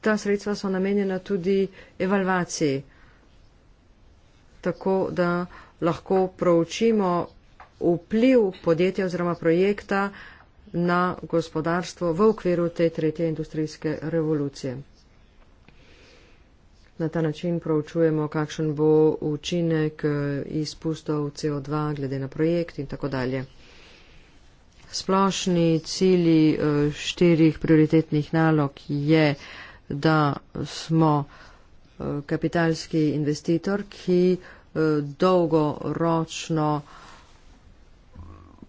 ta sredstva so namenjena tudi evalvaciji, tako da lahko proučimo vpliv podjetja oziroma projekta na gospodarstvo v okviru te tretje industrijske revolucije na ta način proučujemo, kakšen bo učinek eh, izpustov CO2 glede na projekt in tako dalje. Splošni cilji eh, štirih prioritetnih nalog je, da smo eh, kapitalski investitor, ki dolgoročno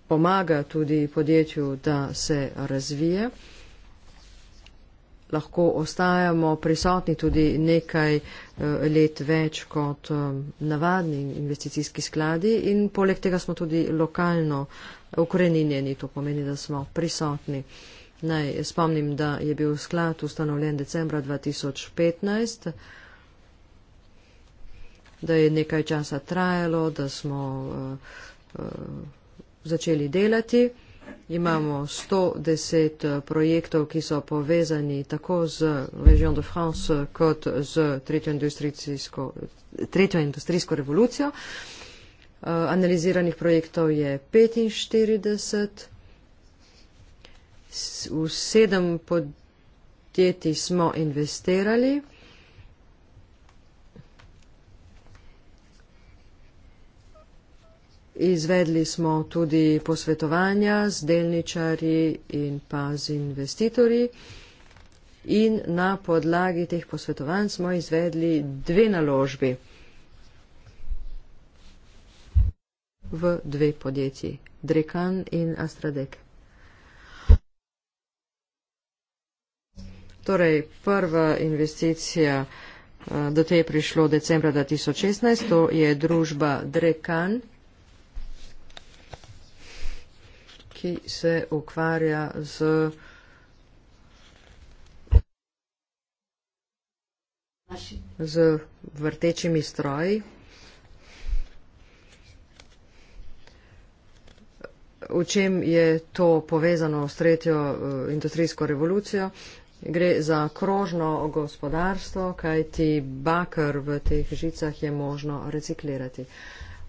pomaga tudi podjetju, da se razvije lahko ostajamo prisotni tudi nekaj eh, let več kot eh, navadni investicijski skladi in poleg tega smo tudi lokalno ukreninjeni, to pomeni, da smo prisotni. Naj spomnim, da je bil sklad ustanovljen decembra 2015, da je nekaj časa trajalo, da smo uh, uh, začeli delati. Imamo 110 eh, projektov, ki so povezani tako z Region de France eh, kot z tretjo industrijsko, tretjo industrijsko revolucijo. Eh, analiziranih projektov je 45. V sedem podjetij smo investirali. Izvedli smo tudi posvetovanja z delničari in pa z investitorji. In na podlagi teh posvetovanj smo izvedli dve naložbi v dve podjetji, Drekan in Astradek. Torej, prva investicija eh, do te je prišlo decembra 2016, to je družba Drekan. ki se ukvarja z. Z vrtečimi stroji. V čem je to povezano s tretjo eh, industrijsko revolucijo? Gre za krožno gospodarstvo, kajti bakar v teh žicah je možno reciklirati.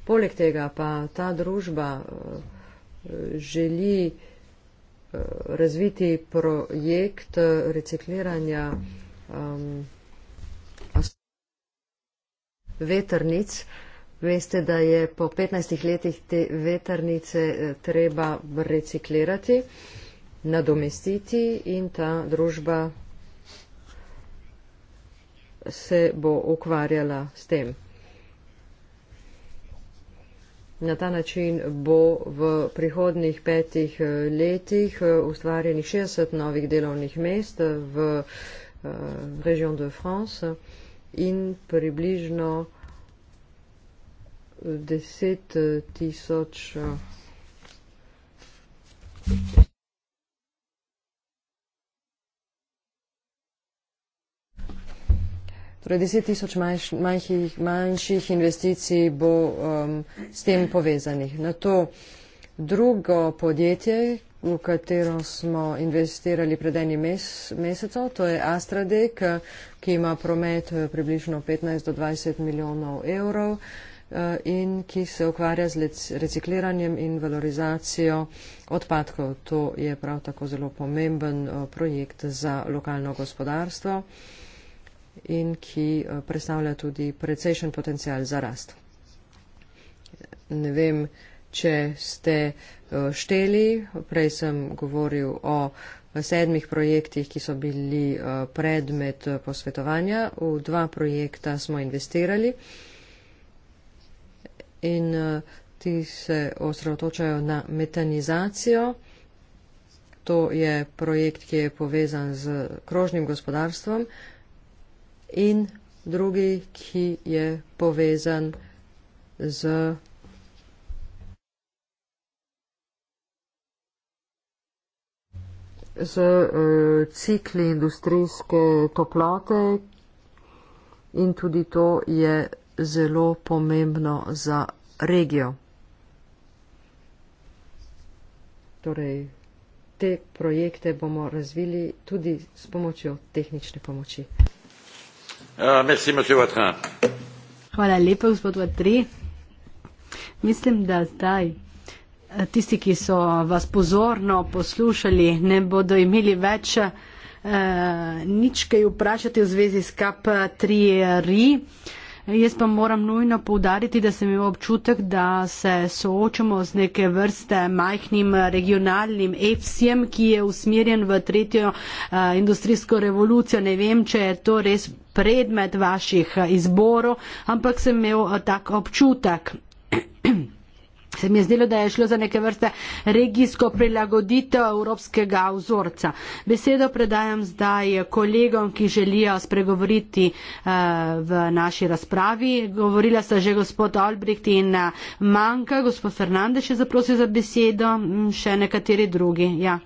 Poleg tega pa ta družba. Uh, želi eh, razviti projekt recikliranja vetrnic. Veste, da je po 15 letih te vetrnice eh, treba reciklirati, nadomestiti in ta družba se bo ukvarjala s tem. Na ta način bo v prihodnih petih eh, letih eh, ustvarjenih 60 novih delovnih mest eh, v Region de France in približno 10 tisoč. Torej, deset tisoč manjš, manjših, manjših investicij bo um, s tem povezanih. Na to drugo podjetje, v katero smo investirali pred enim mes, mesecem, to je AstraDek, ki ima promet eh, približno 15 do 20 milijonov evrov eh, in ki se ukvarja z recikliranjem in valorizacijo odpadkov. To je prav tako zelo pomemben eh, projekt za lokalno gospodarstvo in ki eh, predstavlja tudi precejšen potencial za rast. Ne vem, če ste eh, šteli, prej sem govoril o sedmih projektih, ki so bili eh, predmet posvetovanja. V dva projekta smo investirali in ti se osredotočajo na metanizacijo. To je projekt, ki je povezan z krožnim gospodarstvom in drugi, ki je povezan z z e, cikli industrijske toplote in tudi to je zelo pomembno za regijo. Torej, te projekte bomo razvili tudi s pomočjo tehnične pomoči. Ah, merci, monsieur Vatrin. Hvala lepa, gospod Vatri. Mislim, da zdaj eh, tisti, ki so vas pozorno poslušali, ne bodo imeli več uh, nič kaj vprašati v zvezi s KAP3RI. Uh, Jaz pa moram nujno povdariti, da sem imel občutek, da se soočamo z neke vrste majhnim regionalnim EFSI-jem, ki je usmerjen v tretjo eh, industrijsko revolucijo. Ne vem, če je to res predmet vaših eh, izborov, ampak sem imel eh, tak občutek. [clears throat] se mi je zdelo, da je šlo za neke vrste regijsko prilagoditev evropskega vzorca. Besedo predajam zdaj kolegom, ki želijo spregovoriti eh, v naši razpravi. Govorila sta že gospod Albrecht in eh, Manka, gospod Fernandez je zaprosil za besedo, še nekateri drugi. Ja.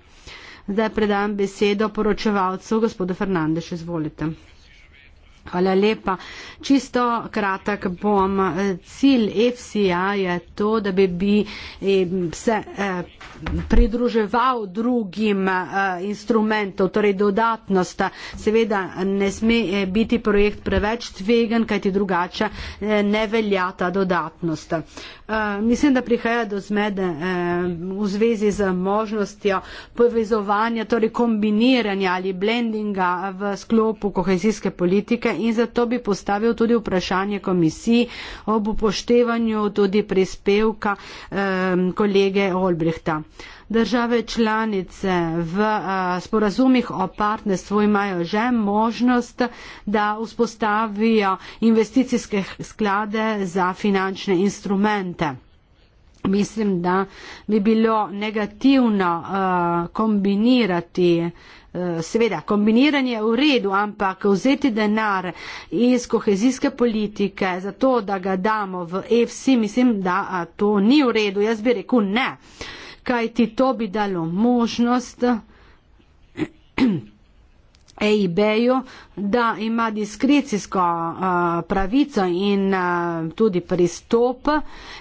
Zdaj predam besedo poročevalcu, gospodu Fernandez, izvolite. Hvala lepa. Čisto kratek bom. Cilj FCA je to, da bi, bi eh, se eh, pridruževal drugim eh, instrumentom, torej dodatnost. Seveda ne sme biti projekt preveč tvegan, kajti drugače ne velja ta dodatnost. Eh, mislim, da prihaja do zmede eh, v zvezi z možnostjo povezovanja, torej kombiniranja ali blendinga v sklopu kohezijske politike in zato bi postavil tudi vprašanje komisiji ob upoštevanju tudi prispevka eh, kolege Olbrihta države članice v sporazumih o partnerstvu imajo že možnost, da vzpostavijo investicijske sklade za finančne instrumente. Mislim, da bi bilo negativno uh, kombinirati, uh, seveda, kombiniranje v redu, ampak vzeti denar iz kohezijske politike za to, da ga damo v EFSI, mislim, da to ni v redu. Jaz bi rekel ne. Uh, kaj ti to bi dalo možnost EIB-ju, [clears throat] da ima diskrecijsko uh, pravico in uh, tudi pristop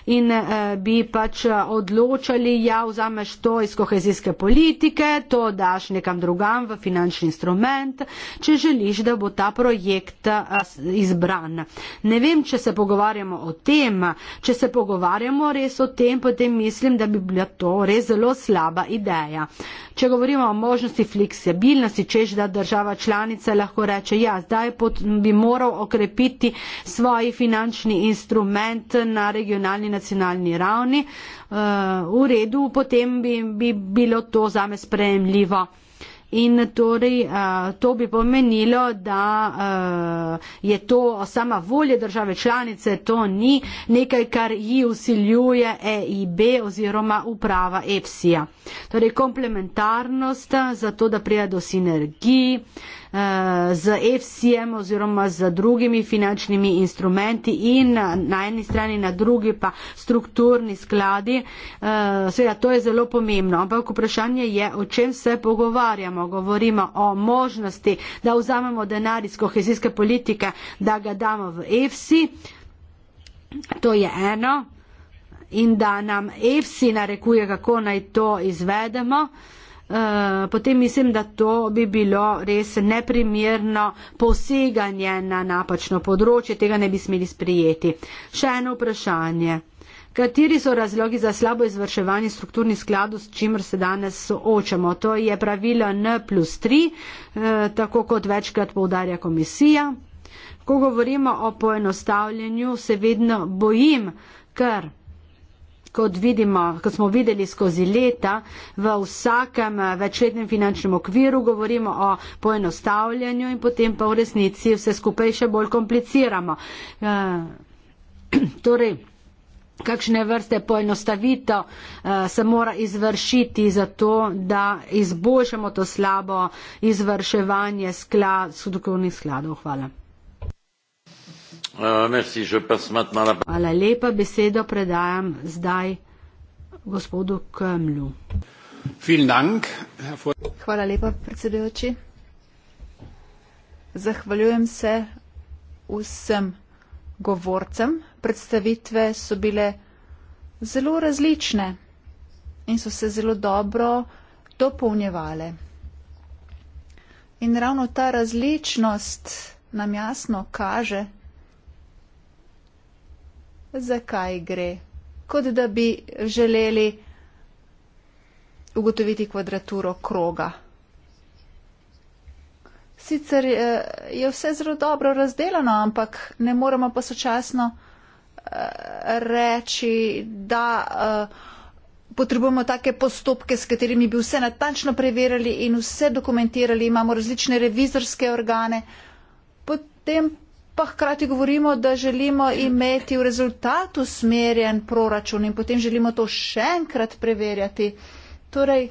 in uh, bi pač odločali, ja, vzameš to iz kohezijske politike, to daš nekam drugam v finančni instrument, če želiš, da bo ta projekt uh, izbran. Ne vem, če se pogovarjamo o tem, če se pogovarjamo res o tem, potem mislim, da bi bila to res zelo slaba ideja. Če govorimo o možnosti fleksibilnosti, če že da država članica lahko reče, reče, ja, zdaj pot, bi moral okrepiti svoj finančni instrument na regionalni nacionalni ravni, uh, v redu, potem bi, bi bilo to zame sprejemljivo. In torej eh, to bi pomenilo, da eh, je to sama volja države članice, to ni nekaj, kar ji usiljuje EIB oziroma uprava EPSIA. Torej komplementarnost za to, da prija do sinergiji. Eh, z FCM oziroma z drugimi finančnimi instrumenti in na, na eni strani, na drugi pa strukturni skladi. Eh, seveda, to je zelo pomembno, ampak vprašanje je, o čem se pogovarjamo. Govorimo o možnosti, da vzamemo denar iz kohezijske politike, da ga damo v FCI. To je eno. In da nam EFSI narekuje, kako naj to izvedemo. Uh, Eh, potem mislim, da to bi bilo res neprimerno poseganje na napačno področje, tega ne bi smeli sprijeti. Še eno vprašanje. Kateri so razlogi za slabo izvrševanje strukturnih skladov, s čimer se danes soočamo? To je pravilo N plus 3, eh, tako kot večkrat povdarja komisija. Ko govorimo o poenostavljanju, se vedno bojim, ker kot vidimo, kot smo videli skozi leta, v vsakem eh, večletnem finančnem okviru govorimo o poenostavljanju in potem pa v resnici vse skupaj še bolj kompliciramo. Eh, [clears throat] torej, kakšne vrste poenostavitev eh, se mora izvršiti za to, da izboljšamo to slabo izvrševanje sklad, sudokovnih skladov. Hvala. Uh, merci, Hvala lepa, besedo predajam zdaj gospodu Kömlu. Hvala lepa, predsedujoči. Zahvaljujem se vsem govorcem. Predstavitve so bile zelo različne in so se zelo dobro dopolnjevale. In ravno ta različnost nam jasno kaže, zakaj gre, kot da bi želeli ugotoviti kvadraturo kroga. Sicer eh, je vse zelo dobro razdeljeno, ampak ne moremo pa sočasno eh, reči, da eh, potrebujemo take postopke, s katerimi bi vse natančno preverjali in vse dokumentirali, imamo različne revizorske organe, potem pa hkrati govorimo, da želimo imeti v rezultatu smerjen proračun in potem želimo to še enkrat preverjati. Torej,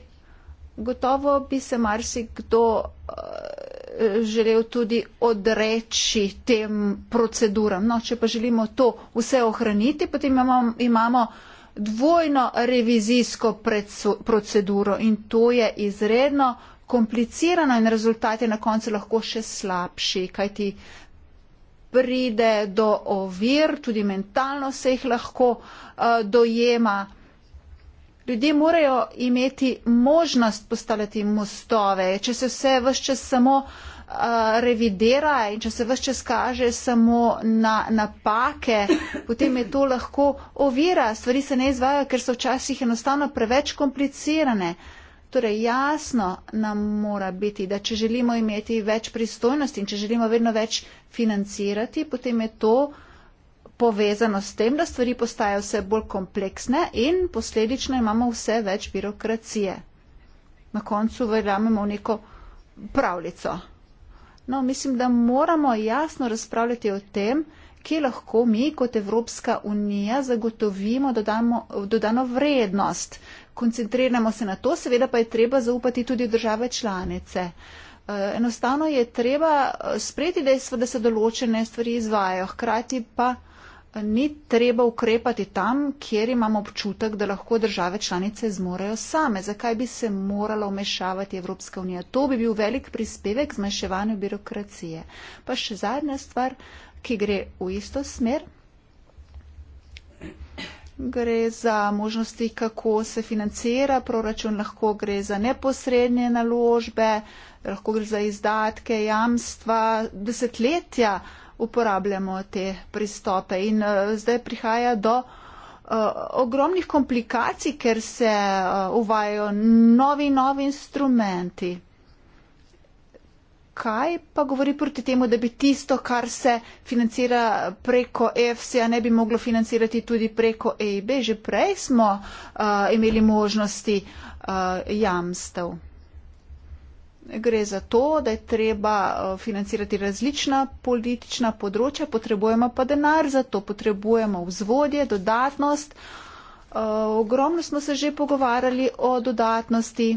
gotovo bi se marsikdo eh, želel tudi odreči tem proceduram. No, če pa želimo to vse ohraniti, potem imamo, imamo dvojno revizijsko predso, proceduro in to je izredno komplicirano in rezultat je na koncu lahko še slabši, kajti pride do ovir, tudi mentalno se jih lahko uh, dojema. Ljudje morajo imeti možnost postavljati mostove. Če se vse vse čas samo uh, revidira in če se vse čas kaže samo na napake, [laughs] potem je to lahko ovira. Stvari se ne izvajo, ker so včasih enostavno preveč komplicirane. Uh, Torej, jasno nam mora biti, da če želimo imeti več pristojnosti in če želimo vedno več financirati, potem je to povezano s tem, da stvari postajajo vse bolj kompleksne in posledično imamo vse več birokracije. Na koncu verjamemo v neko pravljico. No, mislim, da moramo jasno razpravljati o tem, kje lahko mi kot Evropska unija zagotovimo dodano vrednost. Uh, koncentriramo se na to, seveda pa je treba zaupati tudi države članice. Eh, enostavno je treba eh, sprejeti dejstvo, da se določene stvari izvajajo, hkrati pa eh, ni treba ukrepati tam, kjer imamo občutek, da lahko države članice zmorejo same. Zakaj bi se morala vmešavati Evropska unija? To bi bil velik prispevek k zmanjševanju birokracije. Pa še zadnja stvar, ki gre v isto smer gre za možnosti, kako se financira proračun, lahko gre za neposrednje naložbe, lahko gre za izdatke, jamstva. Desetletja uporabljamo te pristope in uh, zdaj prihaja do eh, ogromnih komplikacij, ker se eh, uvajajo novi, novi instrumenti. Kaj pa govori proti temu, da bi tisto, kar se financira preko EFSA, ne bi moglo financirati tudi preko EIB? Že prej smo uh, imeli možnosti uh, jamstev. Gre za to, da je treba uh, financirati različna politična področja, potrebujemo pa denar za to, potrebujemo vzvodje, dodatnost. Uh, ogromno smo se že pogovarjali o dodatnosti.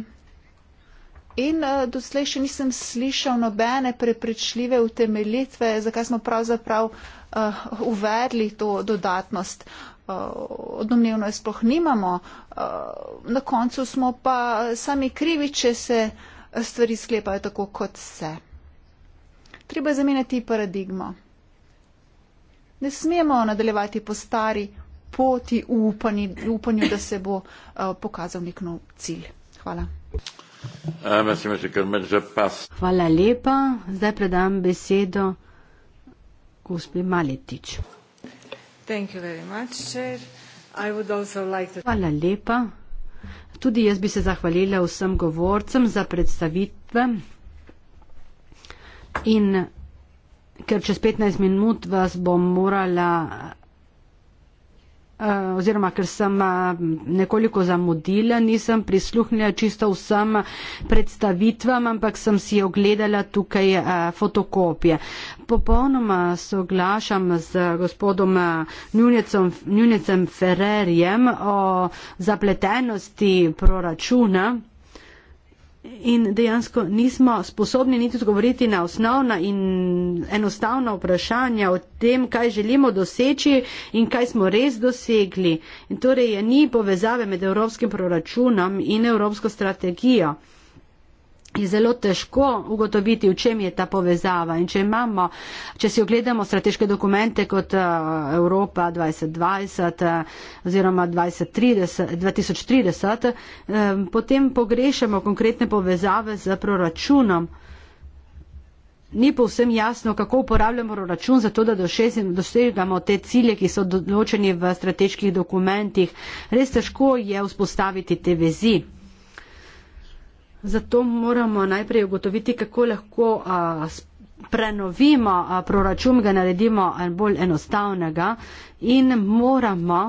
In uh, doslej še nisem slišal nobene prepričljive utemeljitve, zakaj smo pravzaprav uh, uvedli to dodatnost. Uh, eh, domnevno je sploh nimamo. Uh, na koncu smo pa sami krivi, če se stvari sklepajo tako, kot se. Treba je zamenjati paradigmo. Ne smemo nadaljevati po stari poti v upanju, da se bo uh, pokazal nek nov cilj. Hvala. Eh, Hvala lepa. Zdaj predam besedo gospi Maletič. Like to... Hvala lepa. Tudi jaz bi se zahvalila vsem govorcem za predstavitve. In ker čez 15 minut vas bom morala Eh, oziroma ker sem eh, nekoliko zamudila, nisem prisluhnila čisto vsem predstavitvam, ampak sem si ogledala tukaj eh, fotokopije. Popolnoma soglašam z gospodom Njunecom, Njunecem Ferrerjem o zapletenosti proračuna in dejansko nismo sposobni niti odgovoriti na osnovna in enostavna vprašanja o tem, kaj želimo doseči in kaj smo res dosegli. In torej ni povezave med evropskim proračunom in evropsko strategijo je zelo težko ugotoviti, v čem je ta povezava. In če imamo, če si ogledamo strateške dokumente kot eh, Evropa 2020 eh, oziroma 2030, 2030 eh, potem pogrešamo konkretne povezave z proračunom. Ni povsem jasno, kako uporabljamo proračun za to, da dosegamo te cilje, ki so določeni v strateških dokumentih. Res težko je vzpostaviti te vezi. Zato moramo najprej ugotoviti, kako lahko a, prenovimo a, proračun, ga naredimo bolj enostavnega in moramo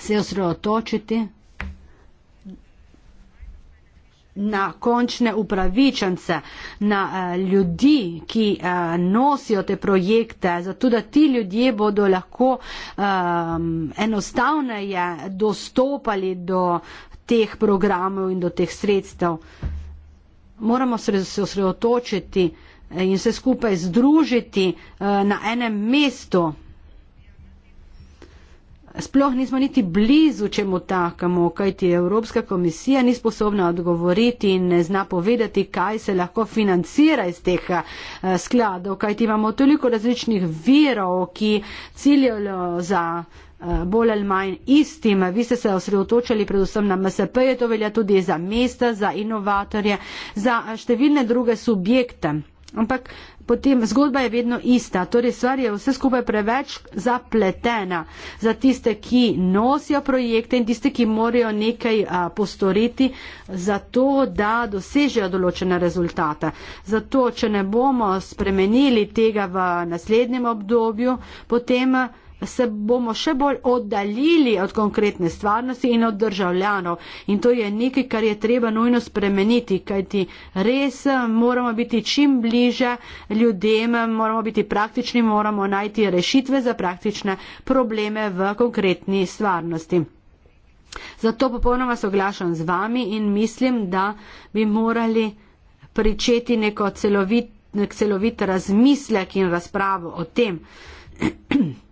se osredotočiti na končne upravičence, na eh, ljudi, ki eh, nosijo te projekte, zato da ti ljudje bodo lahko eh, enostavneje dostopali do teh programov in do teh sredstev. Moramo se osredotočiti eh, in se skupaj združiti eh, na enem mestu. Sploh nismo niti blizu čemu takemu, kajti Evropska komisija ni sposobna odgovoriti in ne zna povedati, kaj se lahko financira iz teh eh, skladov, kajti imamo toliko različnih virov, ki ciljajo za. Eh, bolj ali manj istim. Vi ste se osredotočali predvsem na MSP, je to velja tudi za mesta, za inovatorje, za eh, številne druge subjekte. Ampak potem zgodba je vedno ista, torej stvar je vse skupaj preveč zapletena za tiste, ki nosijo projekte in tiste, ki morajo nekaj a, eh, postoriti za to, da dosežejo določene rezultate. Zato, če ne bomo spremenili tega v naslednjem obdobju, potem. A, se bomo še bolj oddaljili od konkretne stvarnosti in od državljanov. In to je nekaj, kar je treba nujno spremeniti, kajti res eh, moramo biti čim bliže ljudem, eh, moramo biti praktični, moramo najti rešitve za praktične probleme v konkretni stvarnosti. Zato popolnoma soglašam z vami in mislim, da bi morali pričeti neko celovit, nek celovit razmislek in razpravo o tem. [clears throat]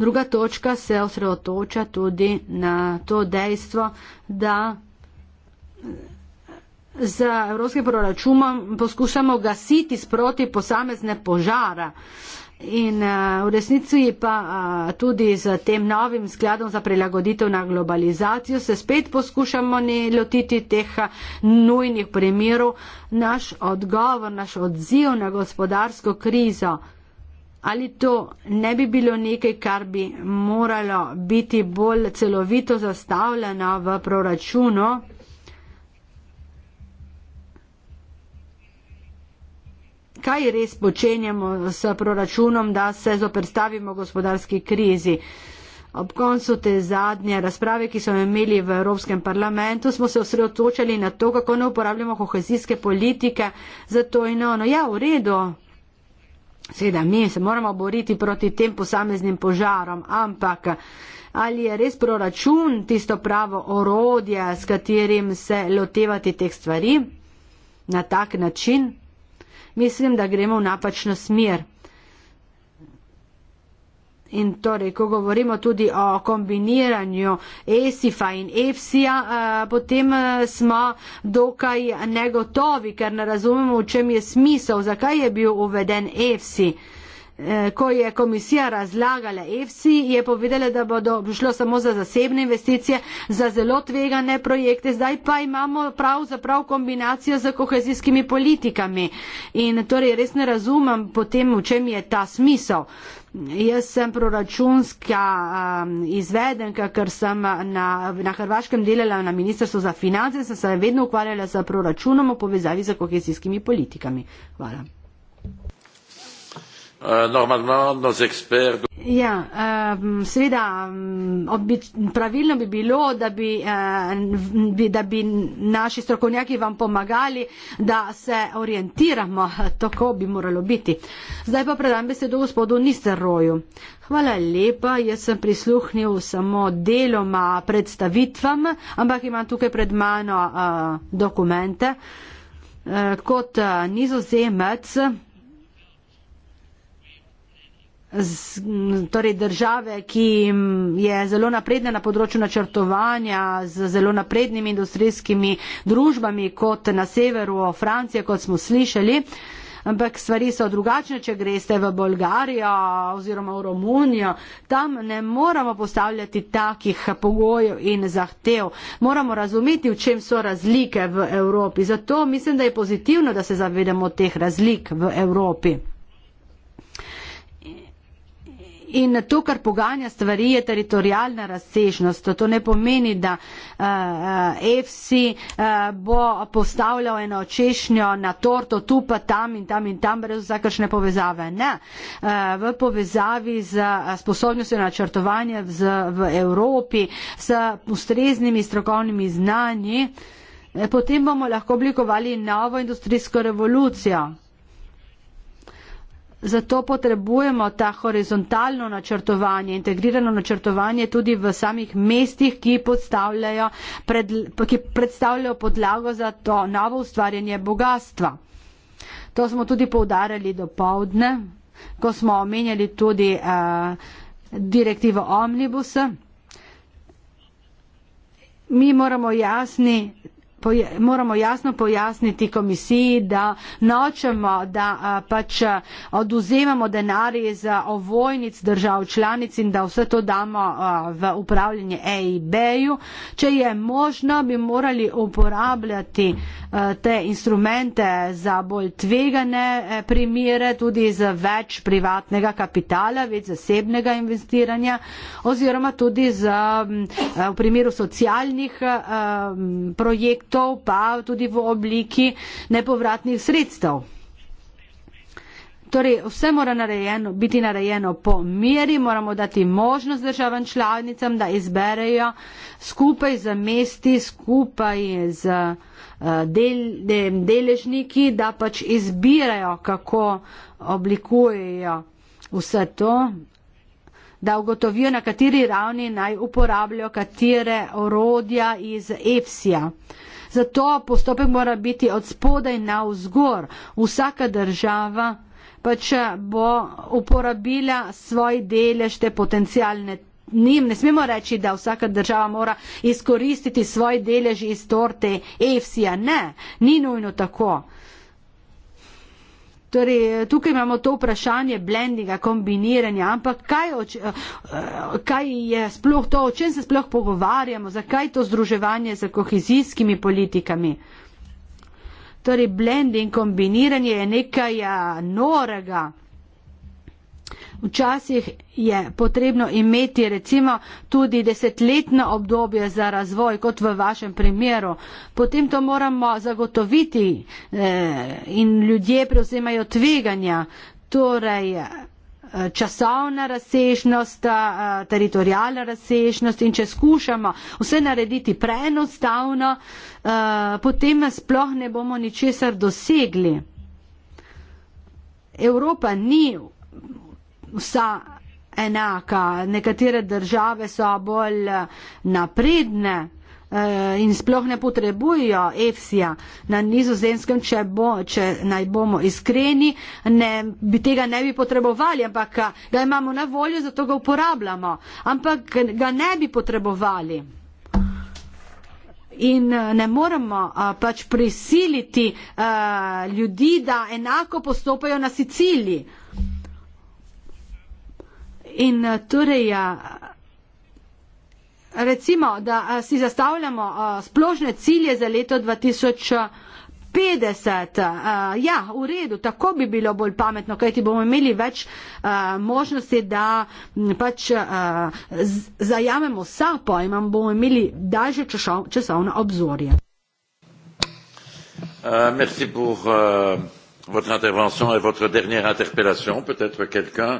Druga točka se osredotoča tudi na to dejstvo, da z evropskim proračunom poskušamo gasiti sproti posamezne požara. In uh, v resnici pa uh, tudi z tem novim skladom za prilagoditev na globalizacijo se spet poskušamo ne lotiti teh eh, nujnih primerov. Naš odgovor, naš odziv na gospodarsko krizo Ali to ne bi bilo nekaj, kar bi moralo biti bolj celovito zastavljeno v proračunu? Kaj res počenjamo s proračunom, da se zoprstavimo gospodarski krizi? Ob koncu te zadnje razprave, ki smo imeli v Evropskem parlamentu, smo se osredotočali na to, kako ne uporabljamo kohezijske politike za to in ono. Ja, v redu, Seveda, mi se moramo boriti proti tem posameznim požarom, ampak ali je res proračun tisto pravo orodje, s katerim se lotevati teh stvari na tak način? Mislim, da gremo v napačno smer. In torej, ko govorimo tudi o kombiniranju ESIF-a in EFSI-a, eh, potem eh, smo dokaj negotovi, ker ne razumemo, v čem je smisel, zakaj je bil uveden EFSI. Eh, ko je komisija razlagala EFSI, je povedala, da bodo prišlo samo za zasebne investicije, za zelo tvegane projekte. Zdaj pa imamo pravzaprav kombinacijo z kohezijskimi politikami. In torej res ne razumem potem, v čem je ta smisel. Jaz sem proračunska eh, izvedenka, ker sem na, na Hrvaškem delala na Ministrstvu za finance, sem se vedno ukvarjala z proračunom v povezavi z kohezijskimi politikami. Hvala. Eh, normalement nos experts Ja, seveda, pravilno bi bilo, da bi, da bi naši strokovnjaki vam pomagali, da se orientiramo, tako bi moralo biti. Zdaj pa predam besedo gospodu Nisteroju. Hvala lepa, jaz sem prisluhnil samo deloma predstavitvam, ampak imam tukaj pred mano eh, dokumente. Eh, kot nizozemec z, torej države, ki je zelo napredna na področju načrtovanja, z zelo naprednimi industrijskimi družbami, kot na severu Francije, kot smo slišali. Ampak stvari so drugačne, če greste v Bolgarijo oziroma v Romunijo. Tam ne moramo postavljati takih pogojev in zahtev. Moramo razumeti, v čem so razlike v Evropi. Zato mislim, da je pozitivno, da se zavedamo teh razlik v Evropi. In to, kar poganja stvari, je teritorijalna razsežnost. To ne pomeni, da uh, eh, eh, FC uh, eh, bo postavljal eno češnjo na torto tu pa tam in tam in tam brez vsakršne povezave. Ne. Uh, v povezavi z sposobnostjo načrtovanja z, v Evropi, s ustreznimi strokovnimi znanji, potem bomo lahko oblikovali novo industrijsko revolucijo zato potrebujemo ta horizontalno načrtovanje, integrirano načrtovanje tudi v samih mestih, ki, pred, ki predstavljajo podlago za to novo ustvarjanje bogatstva. To smo tudi poudarjali do povdne, ko smo omenjali tudi uh, direktivo Omnibus. Mi moramo jasni poja, moramo jasno pojasniti komisiji, da nočemo, da a, pač a, oduzemamo denar iz ovojnic držav članic in da vse to damo a, v upravljanje EIB-ju. Če je možno, bi morali uporabljati a, te instrumente za bolj tvegane a, e, primire, tudi za več privatnega kapitala, več zasebnega investiranja oziroma tudi za, a, v primeru socialnih a, a, projektov projektov pa tudi v obliki nepovratnih sredstev. Torej, vse mora narejeno, biti narejeno po meri, moramo dati možnost državam članicam, da izberejo skupaj z mesti, skupaj z eh, del, del, deležniki, da pač izbirajo, kako oblikujejo vse to, da ugotovijo, na kateri ravni naj uporabljajo katere orodja iz EFSI-ja. Zato postopek mora biti od spodaj na vzgor. Vsaka država pač bo uporabila svoj delež te potencijalne. Nim. Ne smemo reči, da vsaka država mora izkoristiti svoj delež iz torte EFSI-ja. Ne, ni nujno tako. Torej, tukaj imamo to vprašanje blendinga, kombiniranja, ampak kaj, oč, eh, kaj je sploh to, o čem se sploh pogovarjamo, zakaj to združevanje z kohezijskimi politikami? Torej, blending, kombiniranje je nekaj eh, norega. Včasih je potrebno imeti recimo tudi desetletno obdobje za razvoj, kot v vašem primeru. Potem to moramo zagotoviti eh, in ljudje prevzemajo tveganja. Torej, eh, časovna razsežnost, eh, teritorijalna razsežnost in če skušamo vse narediti preenostavno, eh, potem sploh ne bomo ničesar dosegli. Evropa ni vsa enaka. Nekatere države so bolj napredne eh, in sploh ne potrebujejo EFSI-ja na nizozemskem, če, bo, če naj bomo iskreni, ne, bi tega ne bi potrebovali, ampak eh, ga imamo na voljo, zato ga uporabljamo, ampak ga ne bi potrebovali. In eh, ne moramo a, pač prisiliti a, ljudi, da enako postopajo na Siciliji. In eh, torej, ja, recimo, da eh, si zastavljamo eh, splošne cilje za leto 2000. 50. Uh, ja, v redu, tako bi bilo bolj pametno, kajti bomo imeli več uh, možnosti, da pač uh, zajamemo vsa pojma in bomo imeli daljše časovno obzorje. Uh, merci pour, uh votre intervention et votre dernière interpellation. Peut-être quelqu'un.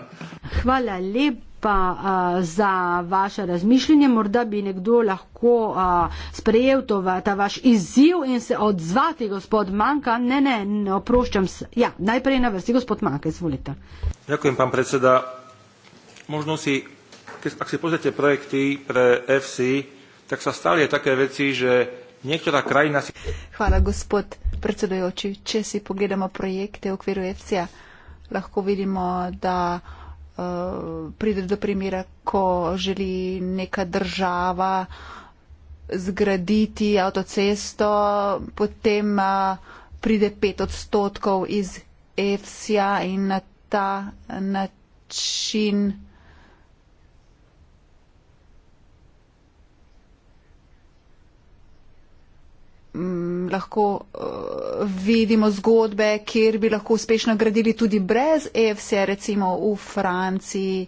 pa uh, za vaše razmišljanje, morda bi nekdo lahko uh, sprejel to, ta vaš izziv in se odzvati, gospod Manka. Ne, ne, ne oproščam se. Ja, najprej na vrsti, gospod Manka, izvolite. Zahvaljujem, pan predseda. Možno si, ak si pozrite projekty pre FC, tak sa stali také veci, že niektorá krajina si... Hvala, gospod predsedujoči, če si pogledamo projekte v okviru EFSA, lahko vidimo, da uh, pride do primera, ko želi neka država zgraditi avtocesto, potem uh, pride pet odstotkov iz EFSA in na ta način. Uh, m, mm, lahko uh, vidimo zgodbe, kjer bi lahko uspešno gradili tudi brez EFSE, e, recimo v Franciji,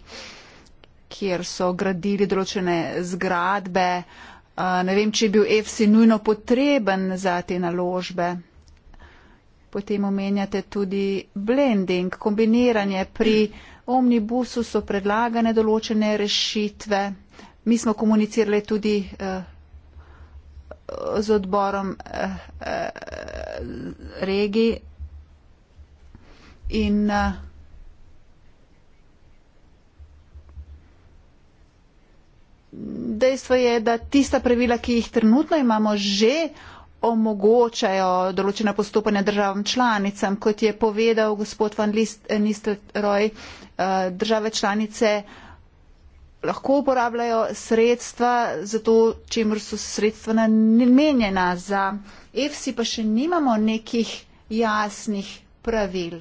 kjer so gradili določene zgradbe. Uh, ne vem, če je bil EFSE e nujno potreben za te naložbe. Potem omenjate tudi blending, kombiniranje. Pri omnibusu so predlagane določene rešitve. Mi smo komunicirali tudi. Uh, z odborom eh, eh, regij in eh, dejstvo je, da tista pravila, ki jih trenutno imamo, že omogočajo določena postopanja državam članicam, kot je povedal gospod Van List, eh, Nistelrooy, eh, države članice lahko uporabljajo sredstva za to, čemer so sredstva namenjena. Za EFSI pa še nimamo nekih jasnih pravil.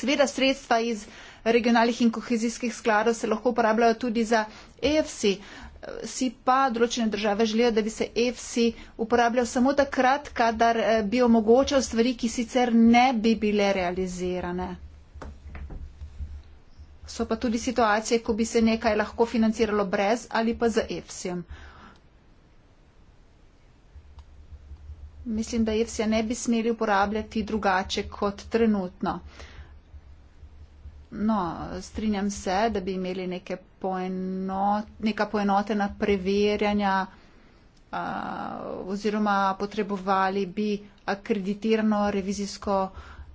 Seveda sredstva iz regionalnih in kohezijskih skladov se lahko uporabljajo tudi za EFSI. Si pa določene države želijo, da bi se EFSI uporabljal samo takrat, kadar eh, bi omogočal stvari, ki sicer ne bi bile realizirane. So pa tudi situacije, ko bi se nekaj lahko financiralo brez ali pa z EFSI-em. Mislim, da EFSI-ja ne bi smeli uporabljati drugače kot trenutno. No, strinjam se, da bi imeli neke poenot, neka poenotena preverjanja a, oziroma potrebovali bi akreditirano revizijsko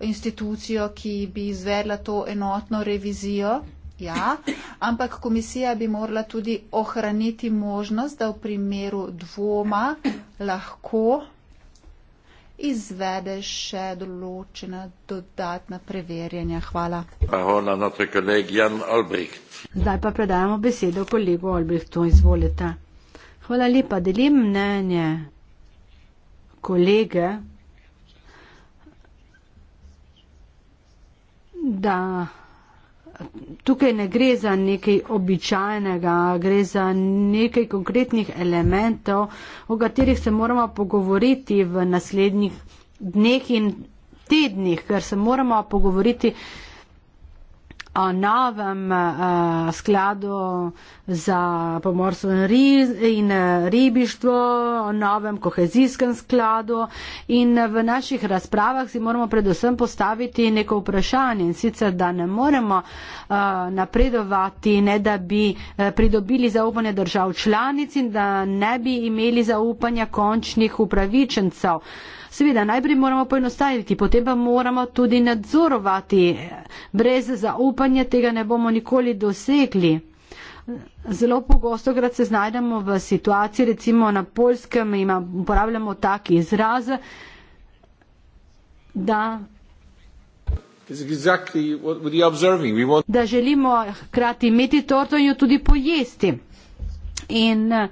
institucijo, ki bi izvedla to enotno revizijo. Ja, ampak komisija bi morala tudi ohraniti možnost, da v primeru dvoma lahko izvede še določena dodatna preverjanja. Hvala. Zdaj pa predajamo besedo kolegu Olbrichtu. Izvolite. Hvala lepa, delim mnenje kolege da tukaj ne gre za nekaj običajnega, gre za nekaj konkretnih elementov, o katerih se moramo pogovoriti v naslednjih dneh in tednih, ker se moramo pogovoriti, novem uh, skladu za pomorstvo in, riz, in eh, ribištvo, o novem kohezijskem skladu in eh, v naših razpravah si moramo predvsem postaviti neko vprašanje in sicer, da ne moremo uh, napredovati, ne da bi uh, pridobili zaupanje držav članic in da ne bi imeli zaupanja končnih upravičencev. Uh, Seveda, najprej moramo poenostaviti, potem pa moramo tudi nadzorovati. Brez zaupanja tega ne bomo nikoli dosegli. Zelo pogosto krat se znajdemo v situaciji, recimo na polskem ima, uporabljamo tak izraz, da. Da želimo hkrati imeti torto in jo tudi pojesti. In uh,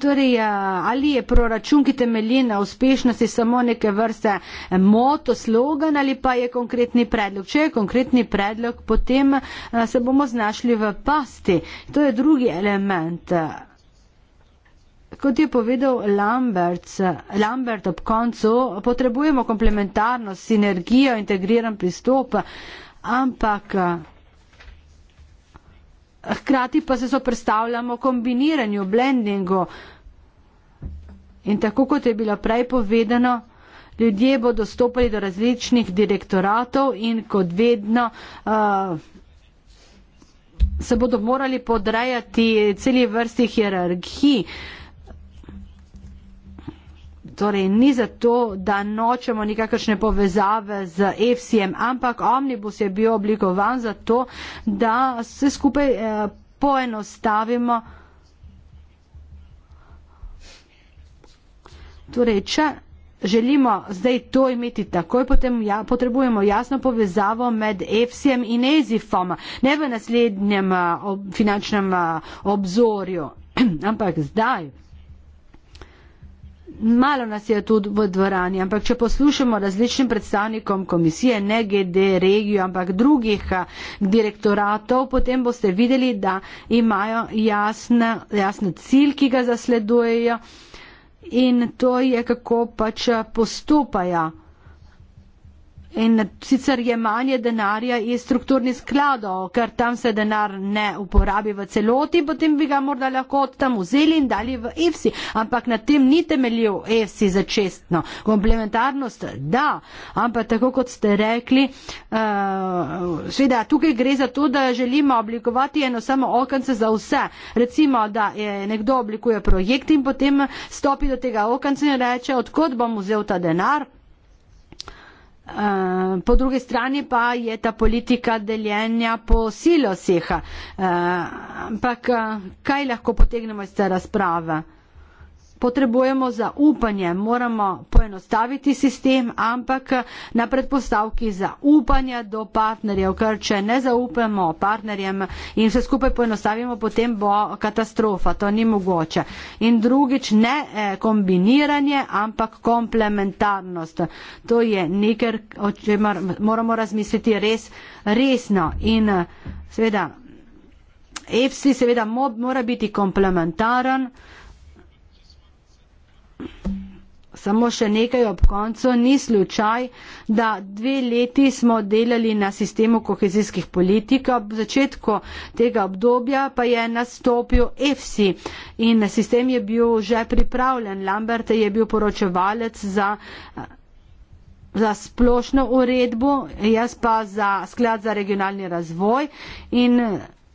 Torej, eh, ali je proračun, ki temelji na uspešnosti, samo neke vrste eh, moto, slogan ali pa je konkretni predlog? Če je konkretni predlog, potem eh, se bomo znašli v pasti. To je drugi element. Kot je povedal Lambert, Lambert ob koncu, potrebujemo komplementarnost, sinergijo, integriran pristop, ampak hkrati pa se soprstavljamo kombiniranju, blendingu. In tako kot je bilo prej povedano, ljudje bodo stopili do različnih direktoratov in kot vedno uh, se bodo morali podrejati celi vrsti hierarhiji torej ni zato, da nočemo nikakršne povezave z FCM, ampak omnibus je bil oblikovan zato, da se skupaj eh, poenostavimo. Torej, če želimo zdaj to imeti takoj, potem ja, potrebujemo jasno povezavo med EFSI-em in EZIF-om, ne v naslednjem uh, ob, finančnem uh, obzorju, [clears throat] ampak zdaj malo nas je tudi v dvorani, ampak če poslušamo različnim predstavnikom komisije, ne GD, regijo, ampak drugih eh, direktoratov, potem boste videli, da imajo jasna, jasna cilj, ki ga zasledujejo in to je, kako pač eh, postupajo in sicer je manje denarja iz strukturnih skladov, ker tam se denar ne uporabi v celoti, potem bi ga morda lahko od tam vzeli in dali v EFSI. Ampak na tem ni temeljil EFSI za čestno. Komplementarnost, da, ampak tako kot ste rekli, uh, eh, sveda, tukaj gre za to, da želimo oblikovati eno samo okence za vse. Recimo, da je nekdo oblikuje projekt in potem stopi do tega okence in reče, odkot bom vzel ta denar. Uh, po drugi strani pa je ta politika deljenja po silosih. Eh, uh, ampak uh, kaj lahko potegnemo iz te razprave? Uh, potrebujemo zaupanje, moramo poenostaviti sistem, ampak na predpostavki zaupanja do partnerjev, ker če ne zaupamo partnerjem in vse skupaj poenostavimo, potem bo katastrofa, to ni mogoče. In drugič, ne eh, kombiniranje, ampak komplementarnost. To je nekaj, o čemer moramo razmisliti res resno. In eh, seveda, EFSI seveda mora biti komplementaren. Samo še nekaj ob koncu. Ni slučaj, da dve leti smo delali na sistemu kohezijskih politik. Ob začetku tega obdobja pa je nastopil EFSI in sistem je bil že pripravljen. Lambert je bil poročevalec za za splošno uredbo, jaz pa za sklad za regionalni razvoj in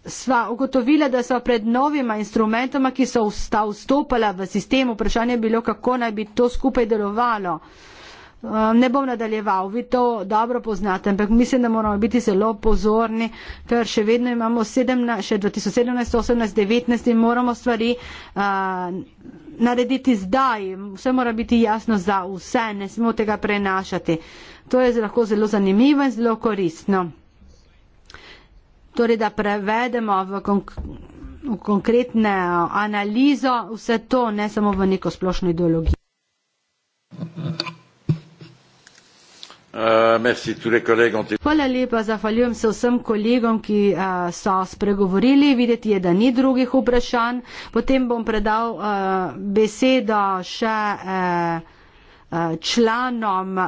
sva ugotovila, da so pred novima instrumentoma, ki so vsta vstopala v sistem, vprašanje je bilo, kako naj bi to skupaj delovalo. Ehm, ne bom nadaljeval, vi to dobro poznate, ampak mislim, da moramo biti zelo pozorni, ker še vedno imamo 17, še 2017, 18, 19 in moramo stvari uh, narediti zdaj. Vse mora biti jasno za vse, ne smemo tega prenašati. To je lahko zelo zanimivo in zelo koristno torej da prevedemo v, konk v konkretne eh, analizo vse to, ne samo v neko splošno ideologijo. Eh, Hvala lepa, zahvaljujem se vsem kolegom, ki uh, so spregovorili. Videti je, da ni drugih vprašanj. Potem bom predal uh, besedo še. Uh, Eh, članom eh,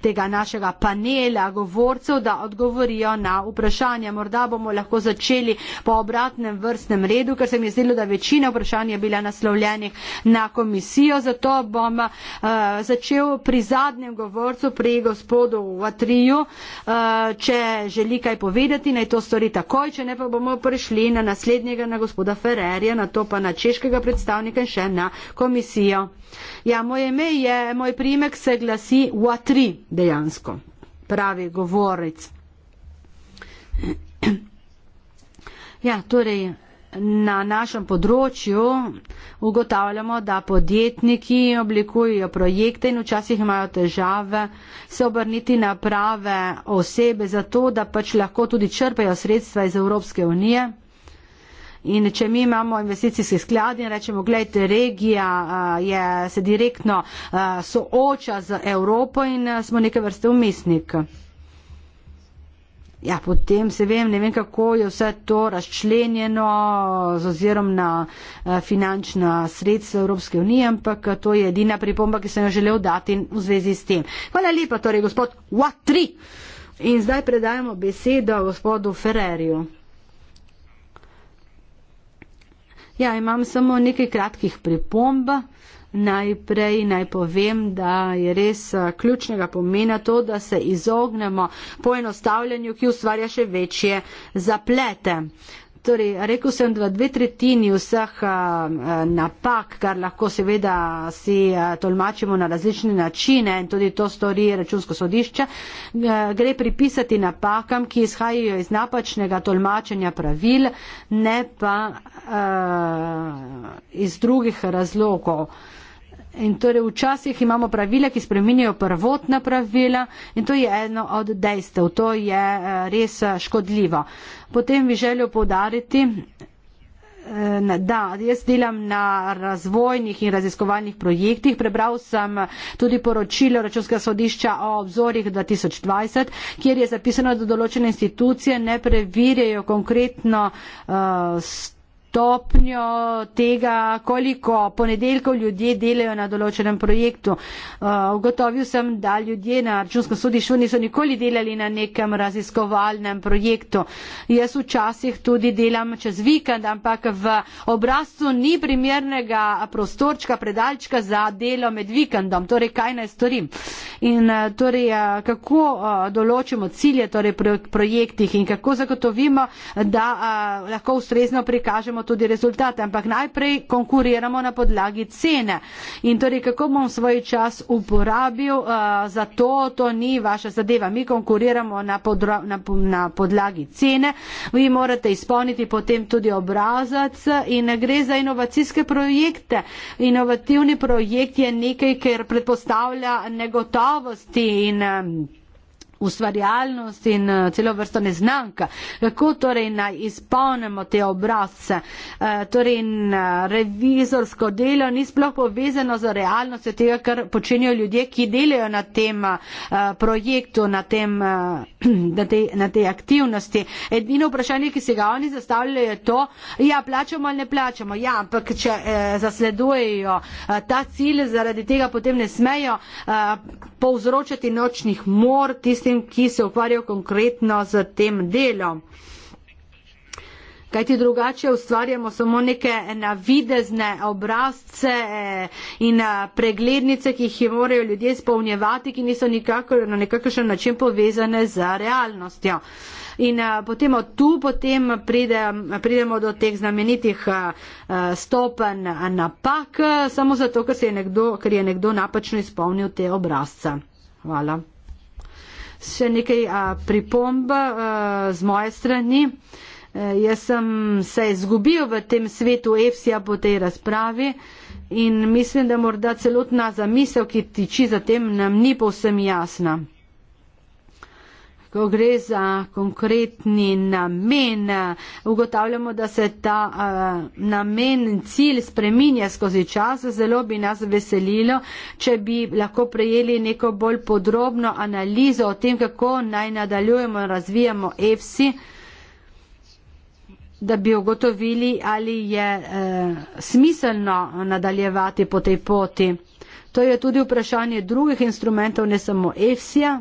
tega našega panela govorcev, da odgovorijo na vprašanje. Morda bomo lahko začeli po obratnem vrstnem redu, ker se mi je zdelo, da večina vprašanj je bila naslovljenih na komisijo. Zato bom eh, začel pri zadnjem govorcu, pri gospodu Vatriju. Če želi kaj povedati, naj to stori takoj, če ne pa bomo prišli na naslednjega, na gospoda Ferrerja, na to pa na češkega predstavnika in še na komisijo. Ja, moje ime je moj primek se glasi Watri dejansko, pravi govorec. [clears throat] Ja, torej na našem področju ugotavljamo, da podjetniki oblikujejo projekte in včasih imajo težave se obrniti na prave osebe za to, da pač lahko tudi črpajo sredstva iz Evropske unije. In če mi imamo investicijski sklad in rečemo, gledajte, regija je, se direktno sooča z Evropo in smo neke vrste umisnik. Ja, potem se vem, ne vem, kako je vse to razčlenjeno z ozirom na finančna sredstva Evropske unije, ampak to je edina pripomba, ki sem jo želel dati v zvezi s tem. Hvala lepa, torej gospod Watri. In zdaj predajamo besedo gospodu Ferrerju. Ja, imam samo nekaj kratkih pripomb. Najprej naj povem, da je res eh, ključnega pomena to, da se izognemo poenostavljanju, ki ustvarja še večje zaplete. Uh, Torej, rekel sem, da dve tretjini vseh a, eh, a, napak, kar lahko seveda si a, eh, tolmačimo na različne načine in tudi to stori računsko sodišče, a, eh, gre pripisati napakam, ki izhajajo iz napačnega tolmačenja pravil, ne pa a, iz drugih razlogov. A, In torej včasih imamo pravila, ki spremenijo prvotna pravila in to je eno od dejstev. To je eh, res eh, škodljivo. Potem bi želel podariti, eh, da jaz delam na razvojnih in raziskovalnih projektih. Prebral sem tudi poročilo računskega sodišča o obzorih 2020, kjer je zapisano, da določene institucije ne preverjajo konkretno stanje stopnjo tega, koliko ponedeljkov ljudje delajo na določenem projektu. Uh, ugotovil sem, da ljudje na računskem sodišču niso nikoli delali na nekem raziskovalnem projektu. Jaz včasih tudi delam čez vikend, ampak v obrazcu ni primernega prostorčka, predalčka za delo med vikendom. Torej, kaj naj storim? In uh, torej, uh, kako določimo cilje torej, pri projektih in kako zagotovimo, da lahko ustrezno prikažemo dobivamo tudi rezultate, ampak najprej konkuriramo na podlagi cene. In torej, kako bom svoj čas uporabil, uh, za to, to ni vaša zadeva. Mi konkuriramo na, podra, na, na podlagi cene, vi morate izpolniti potem tudi obrazac eh, in gre za inovacijske projekte. Inovativni projekt je nekaj, ker predpostavlja negotovosti in um, ustvarjalnost in eh, celo vrsto neznanka. Kako torej naj izpolnimo te obrazce? Eh, torej revizorsko delo ni sploh povezano z realnostjo tega, kar počenjajo ljudje, ki delajo na tem eh, projektu, na, tem, [clears throat] na, tej, na tej aktivnosti. Edino vprašanje, ki se ga oni zastavljajo, je to, ja, plačamo ali ne plačamo. Ja, ampak če eh, zasledujejo eh, ta cilj, zaradi tega potem ne smejo eh, povzročati nočnih mor tistim, tistim, ki se ukvarjajo konkretno z tem delom. Kajti drugače ustvarjamo samo neke navidezne obrazce eh, in eh, preglednice, ki jih morajo ljudje spolnjevati, ki niso nikako, na nekakšen način povezane z realnostjo. In eh, potem od tu potem pride, pridemo do teh znamenitih stopenj napak, samo zato, ker, nekdo, ker je nekdo napačno izpolnil te obrazce. Hvala še nekaj a, pripomb a, z moje strani. E, jaz sem se izgubil v tem svetu EFSI-a po tej razpravi in mislim, da morda celotna zamisel, ki tiči za tem, nam ni povsem jasna ko gre za konkretni namen, ugotavljamo, da se ta uh, namen in cilj spreminja skozi čas. Zelo bi nas veselilo, če bi lahko prejeli neko bolj podrobno analizo o tem, kako naj nadaljujemo in razvijamo EFSI da bi ugotovili, ali je e, smiselno nadaljevati po tej poti. To je tudi vprašanje drugih instrumentov, ne samo EFSI-ja.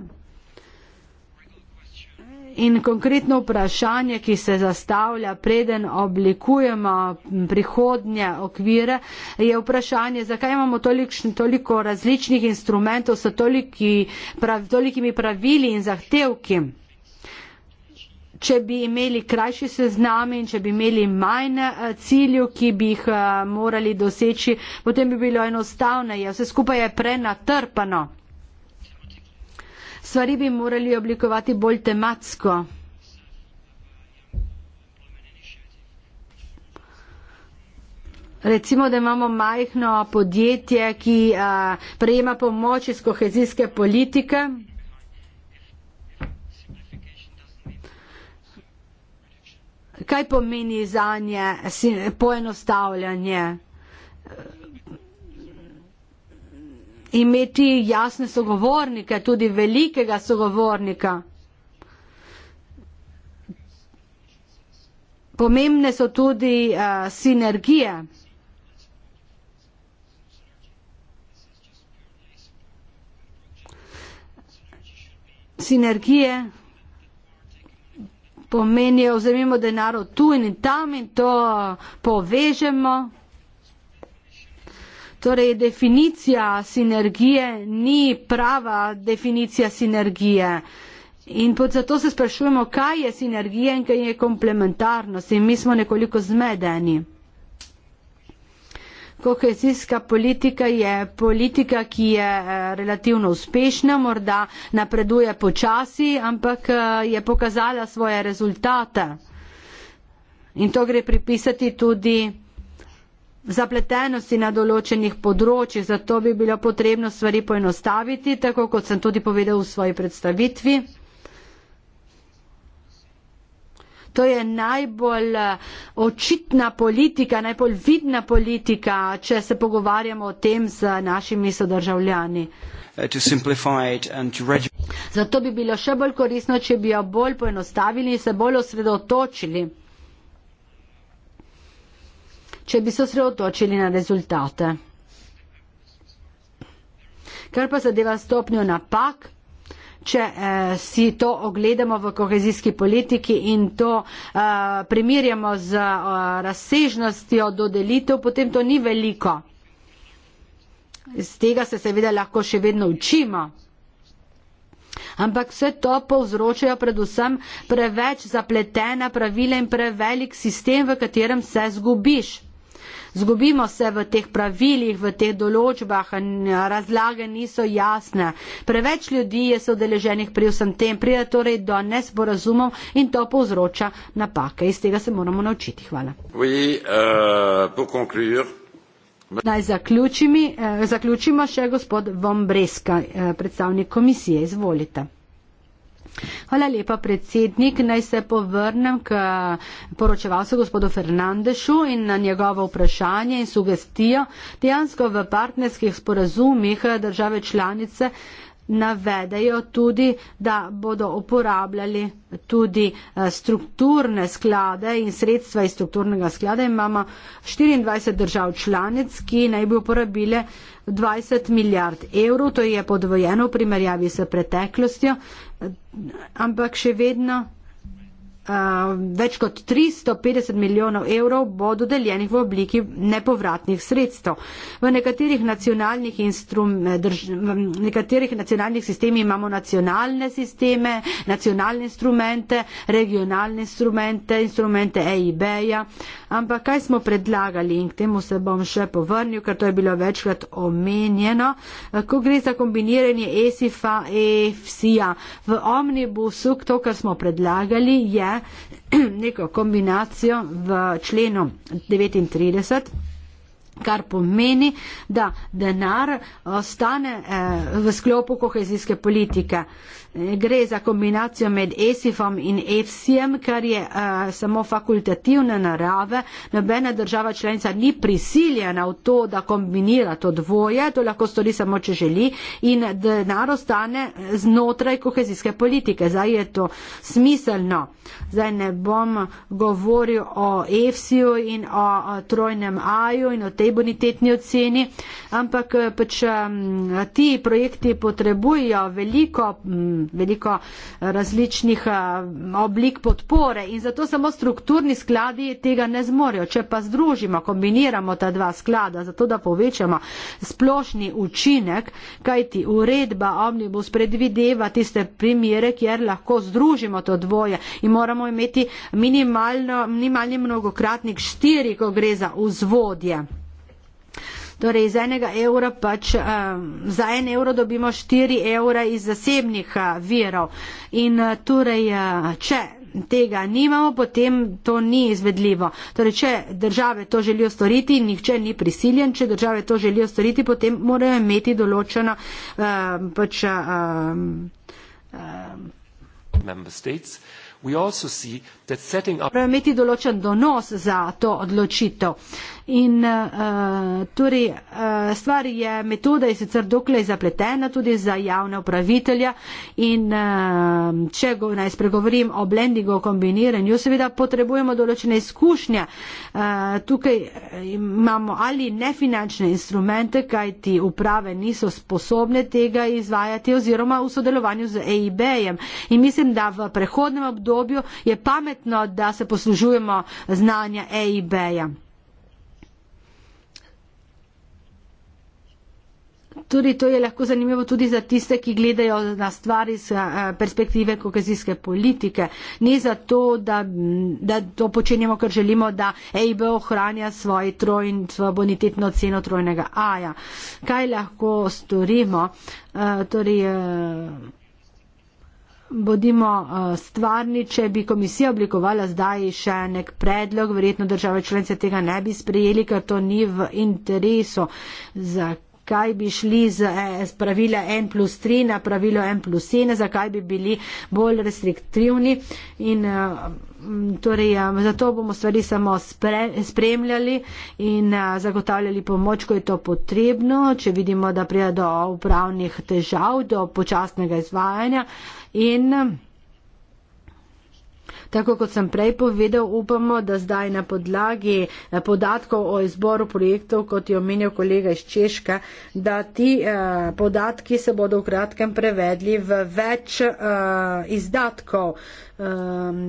In konkretno vprašanje, ki se zastavlja, preden oblikujemo prihodnje okvire, je vprašanje, zakaj imamo tolikšn, toliko različnih instrumentov s toliki, prav, tolikimi pravili in zahtevki. Če bi imeli krajši seznam in če bi imeli manj eh, ciljev, ki bi jih eh, morali doseči, potem bi bilo enostavno. Vse skupaj je prenatrpano stvari bi morali oblikovati bolj tematsko. Recimo, da imamo majhno podjetje, ki a, prejema pomoč iz kohezijske politike. Kaj pomeni za nje poenostavljanje? imeti jasne sogovornike, tudi velikega sogovornika. Pomembne so tudi uh, sinergije. Sinergije pomenijo, vzemimo denar od tu in tam in to povežemo. Torej, definicija sinergije ni prava definicija sinergije. In pod zato se sprašujemo, kaj je sinergija in kaj je komplementarnost. In mi smo nekoliko zmedeni. Kohezijska politika je politika, ki je eh, relativno uspešna, morda napreduje počasi, ampak eh, je pokazala svoje rezultate. In to gre pripisati tudi zapletenosti na določenih področjih, zato bi bilo potrebno stvari poenostaviti, tako kot sem tudi povedal v svoji predstavitvi. To je najbolj eh, očitna politika, najbolj vidna politika, če se pogovarjamo o tem z našimi sodržavljani. Uh, zato bi bilo še bolj korisno, če bi jo bolj poenostavili in se bolj osredotočili če bi se osredotočili na rezultate. Kar pa zadeva stopnjo napak, če eh, si to ogledamo v kohezijski politiki in to eh, primirjamo z eh, razsežnostjo dodelitev, potem to ni veliko. Z tega se seveda lahko še vedno učimo. Ampak vse to povzročajo predvsem preveč zapletena pravila in prevelik sistem, v katerem se zgubiš zgubimo se v teh pravilih, v teh določbah, razlage niso jasne. Preveč ljudi je sodeleženih pri vsem tem, prija torej do nesporazumov in to povzroča napake. Iz tega se moramo naučiti. Hvala. Oui, uh, Naj zaključimo, eh, zaključimo še gospod Vombreska, eh, predstavnik komisije. Izvolite. Hvala lepa, predsednik. Naj se povrnem k poročevalcu gospodu Fernandešu in na njegovo vprašanje in sugestijo. Dejansko v partnerskih sporazumih eh, države članice navedejo tudi, da bodo uporabljali tudi eh, strukturne sklade in sredstva iz strukturnega sklada. Imamo 24 držav članic, ki naj bi uporabile 20 milijard evrov, to je podvojeno v primerjavi s preteklostjo, eh, ampak še vedno Eh, več kot 350 milijonov evrov bo dodeljenih v obliki nepovratnih sredstev. V nekaterih nacionalnih, eh, drž, v nekaterih nacionalnih sistemi imamo nacionalne sisteme, nacionalne instrumente, regionalne instrumente, instrumente EIB-ja, ampak kaj smo predlagali in k temu se bom še povrnil, ker to je bilo večkrat omenjeno, eh, ko gre za kombiniranje ESIF-a, EFSI-a. V omnibusu to, kar smo predlagali, je, [clears throat] neko kombinacijo v členu 39 kar pomeni, da denar ostane eh, v sklopu kohezijske politike. Eh, Eh, gre za kombinacijo med ESIF-om in EFSI-em, kar je uh, samo fakultativne narave. Nobena država članica ni prisiljena v to, da kombinira to dvoje, to lahko stori samo, če želi in denar ostane eh, znotraj kohezijske politike. Zdaj je to smiselno. Zdaj ne bom govoril o EFSI-ju in o, o trojnem AJ-ju in o tej bonitetni oceni, ampak pač um, ti projekti potrebujejo veliko. Um, veliko eh, različnih eh, oblik podpore in zato samo strukturni skladi tega ne zmorejo. Če pa združimo, kombiniramo ta dva sklada, zato da povečamo splošni učinek, kajti uredba omnibus predvideva tiste primere, kjer lahko združimo to dvoje in moramo imeti minimalno, minimalni mnogokratnik štiri, ko gre za vzvodje. Torej, iz enega evra pač um, za en evro dobimo štiri evra iz zasebnih uh, virov. In uh, torej, uh, če tega nimamo, potem to ni izvedljivo. Torej, če države to želijo storiti, nihče ni prisiljen, če države to želijo storiti, potem morajo imeti določeno uh, pač. Uh, uh, Mora imeti določen donos za to odločitev. In uh, torej, uh, stvar je, metoda je sicer dokle zapletena tudi za javne upravitelja in uh, če go naj spregovorim o blendingu, o kombiniranju, seveda potrebujemo določene izkušnje. Uh, tukaj imamo ali nefinančne instrumente, kaj ti uprave niso sposobne tega izvajati oziroma v sodelovanju z EIB-jem. In mislim, da v prehodnem obdobju obdobju je pametno, da se poslužujemo znanja EIB-ja. Tudi to je lahko zanimivo tudi za tiste, ki gledajo na stvari iz eh, perspektive kohezijske politike. Ni zato, da, da to počenjamo, ker želimo, da EIB ohranja svoj trojn, svojo bonitetno ceno trojnega A. Kaj lahko storimo? Uh, torej, uh, bodimo uh, stvarni, če bi komisija oblikovala zdaj še nek predlog, verjetno države članice tega ne bi sprejeli, ker to ni v interesu. Zakaj bi šli z, z eh, pravila N plus 3 na pravilo N plus 1, zakaj bi bili bolj restriktivni in. Uh, Mm, torej, ja, zato bomo stvari samo spre, spremljali in zagotavljali pomoč, ko je to potrebno, če vidimo, da prija do upravnih težav, do počasnega izvajanja in Tako kot sem prej povedal, upamo, da zdaj na podlagi eh, podatkov o izboru projektov, kot je omenil kolega iz Češka, da ti eh, podatki se bodo v kratkem prevedli v več eh, izdatkov. Ehm,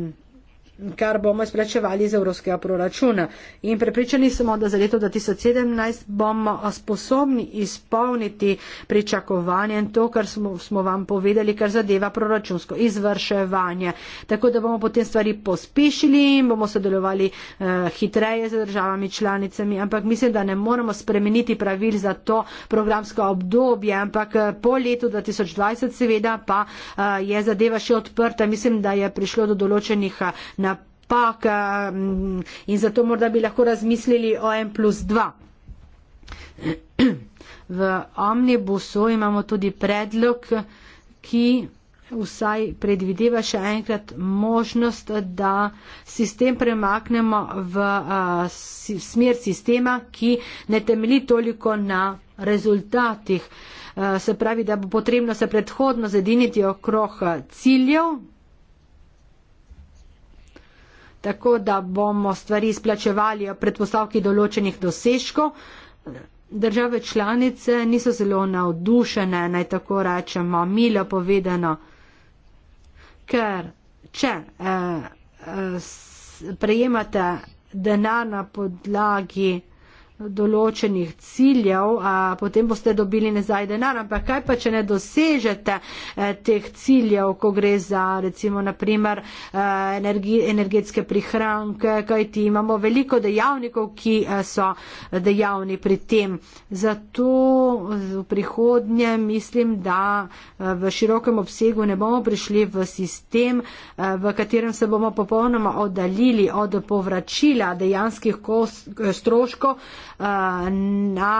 kar bomo izplačevali iz evropskega proračuna. In prepričani smo, da za leto 2017 bomo sposobni izpolniti pričakovanje in to, kar smo, smo vam povedali, kar zadeva proračunsko izvrševanje. Tako da bomo potem stvari pospešili in bomo sodelovali eh, hitreje z državami članicami, ampak mislim, da ne moramo spremeniti pravil za to programsko obdobje, ampak eh, po letu 2020 seveda pa eh, je zadeva še odprta. Mislim, da je prišlo do določenih na eh, pak in zato morda bi lahko razmislili o en plus dva. V omnibusu imamo tudi predlog, ki vsaj predvideva še enkrat možnost, da sistem premaknemo v smer sistema, ki ne temeli toliko na rezultatih. Se pravi, da bo potrebno se predhodno zediniti okrog ciljev tako da bomo stvari izplačevali o predpostavki določenih dosežkov. Države članice niso zelo navdušene, naj tako rečemo, milo povedano, ker če eh, eh, prejemate denar na podlagi določenih ciljev, a potem boste dobili nazaj denar. Ampak kaj pa, če ne dosežete eh, teh ciljev, ko gre za recimo naprimer eh, energi, energetske prihranke, kajti imamo veliko dejavnikov, ki eh, so dejavni pri tem. Zato eh, v prihodnje mislim, da eh, v širokem obsegu ne bomo prišli v sistem, eh, v katerem se bomo popolnoma oddaljili od povračila dejanskih kos, eh, stroškov, Eh, na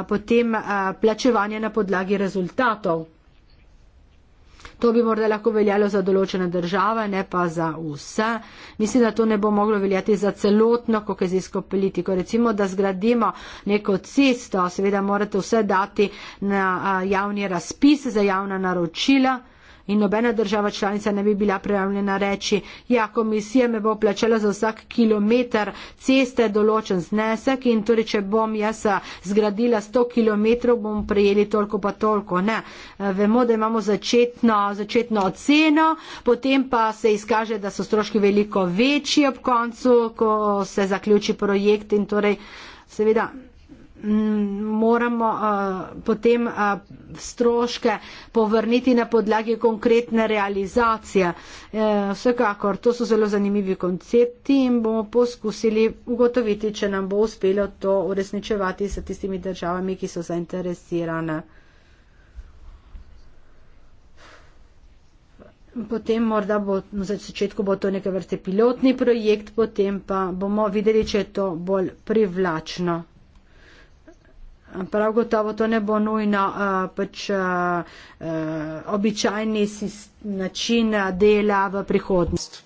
eh, potem eh, plačevanje na podlagi rezultatov. To bi morda lahko veljalo za določene države, ne pa za vse. Mislim, da to ne bo moglo veljati za celotno kohezijsko politiko. Recimo, da zgradimo neko cesto, seveda morate vse dati na javni razpis za javna naročila in nobena država članica ne bi bila prijavljena reči, ja, komisija me bo plačala za vsak kilometr ceste določen znesek in torej, če bom jaz zgradila 100 km, bom prejeli toliko pa toliko. Ne, e, vemo, da imamo začetno, začetno oceno, potem pa se izkaže, da so stroški veliko večji ob koncu, ko se zaključi projekt in torej. Seveda, moramo uh, potem uh, stroške povrniti na podlagi konkretne realizacije. Uh, vsekakor, to so zelo zanimivi koncepti in bomo poskusili ugotoviti, če nam bo uspelo to uresničevati s tistimi državami, ki so zainteresirane. Potem morda bo na začetku bo to neke vrste pilotni projekt, potem pa bomo videli, če je to bolj privlačno. Prav gotovo to ne bo nujno eh, pač eh, eh, običajni način dela v prihodnost.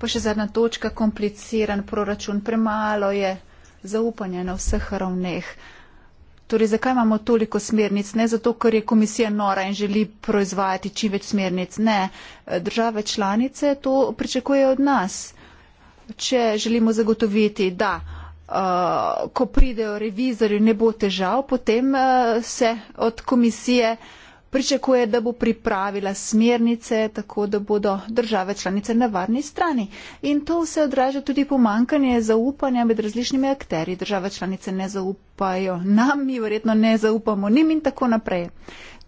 Pa še zadnja točka, kompliciran proračun, premalo je zaupanja na vseh ravneh. Torej, zakaj imamo toliko smernic? Ne zato, ker je komisija nora in želi proizvajati čim več smernic. Ne, države članice to pričakujejo od nas. Če želimo zagotoviti, da uh, ko pridejo revizori, ne bo težav, potem uh, se od komisije pričakuje, da bo pripravila smernice, tako da bodo države članice na varni strani. In to se odraža tudi pomankanje zaupanja med različnimi akteri. Države članice ne zaupajo nam, mi verjetno ne zaupamo njim in tako naprej.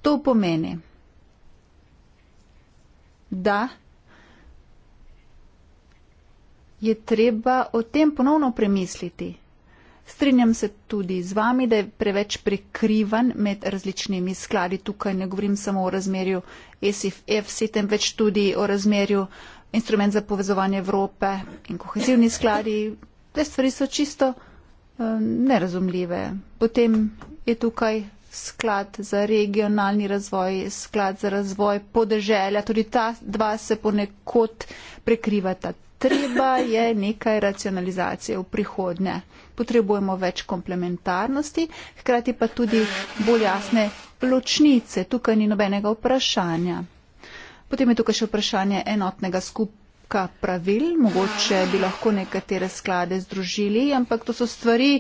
To pomeni, da je treba o tem ponovno premisliti. Strinjam se tudi z vami, da je preveč prekrivan med različnimi skladi. Tukaj ne govorim samo o razmerju SFFC, temveč tudi o razmerju instrument za povezovanje Evrope in kohezivni skladi. Te stvari so čisto um, nerazumljive. Potem je tukaj sklad za regionalni razvoj, sklad za razvoj podeželja. Tudi ta dva se ponekod prekrivata treba je nekaj racionalizacije v prihodnje. Potrebujemo več komplementarnosti, hkrati pa tudi bolj jasne ločnice. Tukaj ni nobenega vprašanja. Potem je tukaj še vprašanje enotnega skupka pravil. Mogoče bi lahko nekatere sklade združili, ampak to so stvari,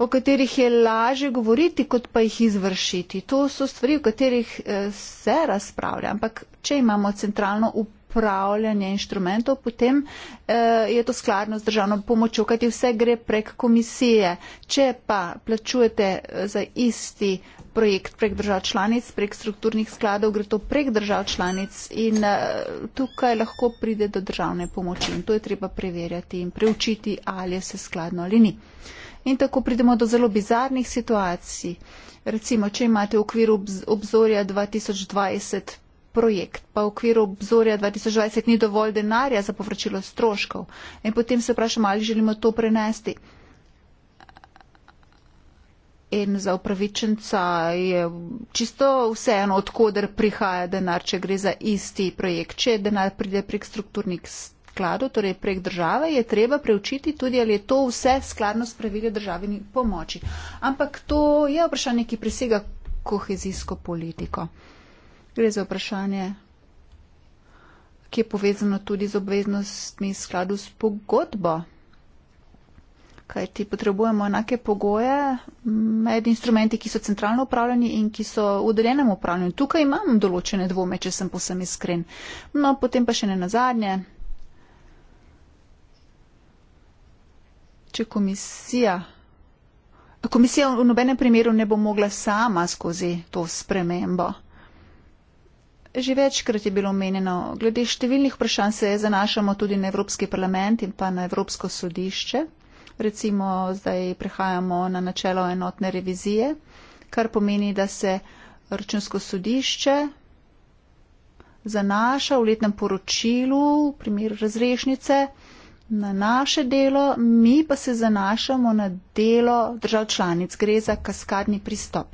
o katerih je laže govoriti, kot pa jih izvršiti. To so stvari, o katerih eh, se razpravlja. Ampak, če imamo centralno upravljanje, upravljanje inštrumentov, potem eh, je to skladno z državno pomočjo, kajti vse gre prek komisije. Če pa plačujete eh, za isti projekt prek držav članic, prek strukturnih skladov, gre to prek držav članic in eh, tukaj lahko pride do državne pomoči in to je treba preverjati in preučiti, ali je se skladno ali ni. In tako pridemo do zelo bizarnih situacij. Recimo, če imate v okviru obzorja 2020 projekt, pa v okviru obzorja 2020 ni dovolj denarja za povračilo stroškov. In potem se vprašamo, ali želimo to prenesti. In za upravičenca je čisto vseeno, odkuder prihaja denar, če gre za isti projekt. Če denar pride prek strukturnih skladov, torej prek države, je treba preučiti tudi, ali je to vse skladno s pravili državini pomoči. Ampak to je vprašanje, ki presega kohezijsko politiko. Gre za vprašanje, ki je povezano tudi z obveznostmi v skladu s pogodbo. Kaj ti potrebujemo enake pogoje med instrumenti, ki so centralno upravljeni in ki so v deljenem upravljanju. Tukaj imam določene dvome, če sem posem iskren. No, potem pa še ne nazadnje. Če komisija. Komisija v nobenem primeru ne bo mogla sama skozi to spremembo že večkrat je bilo omenjeno, glede številnih vprašanj se zanašamo tudi na Evropski parlament in pa na Evropsko sodišče. Recimo zdaj prehajamo na načelo enotne revizije, kar pomeni, da se računsko sodišče zanaša v letnem poročilu, v primeru razrešnice, na naše delo, mi pa se zanašamo na delo držav članic. Gre za kaskadni pristop.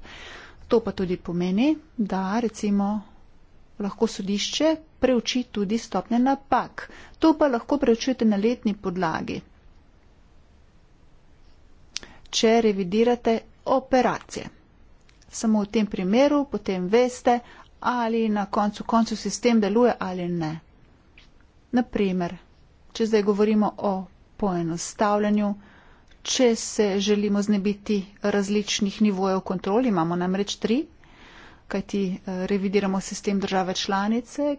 To pa tudi pomeni, da recimo lahko sodišče preuči tudi stopne napak. To pa lahko preučujete na letni podlagi, če revidirate operacije. Samo v tem primeru potem veste, ali na koncu, koncu sistem deluje ali ne. Naprimer, če zdaj govorimo o poenostavljanju, če se želimo znebiti različnih nivojev kontroli, imamo namreč tri, kajti eh, revidiramo sistem države članice.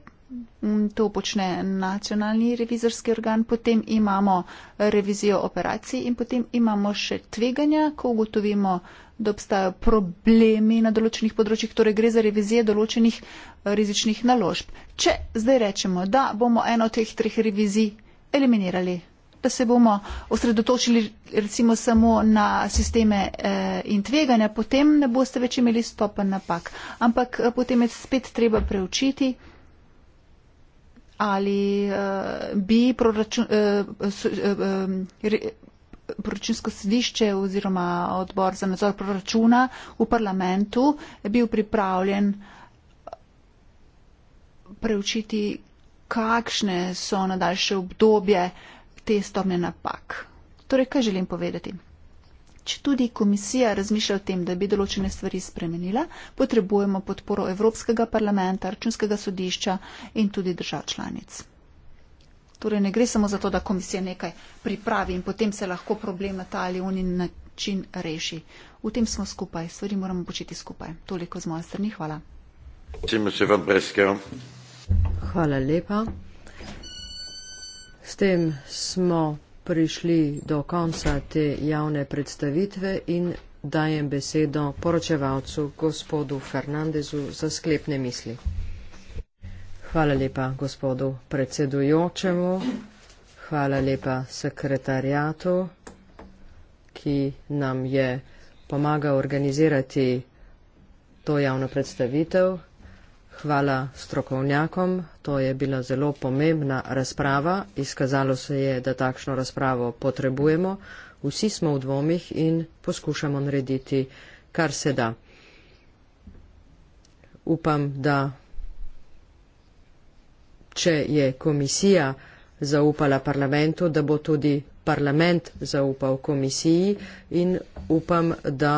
Mm, to počne nacionalni revizorski organ, potem imamo revizijo operacij in potem imamo še tveganja, ko ugotovimo, da obstajajo problemi na določenih področjih, torej gre za revizije določenih eh, rizičnih naložb. Če zdaj rečemo, da bomo eno od teh treh revizij eliminirali, da se bomo osredotočili recimo samo na sisteme eh, in tveganja, potem ne boste več imeli stopen napak. Ampak eh, potem je spet treba preučiti, ali eh, bi proračunsko eh, eh, eh, sodišče oziroma odbor za nadzor proračuna v parlamentu bil pripravljen preučiti, kakšne so na daljše obdobje eh, te stopnje napak. Torej, kaj želim povedati? Če tudi komisija razmišlja o tem, da bi določene stvari spremenila, potrebujemo podporo Evropskega parlamenta, računskega sodišča in tudi držav članic. Torej, ne gre samo za to, da komisija nekaj pripravi in potem se lahko problem na ta ali oni način reši. V tem smo skupaj, stvari moramo početi skupaj. Toliko z moje strani. Hvala. Hvala lepa. S tem smo prišli do konca te javne predstavitve in dajem besedo poročevalcu gospodu Fernandezu za sklepne misli. Hvala lepa gospodu predsedujočemu, hvala lepa sekretarjatu, ki nam je pomagal organizirati to javno predstavitev hvala strokovnjakom. To je bila zelo pomembna razprava. Izkazalo se je, da takšno razpravo potrebujemo. Vsi smo v dvomih in poskušamo narediti, kar se da. Upam, da če je komisija zaupala parlamentu, da bo tudi parlament zaupal komisiji in upam, da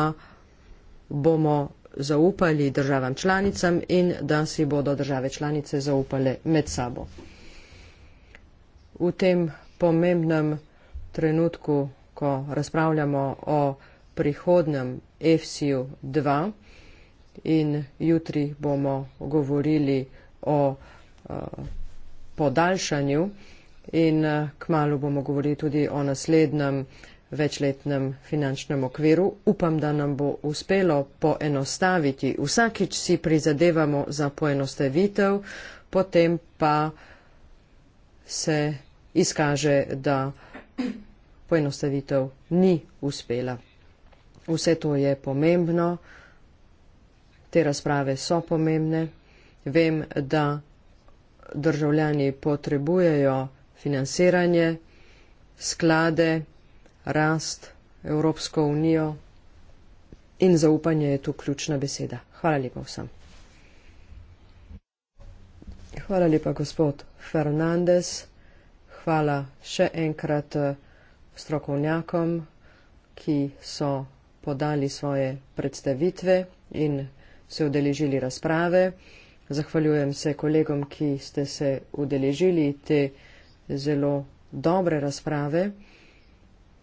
bomo zaupali državam članicam in da si bodo države članice zaupale med sabo. V tem pomembnem trenutku, ko razpravljamo o prihodnem FCU 2 in jutri bomo govorili o eh, podaljšanju in eh, kmalo bomo govorili tudi o naslednjem večletnem finančnem okviru. Upam, da nam bo uspelo poenostaviti. Vsakič si prizadevamo za poenostavitev, potem pa se izkaže, da poenostavitev ni uspela. Vse to je pomembno, te razprave so pomembne. Vem, da državljani potrebujejo financiranje, sklade, rast, Evropsko unijo in zaupanje je tu ključna beseda. Hvala lepa vsem. Hvala lepa, gospod Fernandez. Hvala še enkrat eh, strokovnjakom, ki so podali svoje predstavitve in se udeležili razprave. Zahvaljujem se kolegom, ki ste se udeležili te zelo dobre razprave.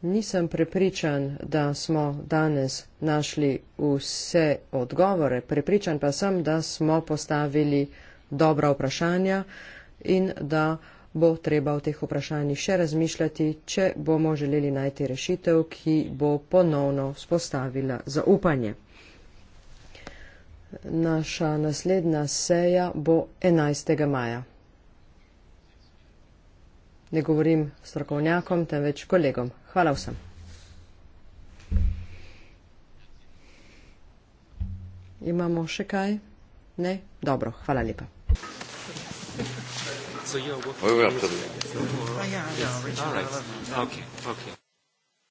Nisem prepričan, da smo danes našli vse odgovore, prepričan pa sem, da smo postavili dobra vprašanja in da bo treba o teh vprašanjih še razmišljati, če bomo želeli najti rešitev, ki bo ponovno spostavila zaupanje. Naša naslednja seja bo 11. maja ne govorim strokovnjakom, temveč kolegom. Hvala vsem. Imamo še kaj? Ne? Dobro, hvala lepa. So you're welcome. Oh, you're welcome. Yeah. Yeah. Yeah. All right. Okay. Okay.